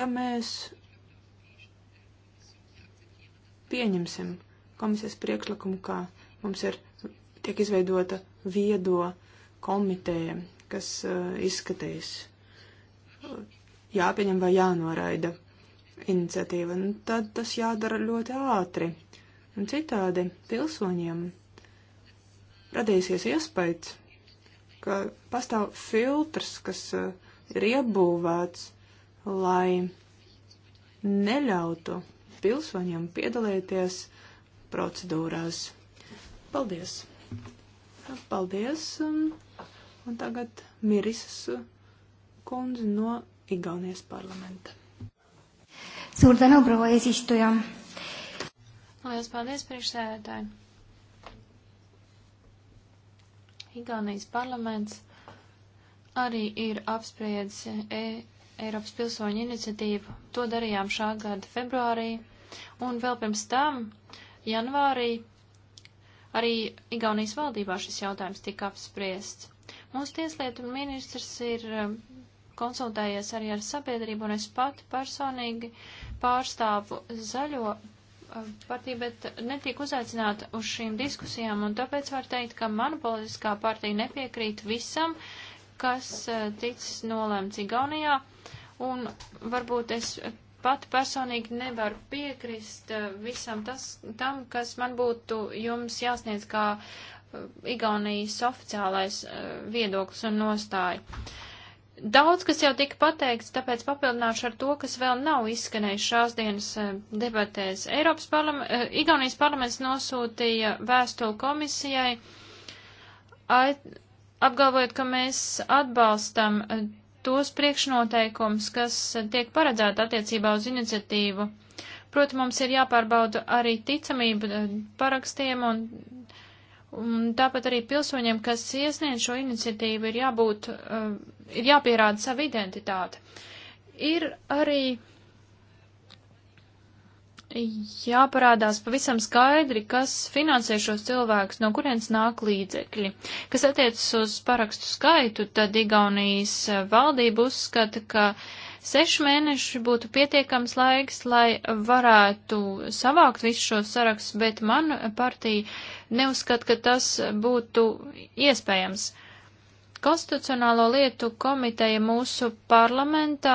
Ja mēs pieņemsim komisijas priekšlikumu, ka mums ir tiek izveidota viedo uh, komiteja, kas eh, izskatīs eh, jāpieņem vai jānoraida iniciatīva, nu, tad tas jādara ļoti ātri. Un citādi pilsoņiem radīsies iespējas, ka pastāv filtrs, kas eh, ir iebūvēts, lai neļautu pilsoņiem piedalīties procedūrās. Paldies! Paldies! Um, Un tagad Mirisas kundze no Igaunijas parlamenta. Suur tänu, proua eesistuja! Lielas paldies, priekšsēdētāji! Igaunijas parlaments arī ir apspriedis e Eiropas pilsoņu iniciatīvu. To darījām šā gada februārī, un vēl pirms tam, janvārī, arī Igaunijas valdībā šis jautājums tika apspriests. Mūsu tieslietu ministrs ir um, konsultējies arī ar sabiedrību, un es pati personīgi pārstāvu zaļo um, partiju, bet netiek uzaicināta uz šīm diskusijām, un tāpēc var teikt, ka mana politiskā partija nepiekrīt visam, kas uh, ticis nolēmts Igaunijā, un varbūt es pat personīgi nevaru piekrist uh, visam tas, tam, kas man būtu jums jāsniedz kā Igaunijas oficiālais eh, viedoklis un nostāja. Daudz, kas jau tika pateikts, tāpēc papildināšu ar to, kas vēl nav izskanējis šās dienas eh, debatēs. Eiropas parlament, eh, Igaunijas parlaments nosūtīja vēstuli komisijai, apgalvojot, ka mēs atbalstam tos priekšnoteikums, kas tiek paredzēti attiecībā uz iniciatīvu. Proti, mums ir jāpārbauda arī ticamība parakstiem un Un tāpat arī pilsoņiem, kas iesniedz šo iniciatīvu, ir jābūt, uh, ir jāpierāda savu identitāti. Ir arī jāparādās pavisam skaidri, kas finansē šos cilvēkus, no kurienes nāk līdzekļi. Kas attiecas uz parakstu skaitu, tad Igaunijas valdība uzskata, ka uh, Seši mēneši būtu pietiekams laiks, lai varētu savākt visus šos sarakstus, bet man partija neuzskat, ka tas būtu iespējams. Konstitucionālo lietu komiteja mūsu parlamentā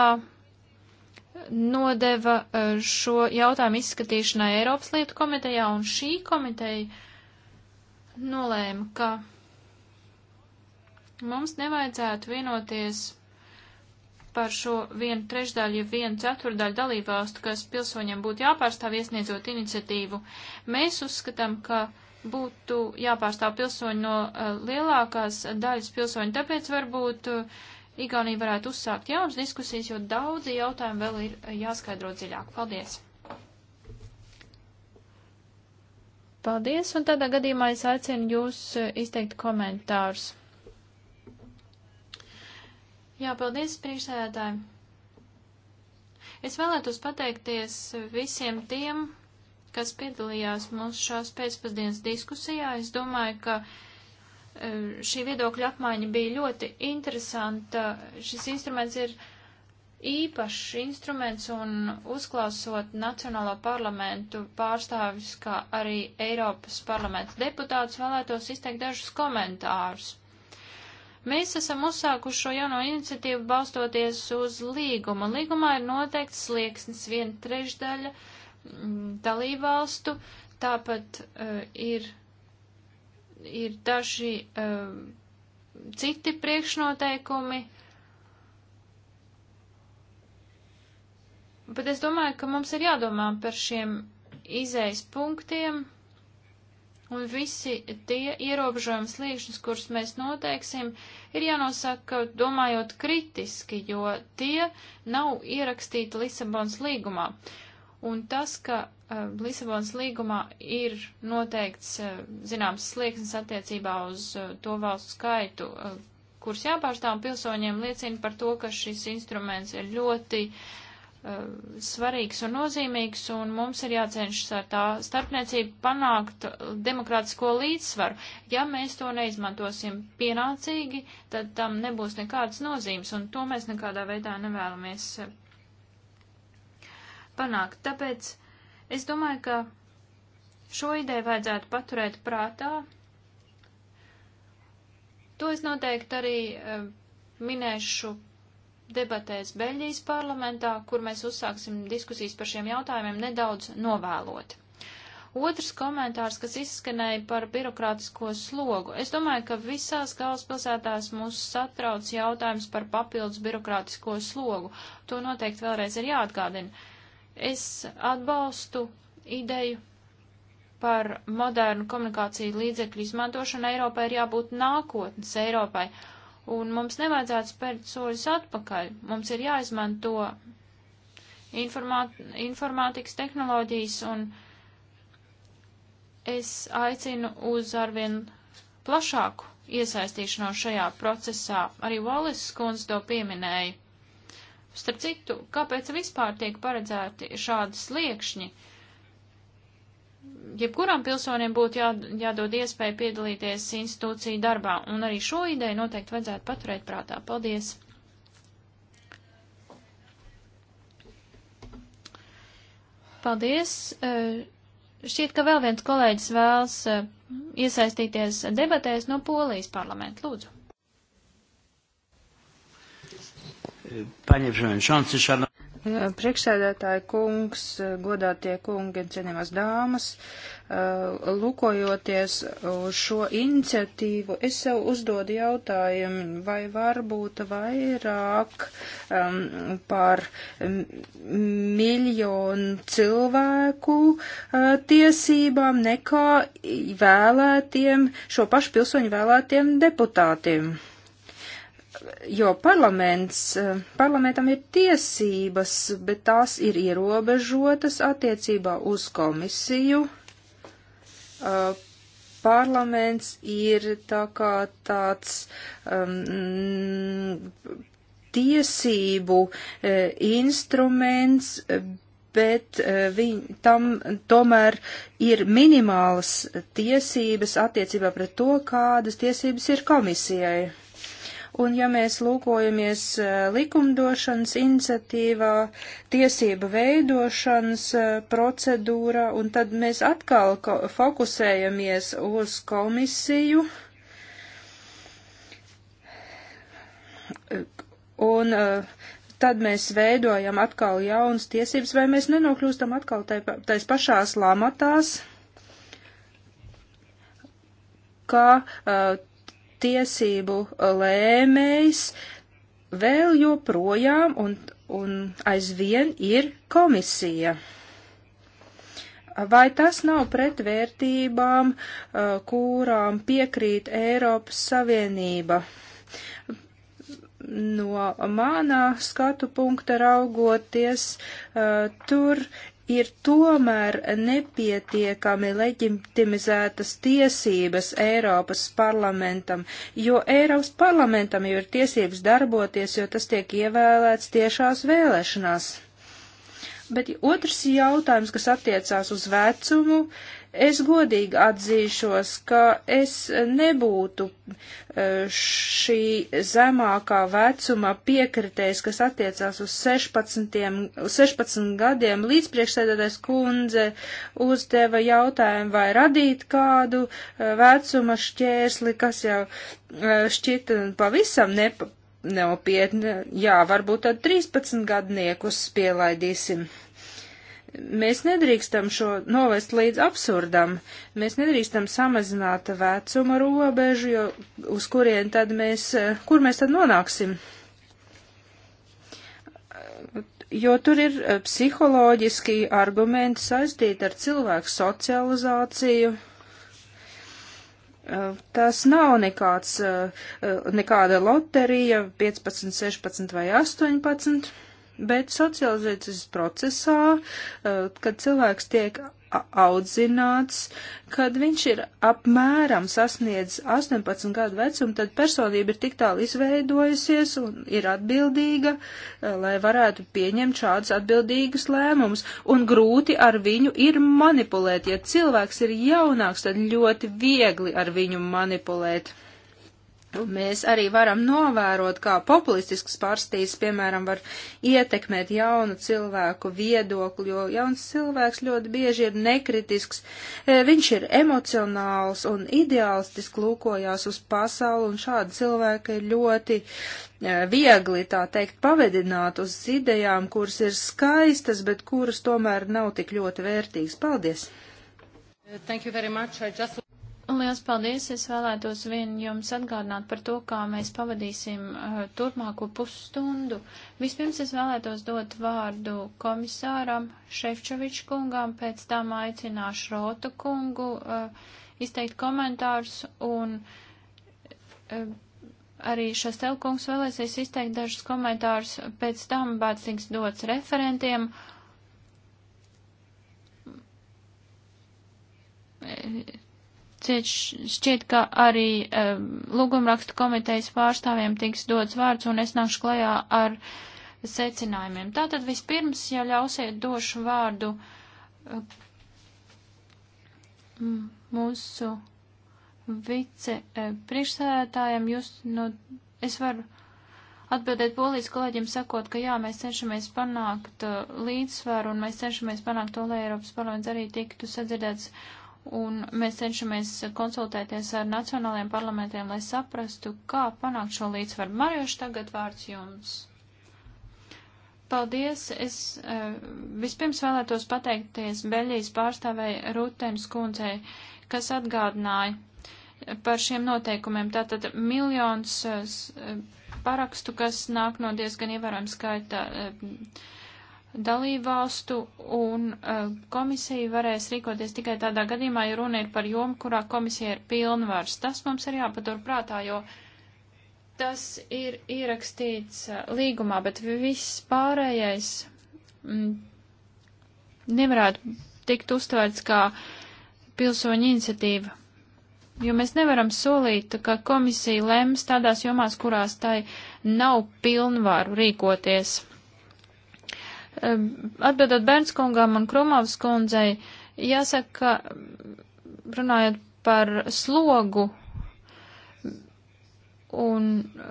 nodeva e, šo jautājumu izskatīšanai Eiropas lietu komitejā, un šī komiteja nolēma, ka mums nevajadzētu vienoties par šo vienu trešdaļu, ja vienu ceturdaļu dalībvalstu, kas pilsoņiem būtu jāpārstāv iesniedzot iniciatīvu, mēs uzskatām, ka būtu jāpārstāv pilsoņi no uh, lielākās daļas pilsoņu, tāpēc varbūt uh, Igaunija varētu uzsākt jaunas diskusijas, jo daudzi jautājumi vēl ir eh, jāskaidro dziļāk. Paldies! Paldies, un tādā gadījumā es aicinu jūs izteikt komentārus. Jā, paldies, priekšsēdētāji. Es vēlētos pateikties visiem tiem, kas piedalījās mūsu šās pēcpusdienas diskusijā. Es domāju, ka e, šī viedokļa apmaiņa bija ļoti interesanta. Šis instruments ir īpašs instruments un uzklausot Nacionālo parlamentu pārstāvis, kā arī Eiropas parlamenta deputātus, vēlētos izteikt dažus komentārus. Mēs esam uzsākuši šo jauno iniciatīvu balstoties uz līgumu. Līgumā ir noteikts slieksnis viena trešdaļa mm, dalībvalstu, tāpat uh, ir, ir daži uh, citi priekšnoteikumi. Bet es domāju, ka mums ir jādomā par šiem izējas punktiem Un visi tie ierobežojums liekšņus, kurus mēs noteiksim, ir jānosaka domājot kritiski, jo tie nav ierakstīti Lisabons līgumā. Un tas, ka uh, eh, Lisabons līgumā ir noteikts, uh, zināms, slieksnis attiecībā uz uh, to valstu skaitu, uh, kurus jāpārstāv pilsoņiem, liecina par to, ka šis instruments ir ļoti uh, Eh, svarīgs un nozīmīgs, un mums ir jācenšas ar tā starpniecību panākt demokrātisko līdzsvaru. Ja mēs to neizmantosim pienācīgi, tad tam nebūs nekādas nozīmes, un to mēs nekādā veidā nevēlamies eh, panākt. Tāpēc es domāju, ka šo ideju vajadzētu paturēt prātā. To es noteikti arī eh, minēšu debatēs Beļģijas parlamentā, kur mēs uzsāksim diskusijas par šiem jautājumiem nedaudz novēloti. Otrs komentārs, kas izskanēja par birokrātisko slogu. Es domāju, ka visās galvaspilsētās mūs satrauc jautājums par papildus birokrātisko slogu. To noteikti vēlreiz ir jāatgādina. Es atbalstu ideju par modernu komunikāciju līdzekļu izmantošanu Eiropai ir jābūt nākotnes Eiropai. Uh, Un mums nevajadzētu spērt soļus atpakaļ. Mums ir jāizmanto informāt, informātikas tehnoloģijas, un es aicinu uz arvien plašāku iesaistīšanos šajā procesā. Arī Valis skundz to pieminēja. Starp citu, kāpēc vispār tiek paredzēti šādi sliekšņi? Uh, jebkuram pilsonim būtu jā, jādod iespēja piedalīties institūciju darbā, un arī šo ideju noteikti vajadzētu paturēt prātā. Paldies! Paldies! Eh, šķiet, ka vēl viens kolēģis vēlas eh, iesaistīties debatēs no Polijas parlamenta. Lūdzu! Panie Przewodniczący, Szanowni Eh, priekšsēdētāji kungs, eh, godātie kungi un cienījumās dāmas, eh, lukojoties uz šo iniciatīvu, es sev uzdodu jautājumu, vai varbūt vairāk um, par miljonu cilvēku uh, tiesībām nekā vēlētiem, šo pašu pilsoņu vēlētiem deputātiem jo parlaments, eh, parlamentam ir tiesības, bet tās ir ierobežotas attiecībā uz komisiju. Uh, parlaments ir tā kā tāds um, tiesību uh, instruments, bet uh, viņ, tam tomēr ir minimālas tiesības attiecībā pret to, kādas tiesības ir komisijai. Un ja mēs lūkojamies eh, likumdošanas iniciatīvā, tiesība veidošanas eh, procedūrā, un tad mēs atkal fokusējamies uz komisiju. Un eh, tad mēs veidojam atkal jaunas tiesības, vai mēs nenokļūstam atkal tais pašās lamatās, kā uh, tiesību lēmējs vēl joprojām un, un aizvien ir komisija. Vai tas nav pretvērtībām, kurām piekrīt Eiropas Savienība? No manā skatu punkta raugoties, tur ir tomēr nepietiekami leģitimizētas tiesības Eiropas parlamentam, jo Eiropas parlamentam jau ir tiesības darboties, jo tas tiek ievēlēts tiešās vēlēšanās. Bet otrs jautājums, kas attiecās uz vecumu, Es godīgi atzīšos, ka es nebūtu e, šī zemākā vecuma piekritējs, kas attiecās uz 16, 16 gadiem. Līdzpriekšsēdētājs kundze uzdeva jautājumu, vai radīt kādu e, vecuma šķērsli, kas jau e, šķita pavisam nepa, neopietni. Jā, varbūt tad 13 gadniekus pielaidīsim Mēs nedrīkstam šo novest līdz absurdam. Mēs nedrīkstam samazināt vecuma robežu, jo uz kurien tad mēs, eh, kur mēs tad nonāksim? Jo tur ir eh, psiholoģiski argumenti saistīti ar cilvēku socializāciju, eh, Tas nav nekāds, nekāda loterija 15, 16 vai 18. Bet socializācijas procesā, eh, kad cilvēks tiek audzināts, kad viņš ir apmēram sasniedz 18 gadu vecumu, tad personība ir tik tālu izveidojusies un ir atbildīga, eh, lai varētu pieņemt šādus atbildīgus lēmumus. Un grūti ar viņu ir manipulēt. Ja cilvēks ir jaunāks, tad ļoti viegli ar viņu manipulēt. Un mēs arī varam novērot, kā populistisks pārstīs, piemēram, var ietekmēt jaunu cilvēku viedokli, jo jauns cilvēks ļoti bieži ir nekritisks, e, viņš ir emocionāls un ideālistiski lūkojās uz pasauli, un šādi cilvēki ir ļoti e, viegli, tā teikt, pavedināt uz idejām, kuras ir skaistas, bet kuras tomēr nav tik ļoti vērtīgas. Paldies! Thank you very much. I just... Liels paldies! Es vēlētos vien jums atgādināt par to, kā mēs pavadīsim uh, turpmāko pusstundu. Vispirms es vēlētos dot vārdu komisāram Šefčoviču kungām, pēc tam aicināšu Rota kungu uh, izteikt komentārus un uh, arī Šastelkungs vēlēsies izteikt dažus komentārus, pēc tam bācīgs dots referentiem. Uh, šķiet, šķiet ka arī um, lūgumrakstu komitejas pārstāvjiem tiks dots vārds, un es nākšu klajā ar secinājumiem. Tātad vispirms, ja ļausiet, došu vārdu um, mūsu vice um, priekšsēdētājiem. Jūs, nu, es varu atbildēt polijas kolēģiem sakot, ka jā, mēs cenšamies panākt uh, līdzsvaru un mēs cenšamies panākt to, lai Eiropas parlaments arī tiktu sadzirdēts un mēs cenšamies konsultēties ar nacionālajiem parlamentiem, lai saprastu, kā panākt šo līdzsvaru. Marjoši, tagad vārds jums. Paldies! Es eh, vispirms vēlētos pateikties Beļģijas pārstāvēja Rūtens kundzei, kas atgādināja par šiem noteikumiem. Tātad miljons eh, eh, parakstu, kas nāk no diezgan ievērojama skaita. Uh, dalībvalstu un uh, komisija varēs rīkoties tikai tādā gadījumā, ja runa ir par jomu, kurā komisija ir pilnvars. Tas mums ir jāpatur prātā, jo tas ir ierakstīts uh, līgumā, bet viss pārējais mm, nevarētu tikt uztvērts kā pilsoņu iniciatīva. Jo mēs nevaram solīt, ka komisija lems tādās jomās, kurās tai nav pilnvaru rīkoties. Atbildot Bērnskungam un Krumovs kundzei, jāsaka, runājot par slogu, un e,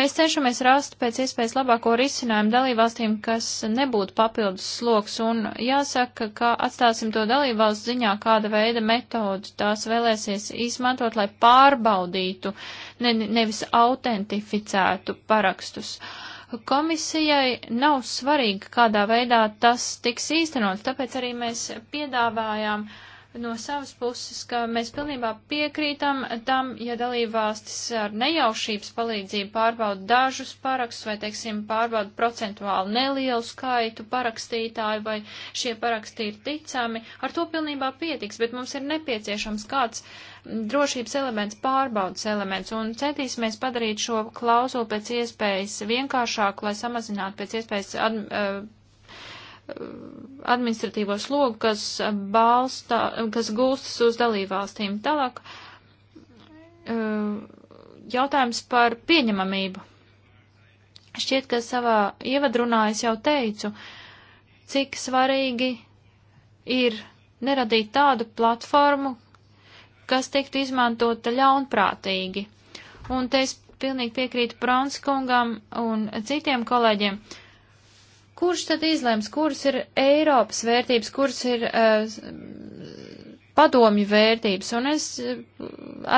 mēs cenšamies rast pēc iespējas labāko risinājumu dalībvalstīm, kas nebūtu papildus sloks, un jāsaka, ka atstāsim to dalībvalstu ziņā, kāda veida metodu tās vēlēsies izmantot, lai pārbaudītu, ne, nevis autentificētu parakstus. Uh, Komisijai nav svarīgi, kādā veidā tas tiks īstenots, tāpēc arī mēs piedāvājām uh, no savas puses, ka mēs pilnībā piekrītam tam, ja dalībvalstis ar nejaušības palīdzību pārbauda dažus parakstus vai, teiksim, pārbauda procentuāli nelielu skaitu parakstītāju vai šie paraksti ir ticami, ar to pilnībā pietiks, bet mums ir nepieciešams kāds drošības elements, pārbaudas elements, un centīsimies padarīt šo klauzulu pēc iespējas vienkāršāku, lai samazinātu pēc iespējas. Ad, uh, administratīvo slogu, kas, balsta, kas gūstas uz dalībvalstīm. Tālāk e, jautājums par pieņemamību. Šķiet, ka savā ievadrunā es jau teicu, cik svarīgi ir neradīt tādu platformu, kas tiktu izmantota ļaunprātīgi. Un te es pilnīgi piekrītu Pranskungam un citiem kolēģiem. Uh, kurš tad izlems, kuras ir Eiropas vērtības, kuras ir uh, padomju vērtības? Un es eh,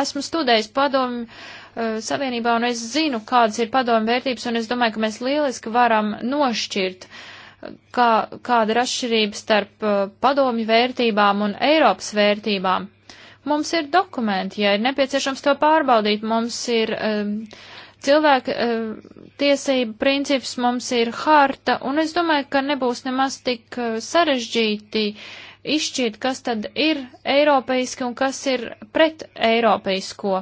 esmu studējis padomju uh, savienībā, un es zinu, kādas ir padomju vērtības, un es domāju, ka mēs lieliski varam nošķirt, kā, kāda ir atšķirība starp uh, padomju vērtībām un Eiropas vērtībām. Mums ir dokumenti, ja ir nepieciešams to pārbaudīt, mums ir. Um, uh, Cilvēka eh, tiesība princips mums ir harta, un es domāju, ka nebūs nemaz tik eh, sarežģīti izšķirt, kas tad ir eiropeiski un kas ir pret eiropeisko.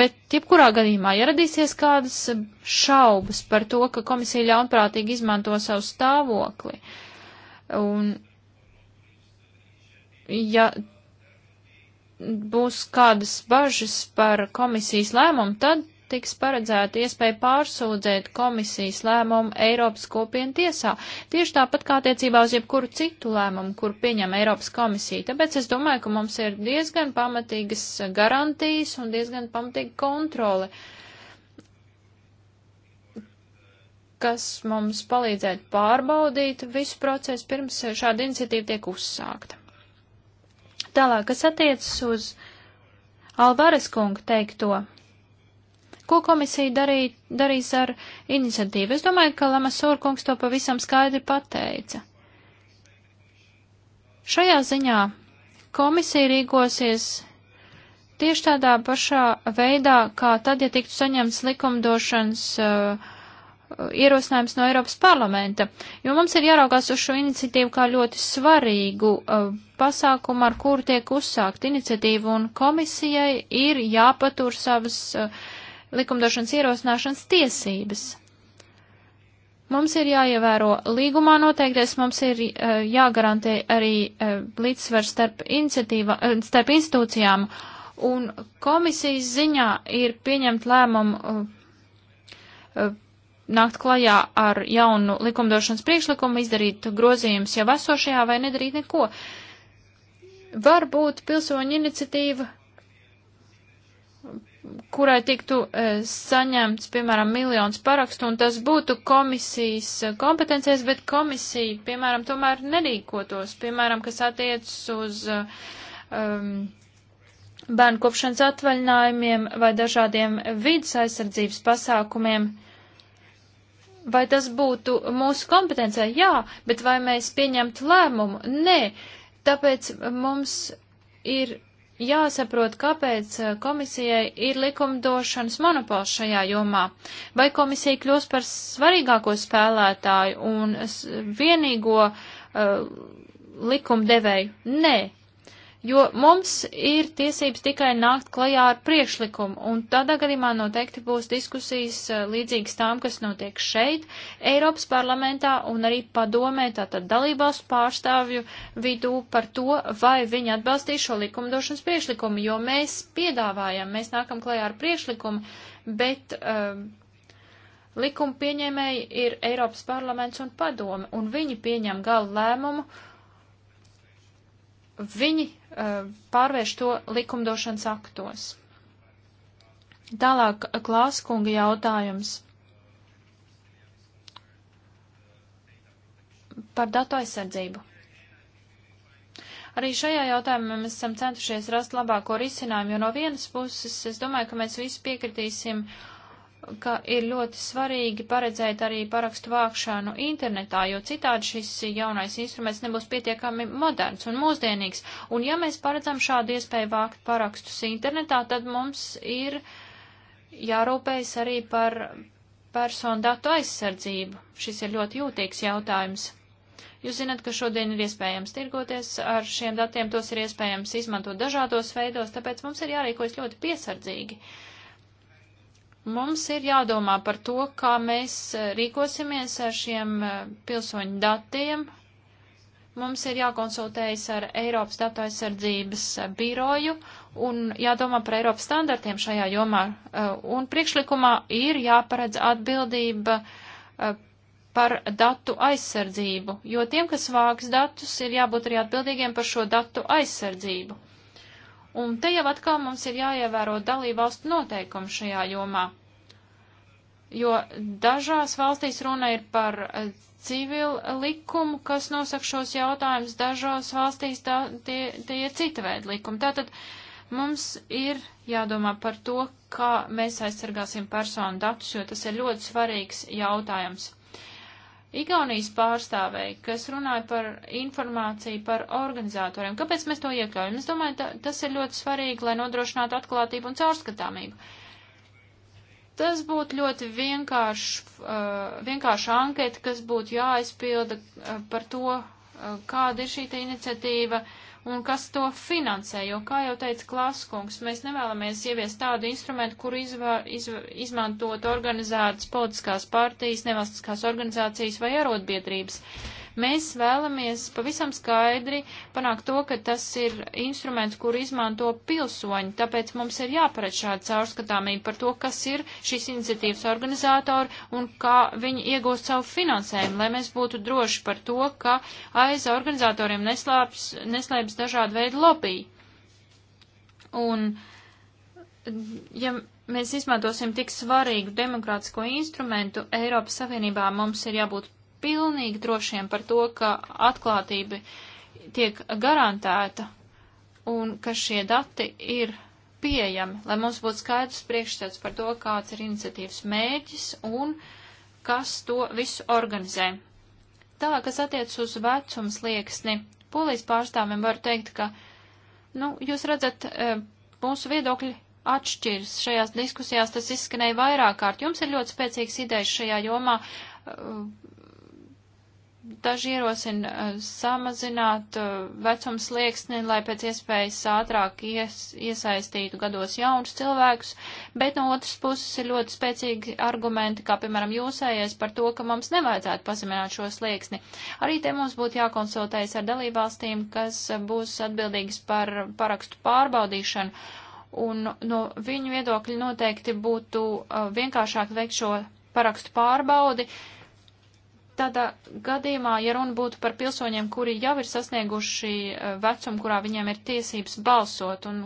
Bet, jebkurā gadījumā, ja radīsies kādas šaubas par to, ka komisija ļaunprātīgi izmanto savu stāvokli, un ja būs kādas bažas par komisijas lēmumu, tad tiks paredzēta iespēja pārsūdzēt komisijas lēmumu Eiropas kopienu tiesā, tieši tāpat kā attiecībā uz jebkuru citu lēmumu, kur pieņem Eiropas komisija. Tāpēc es domāju, ka mums ir diezgan pamatīgas garantijas un diezgan pamatīga kontrole, kas mums palīdzētu pārbaudīt visu procesu pirms šāda iniciatīva tiek uzsākta. Tālāk, kas attiecas uz Alvares kunga teikto, Ko komisija darī, darīs ar iniciatīvu? Es domāju, ka Lamasūra kungs to pavisam skaidri pateica. Šajā ziņā komisija rīkosies tieši tādā pašā veidā, kā tad, ja tiktu saņemts likumdošanas uh, uh ierosinājums no Eiropas parlamenta, jo mums ir jāraugās uz šo iniciatīvu kā ļoti svarīgu uh, pasākumu, ar kuru tiek uzsākt iniciatīvu, un komisijai ir jāpatur savas uh, likumdošanas ierosināšanas tiesības. Mums ir jāievēro līgumā noteikties, mums ir uh, jāgarantē arī uh, eh, līdzsvars starp, uh, starp institūcijām, un komisijas ziņā ir pieņemt lēmumu nākt klajā ar jaunu likumdošanas priekšlikumu, izdarīt grozījumus jau esošajā vai nedarīt neko. Varbūt pilsoņu iniciatīva kurai tiktu e, saņemts, piemēram, miljons parakstu, un tas būtu komisijas e, kompetencijas, bet komisija, piemēram, tomēr nerīkotos, piemēram, kas attiecas uz e, um, bērnu kopšanas atvaļinājumiem vai dažādiem vidas aizsardzības pasākumiem. Vai tas būtu mūsu kompetencija? Jā, bet vai mēs pieņemtu lēmumu? Nē, tāpēc mums ir jāsaprot, kāpēc eh, komisijai ir likumdošanas monopols šajā jomā. Vai komisija kļūs par svarīgāko spēlētāju un vienīgo uh, likumdevēju? Nē, jo mums ir tiesības tikai nākt klajā ar priekšlikumu, un tādā gadījumā noteikti būs diskusijas eh, līdzīgas tām, kas notiek šeit, Eiropas parlamentā un arī padomē, tātad dalībvalstu pārstāvju vidū par to, vai viņi atbalstīs šo likumdošanas priekšlikumu, jo mēs piedāvājam, mēs nākam klajā ar priekšlikumu, bet. Um, Likuma pieņēmēji ir Eiropas parlaments un padome, un viņi pieņem galu lēmumu, uh, viņi uh, pārvērš to likumdošanas aktos. Tālāk klāskunga jautājums par datu aizsardzību. Arī šajā jautājumā mēs esam centušies rast labāko risinājumu, jo no vienas puses es domāju, ka mēs visi piekritīsim uh, ka ir ļoti svarīgi paredzēt arī parakstu vākšanu internetā, jo citādi šis jaunais instruments nebūs pietiekami moderns un mūsdienīgs. Un ja mēs paredzam šādu iespēju vākt parakstus internetā, tad mums ir jārūpējas arī par personu datu aizsardzību. Šis ir ļoti jūtīgs jautājums. Jūs zināt, ka šodien ir iespējams tirgoties ar šiem datiem, tos ir iespējams izmantot dažādos veidos, tāpēc mums ir jārīkojas ļoti piesardzīgi. Uh, Mums ir jādomā par to, kā mēs eh, rīkosimies ar šiem eh, pilsoņu datiem. Mums ir jākonsultējas ar Eiropas datu aizsardzības eh, biroju un jādomā par Eiropas standartiem šajā jomā. Un priekšlikumā ir jāparedz atbildība par datu aizsardzību, jo tiem, kas vāks datus, ir jābūt arī atbildīgiem par šo datu aizsardzību. Un te jau atkal mums ir jāievēro dalībvalstu noteikumi šajā jomā jo dažās valstīs runa ir par eh, civilu likumu, kas nosaka šos jautājumus, dažās valstīs tā, tie, tie ir cita veida likumi. Tātad mums ir jādomā par to, kā mēs aizsargāsim personu datus, jo tas ir ļoti svarīgs jautājums. Igaunijas pārstāvēji, kas runāja par informāciju par organizatoriem, kāpēc mēs to iekļaujam? Es domāju, ta, tas ir ļoti svarīgi, lai nodrošinātu atklātību un caurskatāmību. Tas būtu ļoti vienkārši, uh, vienkārši anketa, kas būtu jāaizpilda uh, par to, uh, kāda ir šī iniciatīva un kas to finansē, jo, kā jau teica Klaskungs, mēs nevēlamies ieviest tādu instrumentu, kur izvā, izvā, izmantot organizētas politiskās partijas, nevalstiskās organizācijas vai arotbiedrības. Uh, Mēs vēlamies pavisam skaidri panākt to, ka tas ir instruments, kur izmanto pilsoņi, tāpēc mums ir jāparedz šāda caurskatāmība par to, kas ir šīs iniciatīvas organizātori un kā viņi iegūst savu finansējumu, lai mēs būtu droši par to, ka aiz organizatoriem neslēps, neslēps dažādi veidi lobby. Un, ja mēs izmantosim tik svarīgu demokrātisko instrumentu, Eiropas Savienībā mums ir jābūt pilnīgi drošiem par to, ka atklātība tiek garantēta un ka šie dati ir pieejami, lai mums būtu skaidrs priekšstats par to, kāds ir iniciatīvas mērķis un kas to visu organizē. Tālāk, kas attiec uz vecums lieksni, polijas pārstāvim var teikt, ka, nu, jūs redzat, e, mūsu viedokļi atšķirs šajās diskusijās, tas izskanēja vairāk kārt. Jums ir ļoti spēcīgas idejas šajā jomā, e, Daži ierosina eh, samazināt eh, vecums lieksni, lai pēc iespējas ātrāk ies, iesaistītu gados jaunus cilvēkus, bet no otras puses ir ļoti spēcīgi argumenti, kā piemēram jūsējais par to, ka mums nevajadzētu pazemināt šo slieksni. Arī te mums būtu jākonsultējas ar dalībvalstīm, kas būs atbildīgas par parakstu pārbaudīšanu. Un no viņu viedokļa noteikti būtu eh, vienkāršāk veikt šo parakstu pārbaudi, uh, Tādā gadījumā, ja runa būtu par pilsoņiem, kuri jau ir sasnieguši eh, vecumu, kurā viņiem ir tiesības balsot un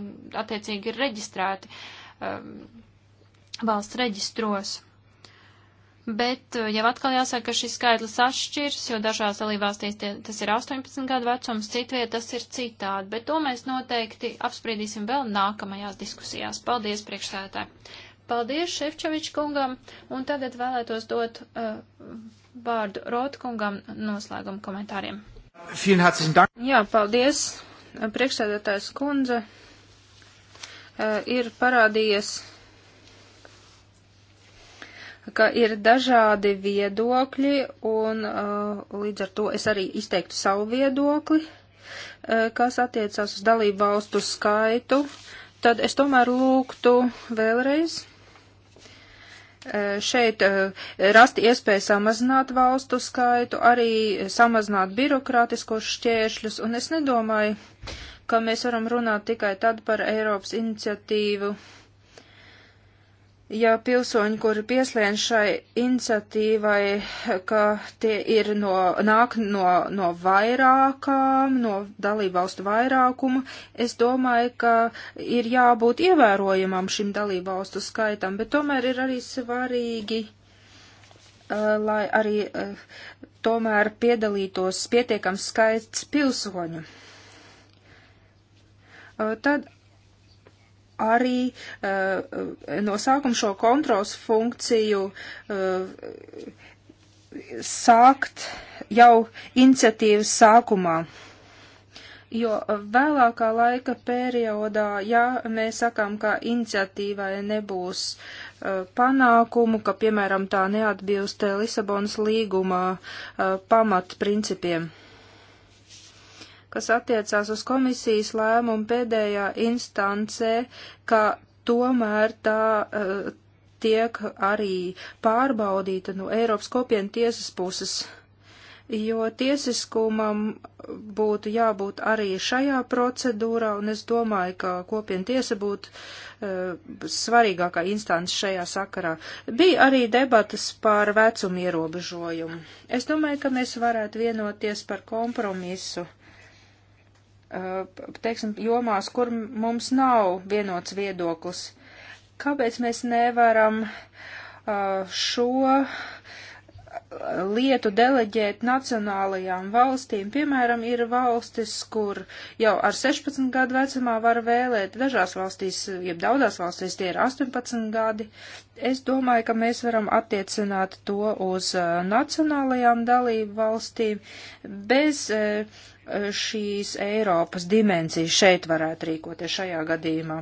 attiecīgi ir reģistrēti um, valsts reģistros. Bet eh, jau atkal jāsaka, ka šis skaitlis atšķirs, jo dažās dalībvalstīs tas ir 18 gadu vecums, citviet tas ir citādi, bet to mēs noteikti apspriedīsim vēl nākamajās diskusijās. Paldies priekšsētāji! Paldies Šefčoviča kungam, un tagad vēlētos dot uh, vārdu Rotkungam noslēguma komentāriem. Jā, paldies, priekšsēdētājs kundze. Ir parādījies, ka ir dažādi viedokļi, un līdz ar to es arī izteiktu savu viedokli, kas attiecās uz dalību valstu skaitu. Tad es tomēr lūgtu vēlreiz Eh, šeit eh, rast iespēju samazināt valstu skaitu, arī samazināt birokrātiskos šķēršļus, un es nedomāju, ka mēs varam runāt tikai tad par Eiropas iniciatīvu ja pilsoņi, kuri pieslēdz šai iniciatīvai, ka tie ir no, nāk no, no vairākām, no dalībvalstu vairākuma, es domāju, ka ir jābūt ievērojamam šim dalībvalstu skaitam, bet tomēr ir arī svarīgi, lai arī tomēr piedalītos pietiekams skaits pilsoņu. Tad arī eh, no sākuma šo kontrols funkciju eh, sākt jau iniciatīvas sākumā. Jo vēlākā laika periodā, ja mēs sakām, ka iniciatīvai nebūs uh, panākumu, ka, piemēram, tā neatbilst Lisabonas līguma uh, pamatprincipiem, kas attiecās uz komisijas lēmumu pēdējā instancē, ka tomēr tā eh, tiek arī pārbaudīta no Eiropas kopienu tiesas puses, jo tiesiskumam būtu jābūt arī šajā procedūrā, un es domāju, ka kopienu tiesa būtu uh, svarīgākā instance šajā sakarā. Bija arī debatas par vecumu ierobežojumu. Es domāju, ka mēs varētu vienoties par kompromisu. Uh, Uh, teiksim, jomās, kur mums nav vienots viedoklis. Kāpēc mēs nevaram uh, šo uh, lietu deleģēt nacionālajām valstīm. Piemēram, ir valstis, kur jau ar 16 gadu vecumā var vēlēt, dažās valstīs, jeb daudzās valstīs tie ir 18 gadi. Es domāju, ka mēs varam attiecināt to uz nacionālajām dalību valstīm bez. Uh, Eh, šīs Eiropas dimensijas šeit varētu rīkoties šajā gadījumā.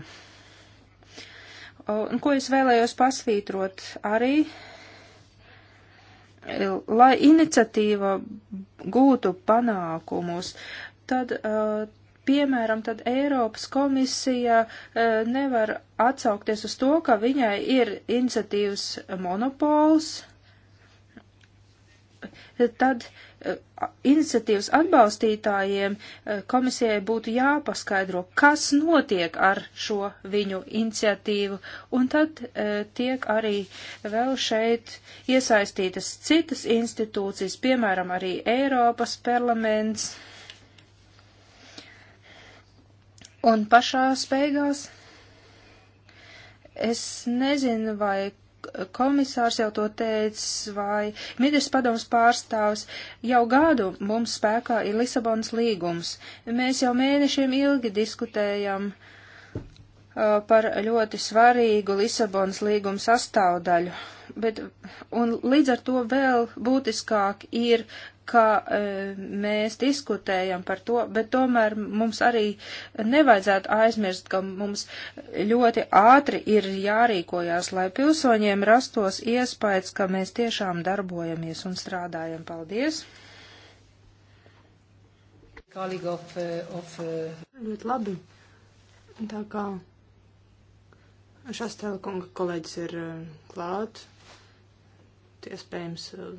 Un ko es vēlējos pasvītrot arī, eh, lai iniciatīva gūtu panākumus, tad, eh, piemēram, tad Eiropas komisija nevar atsaukties uz to, ka viņai ir iniciatīvas monopols, tad eh, iniciatīvas atbalstītājiem eh, komisijai būtu jāpaskaidro, kas notiek ar šo viņu iniciatīvu, un tad eh, tiek arī vēl šeit iesaistītas citas institūcijas, piemēram, arī Eiropas parlaments. Un pašās beigās es nezinu, vai komisārs jau to teica, vai ministrs padoms pārstāvs, jau gadu mums spēkā ir Lisabonas līgums. Mēs jau mēnešiem ilgi diskutējam uh, par ļoti svarīgu Lisabonas līguma sastāvdaļu, bet, un līdz ar to vēl būtiskāk ir ka e, mēs diskutējam par to, bet tomēr mums arī nevajadzētu aizmirst, ka mums ļoti ātri ir jārīkojās, lai pilsoņiem rastos iespējas, ka mēs tiešām darbojamies un strādājam. Paldies! Of, eh, of... Eh, ļoti labi. Tā kā Šastēla kunga kolēģis ir klāt, iespējams. Uh,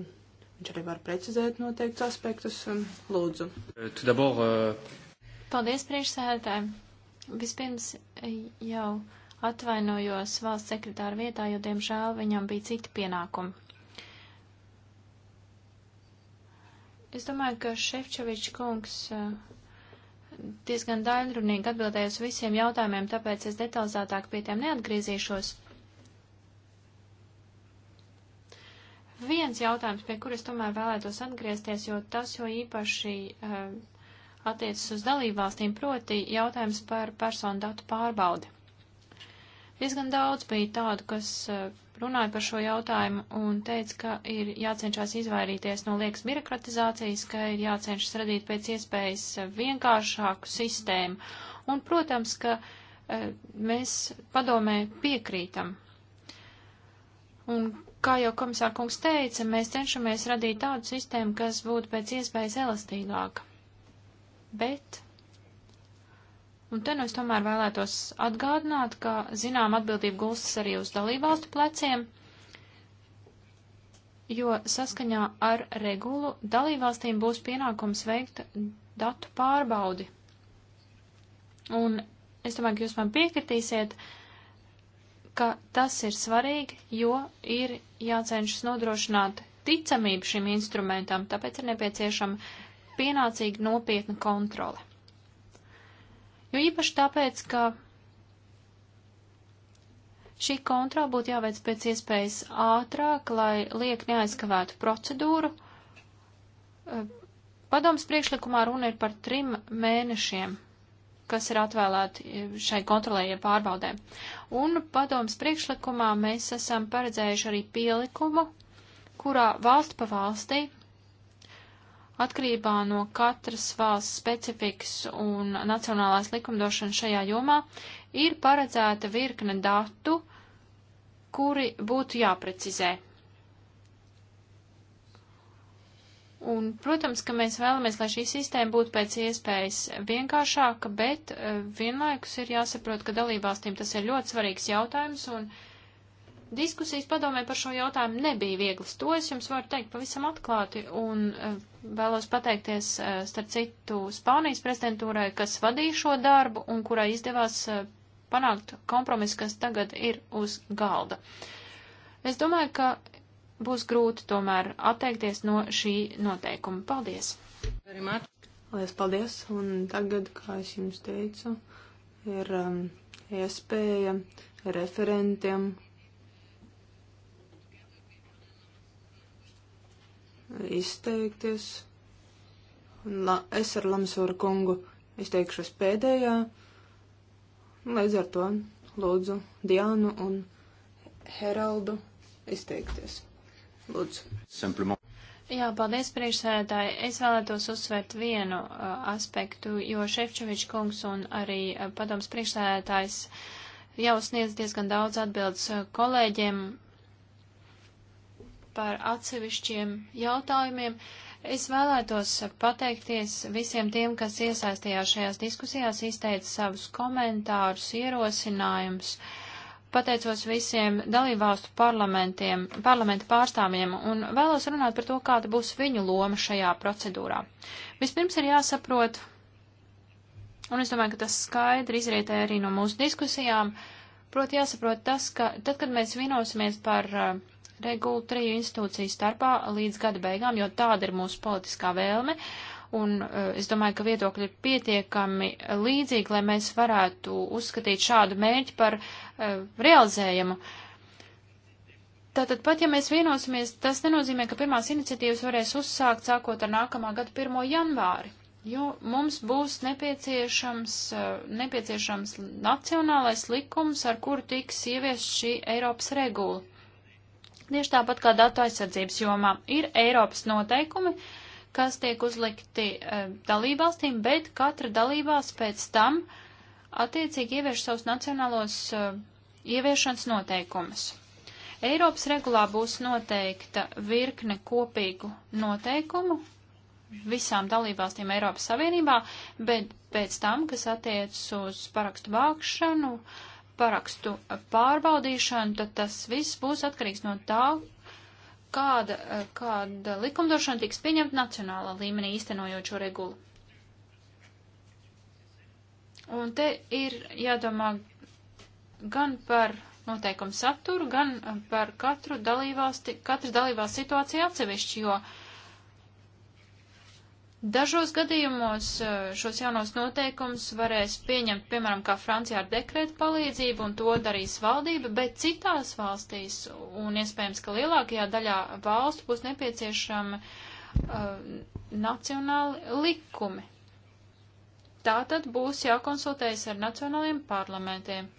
Viņš arī var precizēt noteikts aspektus. Um, lūdzu. Eh, eh, Paldies priekšsēdētājiem. Vispirms eh, jau atvainojos valsts sekretāra vietā, jo, diemžēl, viņam bija citi pienākumi. Es domāju, ka Šefčovičs kungs diezgan daļrunīgi atbildēja uz visiem jautājumiem, tāpēc es detalizētāk pie tiem neatgriezīšos. viens jautājums, pie kuras tomēr vēlētos atgriezties, jo tas jau īpaši uh, attiecas uz dalībvalstīm, proti jautājums par personu datu pārbaudi. Diezgan daudz bija tādu, kas eh, runāja par šo jautājumu un teica, ka ir jācenšas izvairīties no liekas birokratizācijas, ka ir jācenšas radīt pēc iespējas eh, vienkāršāku sistēmu. Un, protams, ka uh, mēs padomē piekrītam. Un Kā jau komisāra kungs teica, mēs cenšamies radīt tādu sistēmu, kas būtu pēc iespējas elastīgāka. Bet, un te nu es tomēr vēlētos atgādināt, ka, zinām, atbildība gulstas arī uz dalībvalstu pleciem, jo saskaņā ar regulu dalībvalstīm būs pienākums veikt datu pārbaudi. Un es domāju, ka jūs man piekritīsiet, uh, ka tas ir svarīgi, jo ir jācenšas nodrošināt ticamību šim instrumentam, tāpēc ir nepieciešama pienācīga nopietna kontrole. Jo īpaši tāpēc, ka šī kontrola būtu jāveic pēc iespējas ātrāk, lai liek neaizkavētu procedūru. Padoms priekšlikumā runa ir par trim mēnešiem kas ir atvēlēti e, šai kontrolējai pārbaudē. Un padomas priekšlikumā mēs esam paredzējuši arī pielikumu, kurā valsts pa valstī, atkarībā no katras valsts specifikas un nacionālās likumdošanas šajā jomā, ir paredzēta virkne datu, kuri būtu jāprecizē. Un, protams, ka mēs vēlamies, lai šī sistēma būtu pēc iespējas vienkāršāka, bet eh, vienlaikus ir jāsaprot, ka dalībvalstīm tas ir ļoti svarīgs jautājums, un diskusijas padomē par šo jautājumu nebija vieglas. To es jums varu teikt pavisam atklāti, un eh, vēlos pateikties, eh, starp citu, Spānijas prezidentūrai, kas vadīja šo darbu un kurai izdevās panākt kompromisu, kas tagad ir uz galda. Es domāju, ka būs grūti tomēr atteikties no šī noteikuma. Paldies! Lielas paldies! Un tagad, kā es jums teicu, ir um, iespēja referentiem izteikties. Un la, es ar Lamsvaru kungu izteikšos pēdējā. Līdz ar to lūdzu Diānu un Heraldu izteikties. Lūdzu. Simplement. Jā, paldies priekšsēdētāji. Es vēlētos uzsvērt vienu uh, aspektu, jo Šefčovičs kungs un arī uh, padoms priekšsēdētājs jau sniedz diezgan daudz atbildes uh, kolēģiem par atsevišķiem jautājumiem. Es vēlētos pateikties visiem tiem, kas iesaistījās šajās diskusijās, izteica savus komentārus, ierosinājumus. Uh, pateicos visiem dalībvalstu parlamentiem, parlamenta pārstāvjiem un vēlos runāt par to, kāda būs viņu loma šajā procedūrā. Vispirms ir jāsaprot, un es domāju, ka tas skaidri izrietē arī no mūsu diskusijām, proti jāsaprot tas, ka tad, kad mēs vienosimies par eh, regulu triju institūciju starpā līdz gada beigām, jo tāda ir mūsu politiskā vēlme, uh, un eh, es domāju, ka viedokļi ir pietiekami līdzīgi, lai mēs varētu uzskatīt šādu mērķi par uh, eh, realizējumu. Tātad pat, ja mēs vienosimies, tas nenozīmē, ka pirmās iniciatīvas varēs uzsākt sākot ar nākamā gada 1. janvāri, jo mums būs nepieciešams, uh, nepieciešams nacionālais likums, ar kuru tiks ieviest šī Eiropas regula. Tieši tāpat kā datu aizsardzības jomā ir Eiropas noteikumi, uh, kas tiek uzlikti e, dalībvalstīm, bet katra dalībās pēc tam attiecīgi ievieš savus nacionālos e, ieviešanas noteikumus. Eiropas regulā būs noteikta virkne kopīgu noteikumu visām dalībvalstīm Eiropas Savienībā, bet pēc tam, kas attiecas uz parakstu vākšanu, parakstu pārbaudīšanu, tad tas viss būs atkarīgs no tā, kāda, eh, kāda likumdošana tiks pieņemta nacionālā līmenī īstenojot šo regulu. Un te ir jādomā gan par noteikumu saturu, gan eh, par katru dalībvalsti, katras dalībvalsts situāciju atsevišķi, jo uh, Dažos gadījumos e, šos jaunos noteikumus varēs pieņemt, piemēram, kā Francijā ar dekrētu palīdzību, un to darīs valdība, bet citās valstīs, un iespējams, ka lielākajā daļā valstu būs nepieciešami uh, e, nacionāli likumi. Tā tad būs jākonsultējas ar nacionāliem parlamentiem.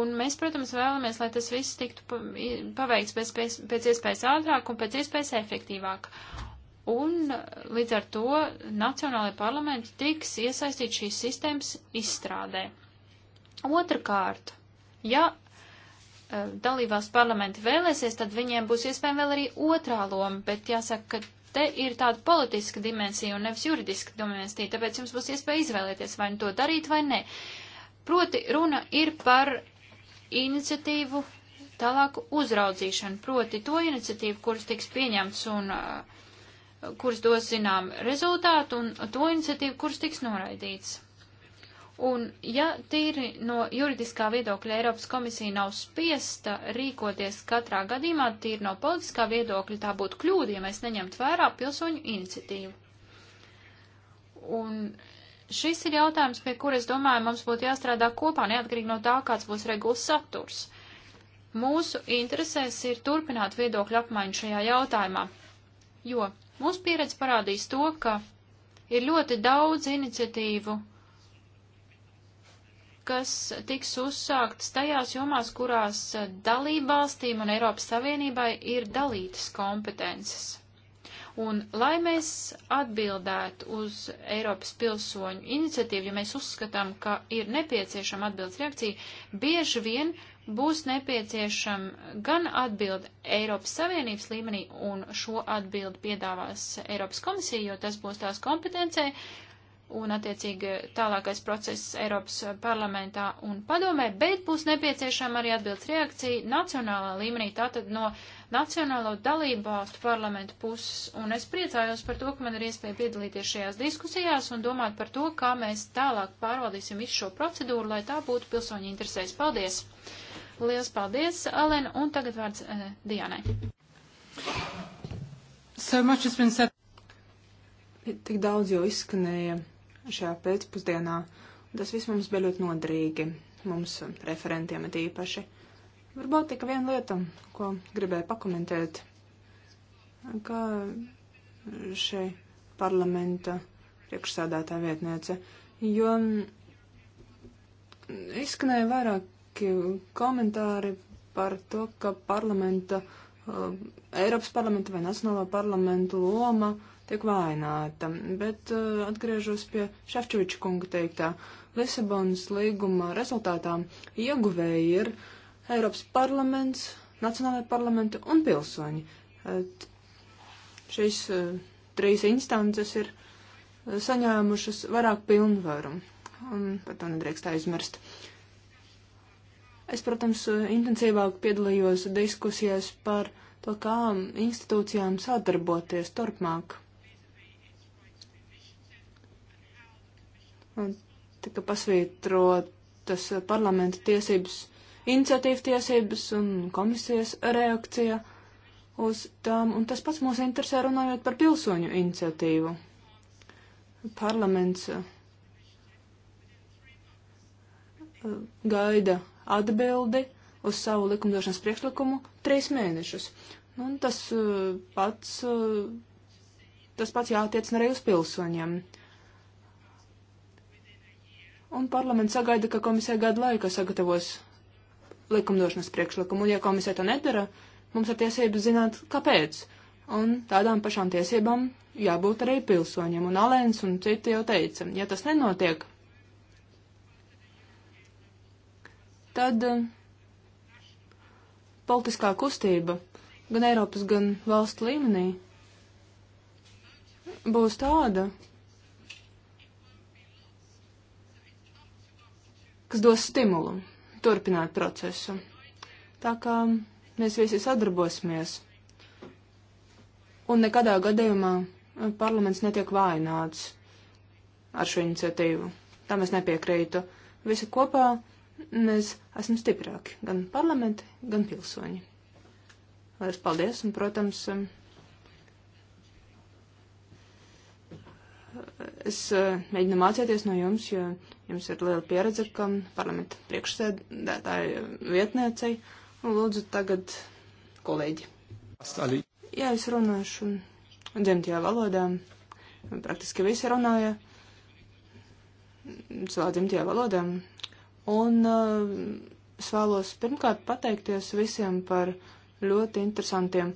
Un mēs, protams, vēlamies, lai tas viss tiktu paveikts pēc, pēc, pēc iespējas ātrāk un pēc iespējas efektīvāk. Un eh, līdz ar to nacionālajie parlamenti tiks iesaistīti šīs sistēmas izstrādē. Otrakārt, ja eh, dalībās parlamenti vēlēsies, tad viņiem būs iespējama vēl arī otrā loma, bet jāsaka, ka te ir tāda politiska dimensija un nevis juridiska dimensija, tāpēc jums būs iespēja izvēlēties, vai nu to darīt vai nē. Proti runa ir par iniciatīvu tālāku uzraudzīšanu, proti to iniciatīvu, kuras tiks pieņemts un uh, kuras dos zinām rezultātu, un to iniciatīvu, kuras tiks noraidīts. Un ja tīri no juridiskā viedokļa Eiropas komisija nav spiesta rīkoties katrā gadījumā, tīri no politiskā viedokļa tā būtu kļūda, ja mēs neņemtu vērā pilsoņu iniciatīvu. Un šis ir jautājums, pie kura es domāju, mums būtu jāstrādā kopā, neatkarīgi no tā, kāds būs regulas saturs. Mūsu interesēs ir turpināt viedokļu apmaiņu šajā jautājumā, jo Mūsu pieredze parādīs to, ka ir ļoti daudz iniciatīvu, kas tiks uzsāktas tajās jomās, kurās dalībvalstīm un Eiropas Savienībai ir dalītas kompetences. Un, lai mēs atbildētu uz Eiropas pilsoņu iniciatīvu, ja mēs uzskatām, ka ir nepieciešama atbildes reakcija, bieži vien būs nepieciešama gan atbildi Eiropas Savienības līmenī, un šo atbildi piedāvās Eiropas komisija, jo tas būs tās kompetencē, un attiecīgi tālākais process Eiropas parlamentā un padomē, bet būs nepieciešama arī atbildes reakcija nacionālā līmenī, tātad no uh, nacionālo dalību valstu parlamentu puses, un es priecājos par to, ka man ir iespēja piedalīties šajās diskusijās un domāt par to, kā mēs tālāk pārvaldīsim visu šo procedūru, lai tā būtu pilsoņu interesēs. Paldies! Lielas paldies, Alena, un tagad vārds eh, Dianai. So much has been said. Tik daudz jau izskanēja šajā pēcpusdienā, un tas viss mums bija ļoti nodrīgi, mums referentiem ir īpaši. Varbūt tikai viena lieta, ko gribēju pakomentēt, ka šī parlamenta priekšsādātā vietniece, jo izskanēja vairāki komentāri par to, ka parlamenta, uh, Eiropas parlamenta vai Nacionālā parlamenta loma tiek vaināta. Bet uh, atgriežos pie Šefčoviča kunga teiktā. Lisabonas līguma rezultātā ieguvēji ir uh, Eiropas parlaments, nacionālajie parlamenti un pilsoņi. Et šīs trīs instances ir saņēmušas vairāk pilnvaru, un par to nedrīkst aizmirst. Es, protams, intensīvāk piedalījos diskusijās par to, kā institūcijām sadarboties turpmāk. Un tika pasvītrotas parlamenta tiesības iniciatīvtiesības un komisijas reakcija uz tām, un tas pats mūs interesē runājot par pilsoņu iniciatīvu. Parlaments uh, gaida atbildi uz savu likumdošanas priekšlikumu trīs mēnešus. Nu, un tas uh, pats, uh, tas pats jātiecina arī uz pilsoņiem. Un parlaments sagaida, ka komisija gadu laikā sagatavos likumdošanas priekšlikumu, un ja komisija to nedara, mums ir tiesības zināt, kāpēc. Un tādām pašām tiesībām jābūt arī pilsoņiem, un Alēns un citi jau teica, ja tas nenotiek, tad eh, politiskā kustība gan Eiropas, gan valstu līmenī būs tāda, kas dos stimulu turpināt procesu. Tā kā mēs visi sadarbosimies. Un nekādā gadījumā eh, parlaments netiek vājināts ar šo iniciatīvu. Tā mēs nepiekrītu. Visi kopā mēs esam stiprāki, gan parlamenti, gan pilsoņi. Lielas paldies, un, protams, eh, Es uh, mēģinu mācīties no jums, jo jums ir liela pieredze, kā parlamenta priekšsēdētāja vietniecei. Lūdzu, tagad kolēģi. Stālī. Jā, es runāšu dzimtajā valodā. Praktiski visi runāja savā dzimtajā valodā. Un uh, es vēlos pirmkārt pateikties visiem par ļoti interesantiem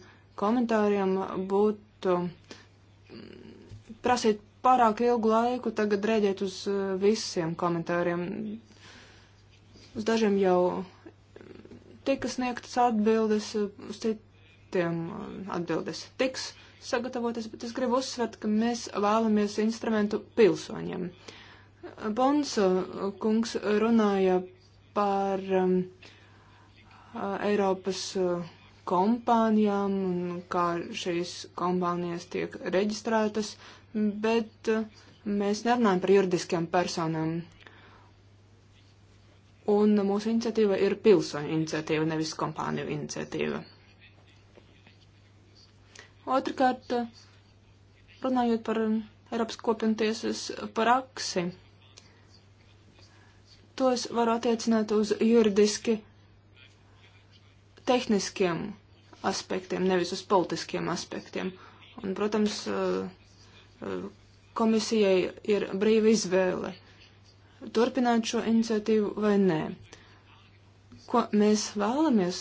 komentāriem. Būtu prasīt pārāk ilgu laiku tagad rēģēt uz eh, visiem komentāriem. Uz dažiem jau tika sniegtas atbildes, eh, uz citiem eh, atbildes tiks sagatavotas, bet es gribu uzsvert, ka mēs vēlamies instrumentu pilsoņiem. Bonsa kungs runāja par um, Eiropas uh, kompānijām un kā šīs kompānijas tiek reģistrētas. Uh, bet eh, mēs nerunājam par juridiskām personām. Un mūsu iniciatīva ir pilsoņu iniciatīva, nevis kompāniju iniciatīva. Otrakārt, eh, runājot par Eiropas kopienu tiesas praksi, to es varu attiecināt uz juridiski tehniskiem aspektiem, nevis uz politiskiem aspektiem. Un, protams, uh, komisijai ir brīva izvēle turpināt šo iniciatīvu vai nē. Ko mēs vēlamies?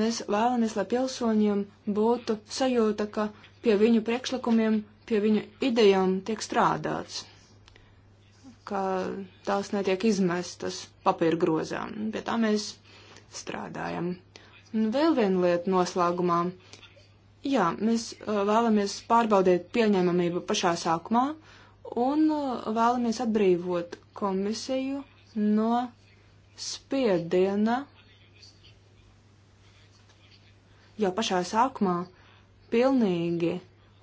Mēs vēlamies, lai pilsoņiem būtu sajūta, ka pie viņu priekšlikumiem, pie viņu idejām tiek strādāts, ka tās netiek izmestas papīra grozām. Pie tā mēs strādājam. Un vēl viena lieta noslēgumā. Uh, Jā, mēs uh, vēlamies pārbaudīt pieņēmamību pašā sākumā un uh, vēlamies atbrīvot komisiju no spiediena jau pašā sākumā pilnīgi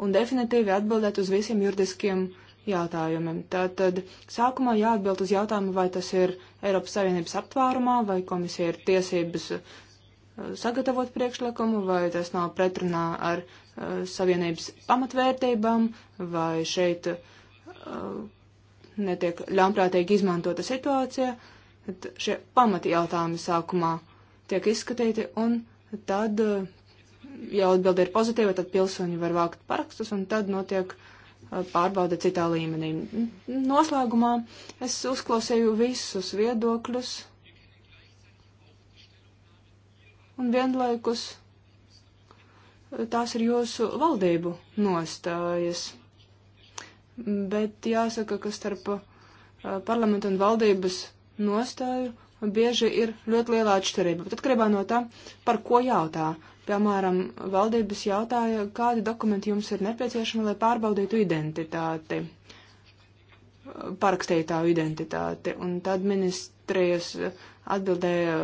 un definitīvi atbildēt uz visiem juridiskiem jautājumiem. Tātad sākumā jāatbild uz jautājumu, vai tas ir Eiropas Savienības aptvērumā, vai komisija ir tiesības sagatavot priekšlikumu, vai tas nav pretrunā ar uh, savienības pamatvērtībām, vai šeit uh, netiek ļaunprātīgi izmantota situācija. Šie pamati jautājumi sākumā tiek izskatīti, un tad, uh, ja atbildi ir pozitīva, tad pilsoņi var vākt parakstus, un tad notiek pārbauda citā līmenī. Noslēgumā es uzklausīju visus viedokļus, un vienlaikus eh, tās ir jūsu valdību nostājas. Bet jāsaka, ka starp eh, parlamentu un valdības nostāju bieži ir ļoti liela atšķirība. Bet atkarībā no tā, par ko jautā. Piemēram, valdības jautāja, kādi dokumenti jums ir nepieciešami, lai pārbaudītu identitāti, parakstītāju identitāti. Un tad ministrijas atbildēja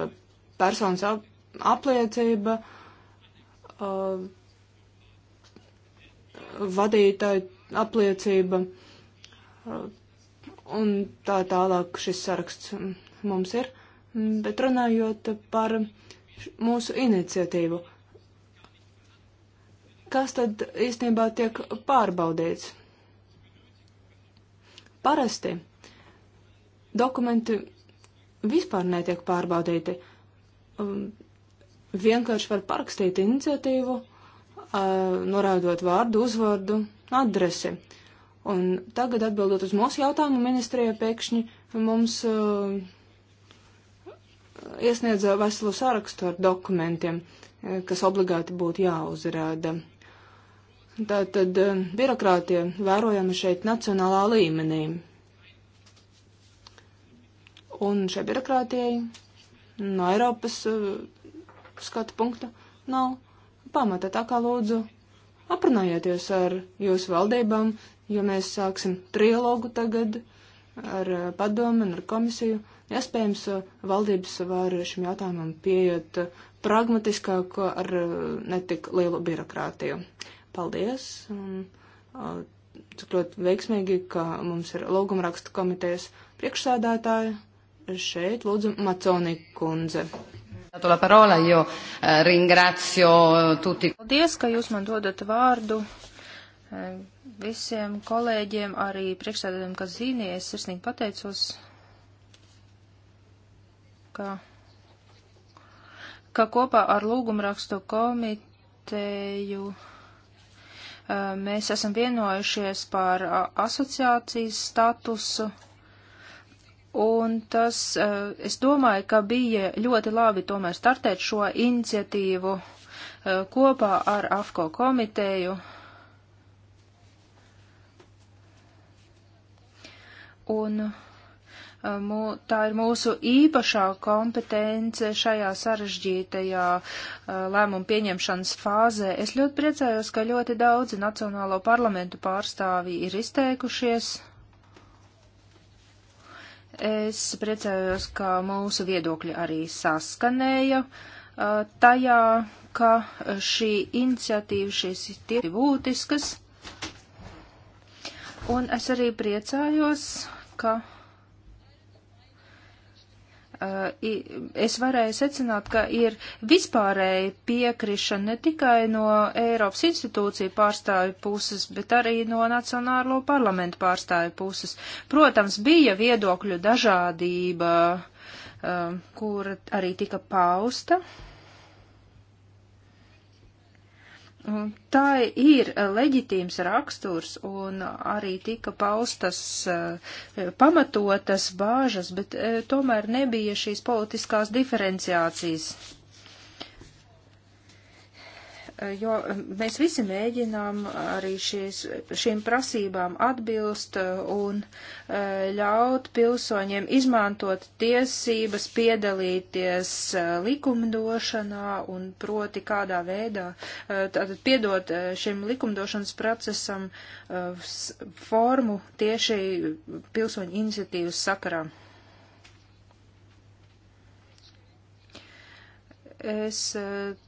personas ap apliecība uh, vadītāja apliecība uh, un tā tālāk šis saraksts mums ir. Bet runājot par mūsu iniciatīvu, kas tad īstenībā tiek pārbaudīts? Parasti dokumenti vispār netiek pārbaudīti. Um, vienkārši var parakstīt iniciatīvu, norādot vārdu, uzvārdu, adresi. Un tagad atbildot uz mūsu jautājumu, ministrija pēkšņi mums uh, iesniedza veselu sarakstu ar dokumentiem, kas obligāti būtu jāuzrāda. Tātad uh, birokrātie vērojami šeit nacionālā līmenī. Un šai birokrātijai no Eiropas uh, skatu punktu nav pamata. Tā kā lūdzu aprunājieties ar jūsu valdībām, jo mēs sāksim trilogu tagad ar eh, padomu un ar komisiju. Iespējams, eh, valdības var šim jautājumam pieiet pragmatiskāk ar eh, netik lielu birokrātiju. Paldies! Un, cik ļoti veiksmīgi, ka mums ir logumrakstu komitejas priekšsādātāja. Šeit lūdzu Maconī kundze. Eh, eh, Paldies, ka jūs man dodat vārdu. Eh, visiem kolēģiem, arī priekšstādājiem, kas zīnie, es sirsnīgi pateicos, ka, ka kopā ar lūgumrakstu komiteju mēs esam vienojušies par asociācijas statusu Un tas, eh, es domāju, ka bija ļoti labi tomēr startēt šo iniciatīvu eh, kopā ar AFCO komiteju. Un eh, mū, tā ir mūsu īpašā kompetence šajā sarežģītajā lēmumu pieņemšanas fāzē. Es ļoti priecājos, ka ļoti daudzi Nacionālo parlamentu pārstāvji ir izteikušies. Es priecājos, ka mūsu viedokļi arī saskanēja tajā, ka šī iniciatīva, šīs ir būtiskas. Un es arī priecājos, ka Uh, es varēju secināt, ka ir vispārēji piekrišana ne tikai no Eiropas institūciju pārstāvju puses, bet arī no Nacionālo parlamentu pārstāvju puses. Protams, bija viedokļu dažādība, uh, kur arī tika pausta. Tā ir eh, leģitīms raksturs un arī tika paustas eh, pamatotas bāžas, bet eh, tomēr nebija šīs politiskās diferenciācijas Eh, jo eh, mēs visi mēģinām arī šīs, šīm prasībām atbilst eh, un ļaut pilsoņiem izmantot tiesības piedalīties likumdošanā un proti kādā veidā, tātad piedot šim likumdošanas procesam formu tieši pilsoņu iniciatīvas sakarām. Es e,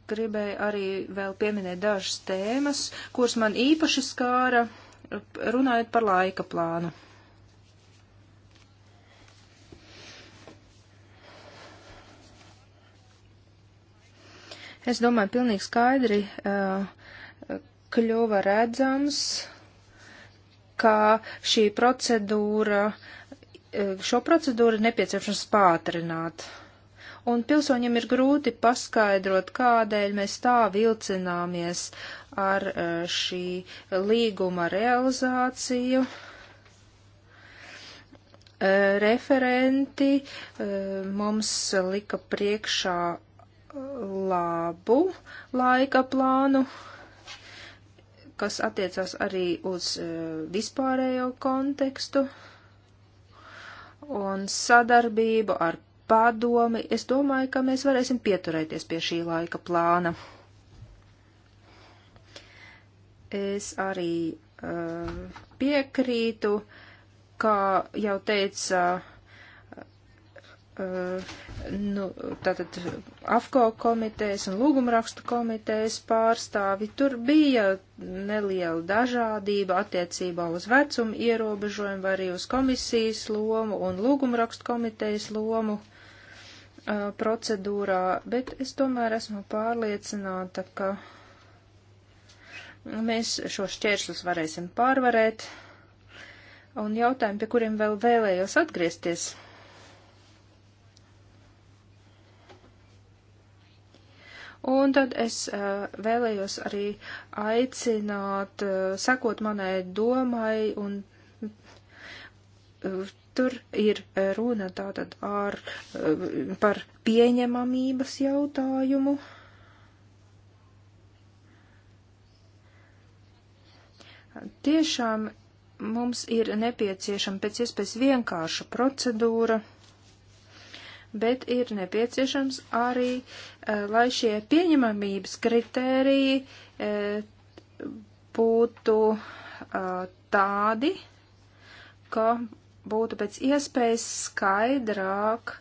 gribēju arī vēl pieminēt dažas tēmas, kuras man īpaši skāra, e, runājot par laika plānu. Es domāju, pilnīgi skaidri e, kļuva redzams, ka šī procedūra, šo procedūru nepieciešams pātrināt un pilsoņiem ir grūti paskaidrot, kādēļ mēs tā vilcināmies ar eh, šī līguma realizāciju. Eh, referenti eh, mums lika priekšā labu laika plānu, kas attiecās arī uz vispārējo kontekstu un sadarbību ar padomi, es domāju, ka mēs varēsim pieturēties pie šī laika plāna. Es arī uh, piekrītu, kā jau teica uh, nu, tātad AFCO komitejas un lūgumrakstu komitejas pārstāvi, tur bija neliela dažādība attiecībā uz vecumu ierobežojumu vai arī uz komisijas lomu un lūgumrakstu komitejas lomu. Uh, procedūrā, bet es tomēr esmu pārliecināta, ka mēs šos šķēršļus varēsim pārvarēt. Un jautājumi, pie kuriem vēl vēlējos atgriezties. Un tad es uh, vēlējos arī aicināt, uh, sekot manai domai un uh, Tur ir e, runa tātad ar, e, par pieņemamības jautājumu. Tiešām mums ir nepieciešama pēc iespējas vienkārša procedūra, bet ir nepieciešams arī, e, lai šie pieņemamības kritēriji būtu tādi, ka būtu pēc iespējas skaidrāk uh,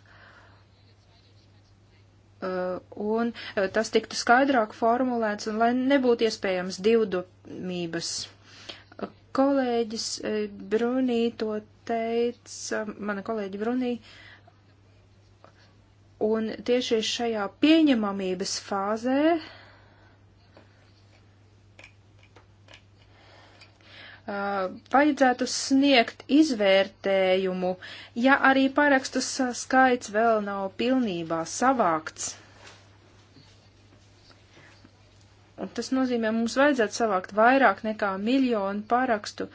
un uh, tas tiktu skaidrāk formulēts un lai nebūtu iespējams divdomības. Uh, kolēģis Brunī to teica, mana kolēģi Brunī, un tieši šajā pieņemamības fāzē Uh, vajadzētu sniegt izvērtējumu, ja arī parakstu skaits vēl nav pilnībā savākts. Un tas nozīmē, mums vajadzētu savākt vairāk nekā miljonu parakstu,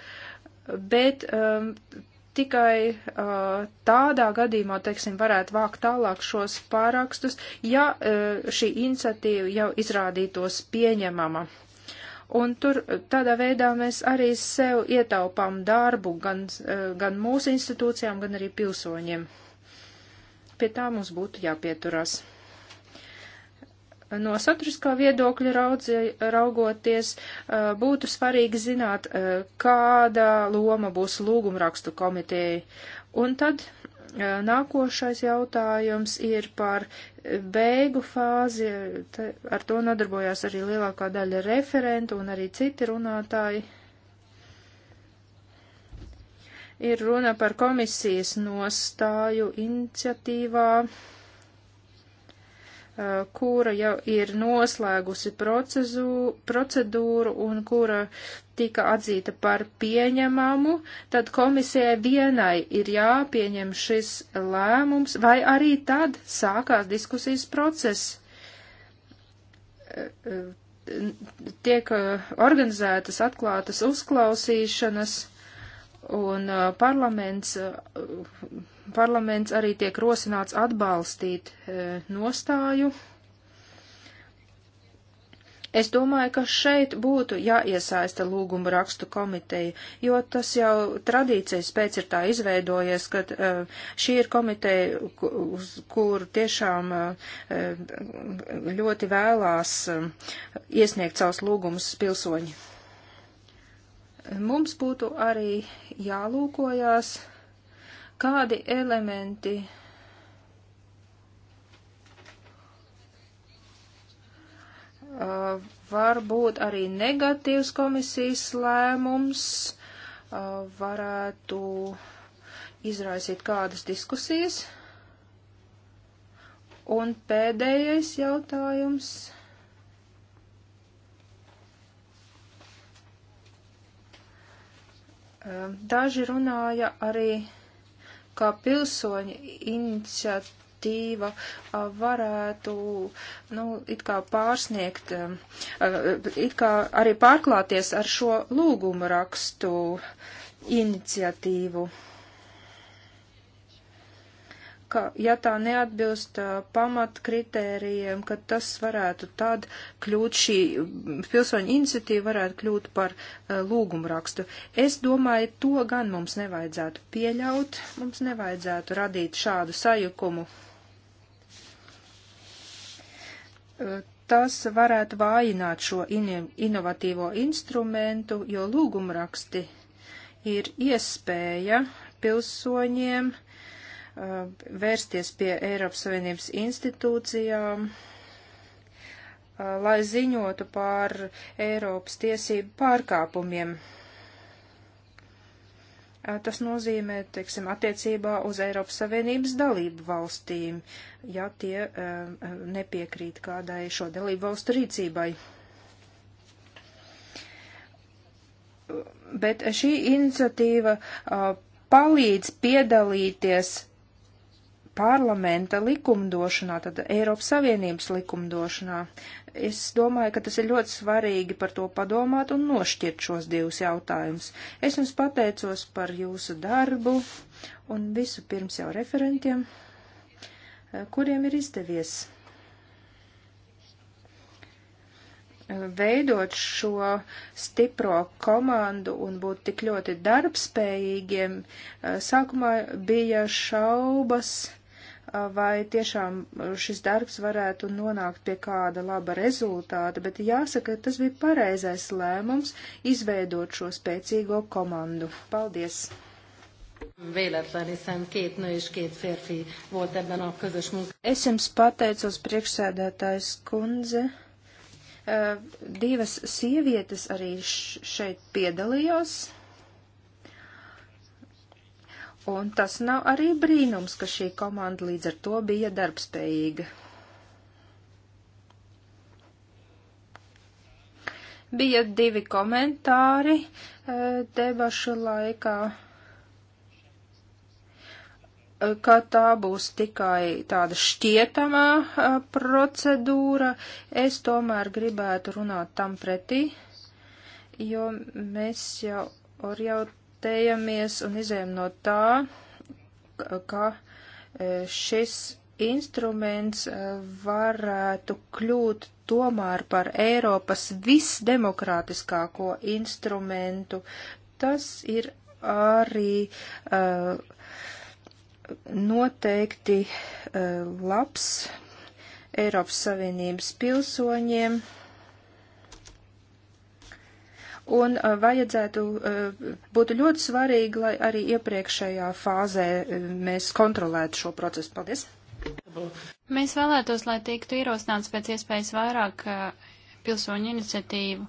bet um, tikai uh, tādā gadījumā, teiksim, varētu vākt tālāk šos pārakstus, ja uh, šī iniciatīva jau izrādītos pieņemama. Uh, Un tur tādā veidā mēs arī sev ietaupām darbu gan, eh, gan mūsu institūcijām, gan arī pilsoņiem. Pie tā mums būtu jāpieturās. No saturiskā viedokļa raudzie, raugoties, eh, būtu svarīgi zināt, eh, kāda loma būs lūgumrakstu komiteja. Un tad Nākošais jautājums ir par beigu fāzi. Te, ar to nodarbojās arī lielākā daļa referentu un arī citi runātāji. Ir runa par komisijas nostāju iniciatīvā Uh, kura jau ir noslēgusi procesu, procedūru un kura tika atzīta par pieņemamu, tad komisijai vienai ir jāpieņem šis lēmums, vai arī tad sākās diskusijas process. Uh, uh, tiek organizētas atklātas uzklausīšanas, un parlaments parlaments arī tiek rosināts atbalstīt e, nostāju. Es domāju, ka šeit būtu jāiesaista lūguma rakstu komiteja, jo tas jau tradīcijas pēc ir tā izveidojies, ka e, šī ir komiteja, uz kur tiešām e, e ļoti vēlās e, iesniegt savus lūgumus pilsoņi. Mums būtu arī jālūkojās kādi elementi uh, varbūt arī negatīvs komisijas lēmums uh, varētu izraisīt kādas diskusijas. Un pēdējais jautājums. Daži runāja arī kā pilsoņa iniciatīva varētu, nu, it kā pārsniegt, it kā arī pārklāties ar šo lūgumu rakstu iniciatīvu ka, ja tā neatbilst pamatkritērijiem, ka tas varētu tad kļūt šī pilsoņa iniciatīva varētu kļūt par uh, lūgumrakstu. Es domāju, to gan mums nevajadzētu pieļaut, mums nevajadzētu radīt šādu sajukumu. Uh, tas varētu vājināt šo in inovatīvo instrumentu, jo lūgumraksti ir iespēja pilsoņiem uh, Uh, vērsties pie Eiropas Savienības institūcijām, uh, lai ziņotu par Eiropas tiesību pārkāpumiem. Uh, tas nozīmē, teiksim, attiecībā uz Eiropas Savienības dalību valstīm, ja tie nepiekrīt kādai šo dalību valstu rīcībai. Bet šī iniciatīva palīdz piedalīties parlamenta likumdošanā, tad Eiropas Savienības likumdošanā. Es domāju, ka tas ir ļoti svarīgi par to padomāt un nošķirt šos divus jautājumus. Es jums pateicos par jūsu darbu un visu pirms jau referentiem, kuriem ir izdevies veidot šo stipro komandu un būt tik ļoti darbspējīgiem, sākumā bija šaubas vai tiešām uh, šis darbs varētu nonākt pie kāda laba rezultāta, bet jāsaka, tas bija pareizais lēmums izveidot šo spēcīgo komandu. Paldies! Véletlen, hiszen két nő és két férfi volt ebben a közös munkában. Es jums pateicos priekšsēdētājs kundze. Uh, divas sievietes arī šeit piedalījās. Un tas nav arī brīnums, ka šī komanda līdz ar to bija darbspējīga. Bija divi komentāri e, debašu laikā, e, ka tā būs tikai tāda šķietamā e, procedūra. Es tomēr gribētu runāt tam pretī, jo mēs jau, or jau orientējamies un izējam no tā, ka e, šis instruments e, varētu kļūt tomēr par Eiropas visdemokrātiskāko instrumentu. Tas ir arī uh, noteikti uh, labs Eiropas Savienības pilsoņiem. Uh, un uh, vajadzētu, uh, būtu ļoti svarīgi, lai arī iepriekšējā fāzē uh, mēs kontrolētu šo procesu. Paldies! Mēs vēlētos, lai tiktu ierosināts pēc iespējas vairāk pilsoņu iniciatīvu.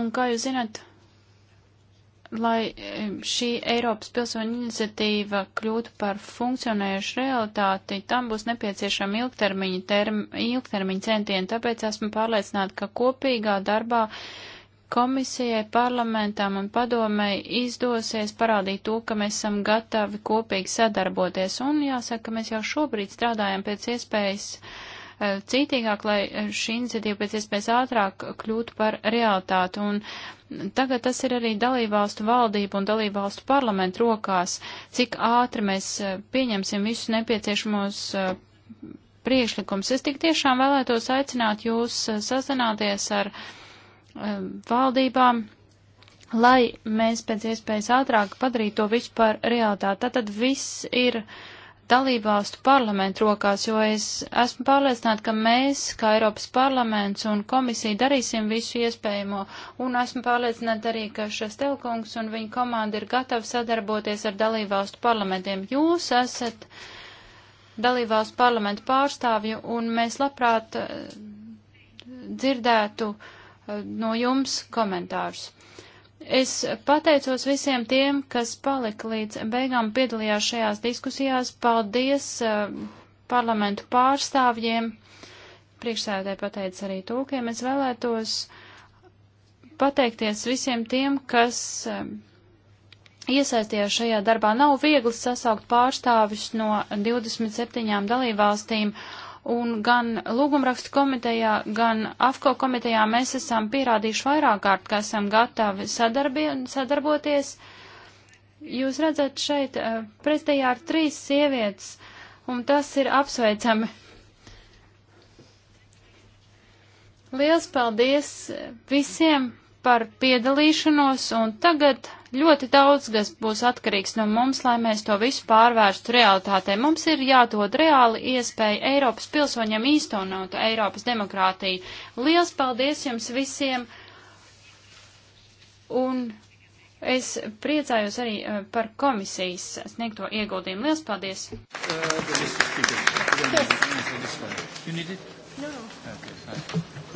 Un kā jūs zināt, lai eh, šī Eiropas pilsoņu iniciatīva kļūtu par funkcionējušu realitāti, tam būs nepieciešama ilgtermiņa, term, ilgtermiņa centieni, tāpēc esmu pārliecināta, ka kopīgā darbā komisijai, parlamentam un padomei izdosies parādīt to, ka mēs esam gatavi kopīgi sadarboties, un jāsaka, ka mēs jau šobrīd strādājam pēc iespējas uh, cītīgāk, lai šī iniciatīva pēc iespējas ātrāk kļūtu par realitāti. Un tagad tas ir arī dalībvalstu valdību un dalībvalstu parlamentu rokās, cik ātri mēs e, pieņemsim visus nepieciešamos e, priekšlikums. Es tik tiešām vēlētos aicināt jūs e, sazināties ar valdībām, lai mēs pēc iespējas ātrāk padarītu to visu par realitāti. Tātad viss ir uh, dalībvalstu parlamentu rokās, jo es esmu pārliecināta, ka mēs, kā Eiropas parlaments un komisija, darīsim visu iespējamo, un esmu pārliecināta arī, ka šis telkungs un viņa komanda ir gatava sadarboties ar dalībvalstu parlamentiem. Jūs esat dalībvalstu parlamentu pārstāvju, un mēs labprāt eh, dzirdētu eh, no jums komentārus. Es pateicos visiem tiem, kas palika līdz beigām piedalījās šajās diskusijās. Paldies uh, parlamentu pārstāvjiem. Priekšsēdē pateic arī tūkiem. Es vēlētos pateikties visiem tiem, kas uh, iesaistījās šajā darbā. Nav viegli sasaukt pārstāvis no 27 dalībvalstīm. Uh, Un gan lūgumrakstu komitejā, gan AFCO komitejā mēs esam pierādījuši vairāk kārt, ka esam gatavi sadarbi, sadarboties. Jūs redzat šeit eh, pretējā ir trīs sievietes, un tas ir apsveicami. Liels paldies visiem par piedalīšanos, un tagad ļoti daudz, kas būs atkarīgs no mums, lai mēs to visu pārvērstu realitātē. Mums ir jādod reāli iespēja Eiropas pilsoņiem īstenot Eiropas demokrātiju. Liels paldies jums visiem! Un es priecājos arī eh, par komisijas sniegto ieguldījumu. Liels paldies! Uh,